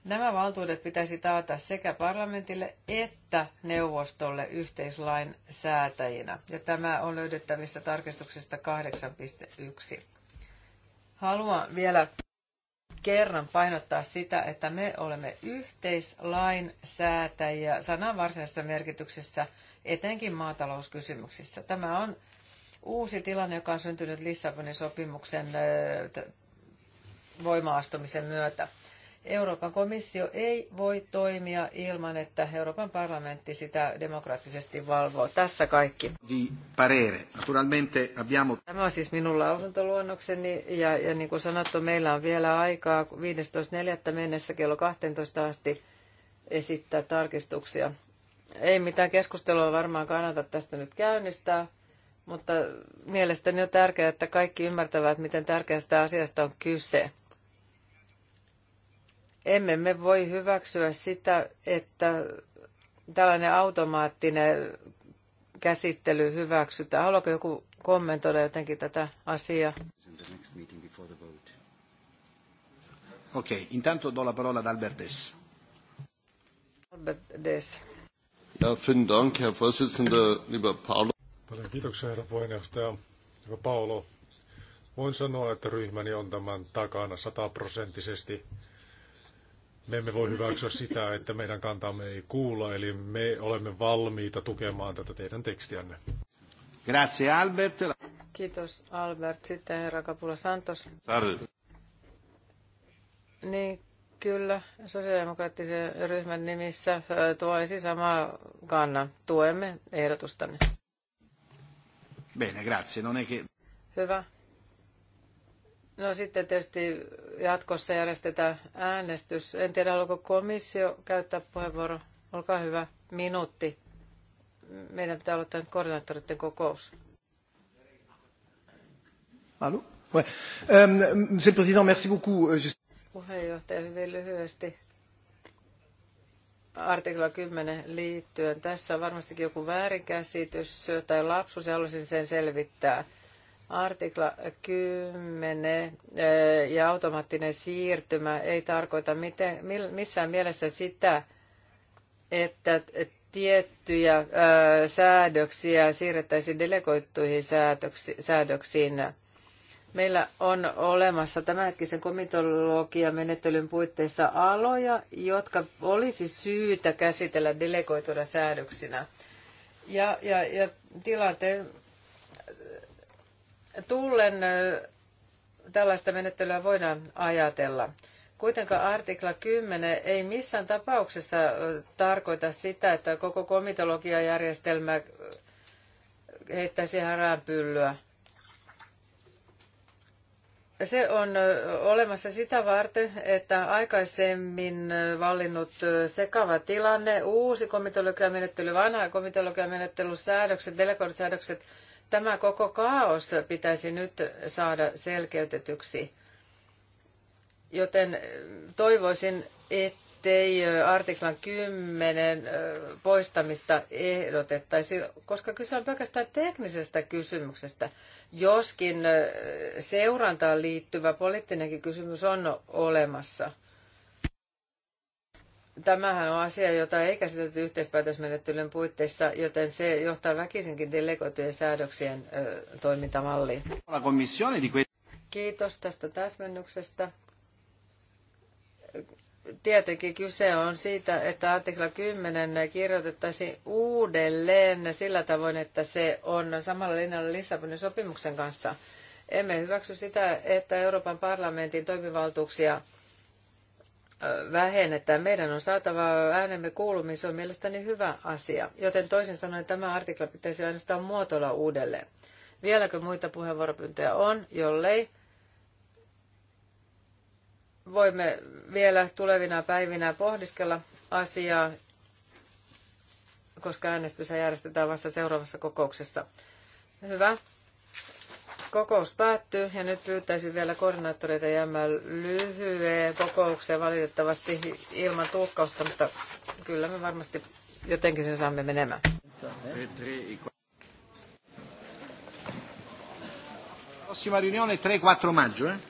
Nämä valtuudet pitäisi taata sekä parlamentille että neuvostolle yhteislain säätäjinä, ja tämä on löydettävissä tarkistuksesta 8.1. Haluan vielä kerran painottaa sitä, että me olemme yhteislain säätäjiä sanan varsinaisessa merkityksessä, etenkin maatalouskysymyksissä. Tämä on uusi tilanne, joka on syntynyt Lissabonin sopimuksen voimaastumisen myötä. Euroopan komissio ei voi toimia ilman, että Euroopan parlamentti sitä demokraattisesti valvoo. Tässä kaikki. Tämä on siis minun lausuntoluonnokseni ja, ja niin kuin sanottu, meillä on vielä aikaa 15.4. mennessä kello 12 asti esittää tarkistuksia. Ei mitään keskustelua varmaan kannata tästä nyt käynnistää, mutta mielestäni on tärkeää, että kaikki ymmärtävät, miten tärkeästä asiasta on kyse. Emme me voi hyväksyä sitä, että tällainen automaattinen käsittely hyväksytään. Haluaako joku kommentoida jotenkin tätä asiaa? Okei, okay. intanto do la parola ad Albert Dess. Albert Dess. Ja, vielen Dank, Herr Vorsitzender, lieber Paolo. Paljon kiitoksia, herra puheenjohtaja. Hyvä Paolo, voin sanoa, että ryhmäni on tämän takana sataprosenttisesti. Me emme voi hyväksyä sitä, että meidän kantamme ei kuulla, eli me olemme valmiita tukemaan tätä teidän tekstiänne. Grazie Albert. Kiitos Albert. Sitten herra Kapula Santos. Tarvi. Niin, kyllä. Sosiaalidemokraattisen ryhmän nimissä tuoisi siis sama kannan. Tuemme ehdotustanne. Bene, grazie. Non è che... Hyvä. No sitten tietysti jatkossa järjestetään äänestys. En tiedä, haluaako komissio käyttää puheenvuoro. Olkaa hyvä, minuutti. Meidän pitää aloittaa nyt koordinaattoreiden kokous. Allô? Ouais. Euh, monsieur le Président, merci beaucoup. Euh, Puheenjohtaja, hyvin lyhyesti artikla 10 liittyen. Tässä on varmastikin joku väärinkäsitys tai lapsus ja haluaisin sen selvittää Artikla 10 ja automaattinen siirtymä ei tarkoita miten, missään mielessä sitä, että tiettyjä säädöksiä siirrettäisiin delegoittuihin säädöksiin. Meillä on olemassa tämänhetkisen komitologian menettelyn puitteissa aloja, jotka olisi syytä käsitellä delegoituna säädöksinä. Ja, ja, ja tilanteen tullen tällaista menettelyä voidaan ajatella. Kuitenkaan artikla 10 ei missään tapauksessa tarkoita sitä, että koko komitologiajärjestelmä heittäisi häränpyllyä. Se on olemassa sitä varten, että aikaisemmin vallinnut sekava tilanne, uusi komitologiamenettely, vanha komitologiamenettely, säädökset, delegoidut säädökset – Tämä koko kaos pitäisi nyt saada selkeytetyksi, joten toivoisin, ettei artiklan 10 poistamista ehdotettaisi, koska kyse on pelkästään teknisestä kysymyksestä. Joskin seurantaan liittyvä poliittinenkin kysymys on olemassa – Tämähän on asia, jota ei käsitelty yhteispäätösmenettelyn puitteissa, joten se johtaa väkisinkin delegoitujen säädöksien ö, toimintamalliin. Kiitos tästä täsmennyksestä. Tietenkin kyse on siitä, että artikla 10 kirjoitettaisiin uudelleen sillä tavoin, että se on samalla linjalla Lissabonin sopimuksen kanssa. Emme hyväksy sitä, että Euroopan parlamentin toimivaltuuksia vähennetään. Meidän on saatava äänemme kuulumiin, se on mielestäni hyvä asia. Joten toisin sanoen tämä artikla pitäisi ainoastaan muotoilla uudelleen. Vieläkö muita puheenvuoropyyntöjä on, jollei voimme vielä tulevina päivinä pohdiskella asiaa, koska äänestys järjestetään vasta seuraavassa kokouksessa. Hyvä. Kokous päättyy ja nyt pyytäisin vielä koordinaattoreita jäämään lyhyeen kokoukseen valitettavasti ilman tulkkausta, mutta kyllä me varmasti jotenkin sen saamme menemään. Prossima riunione 3-4 maggio, eh?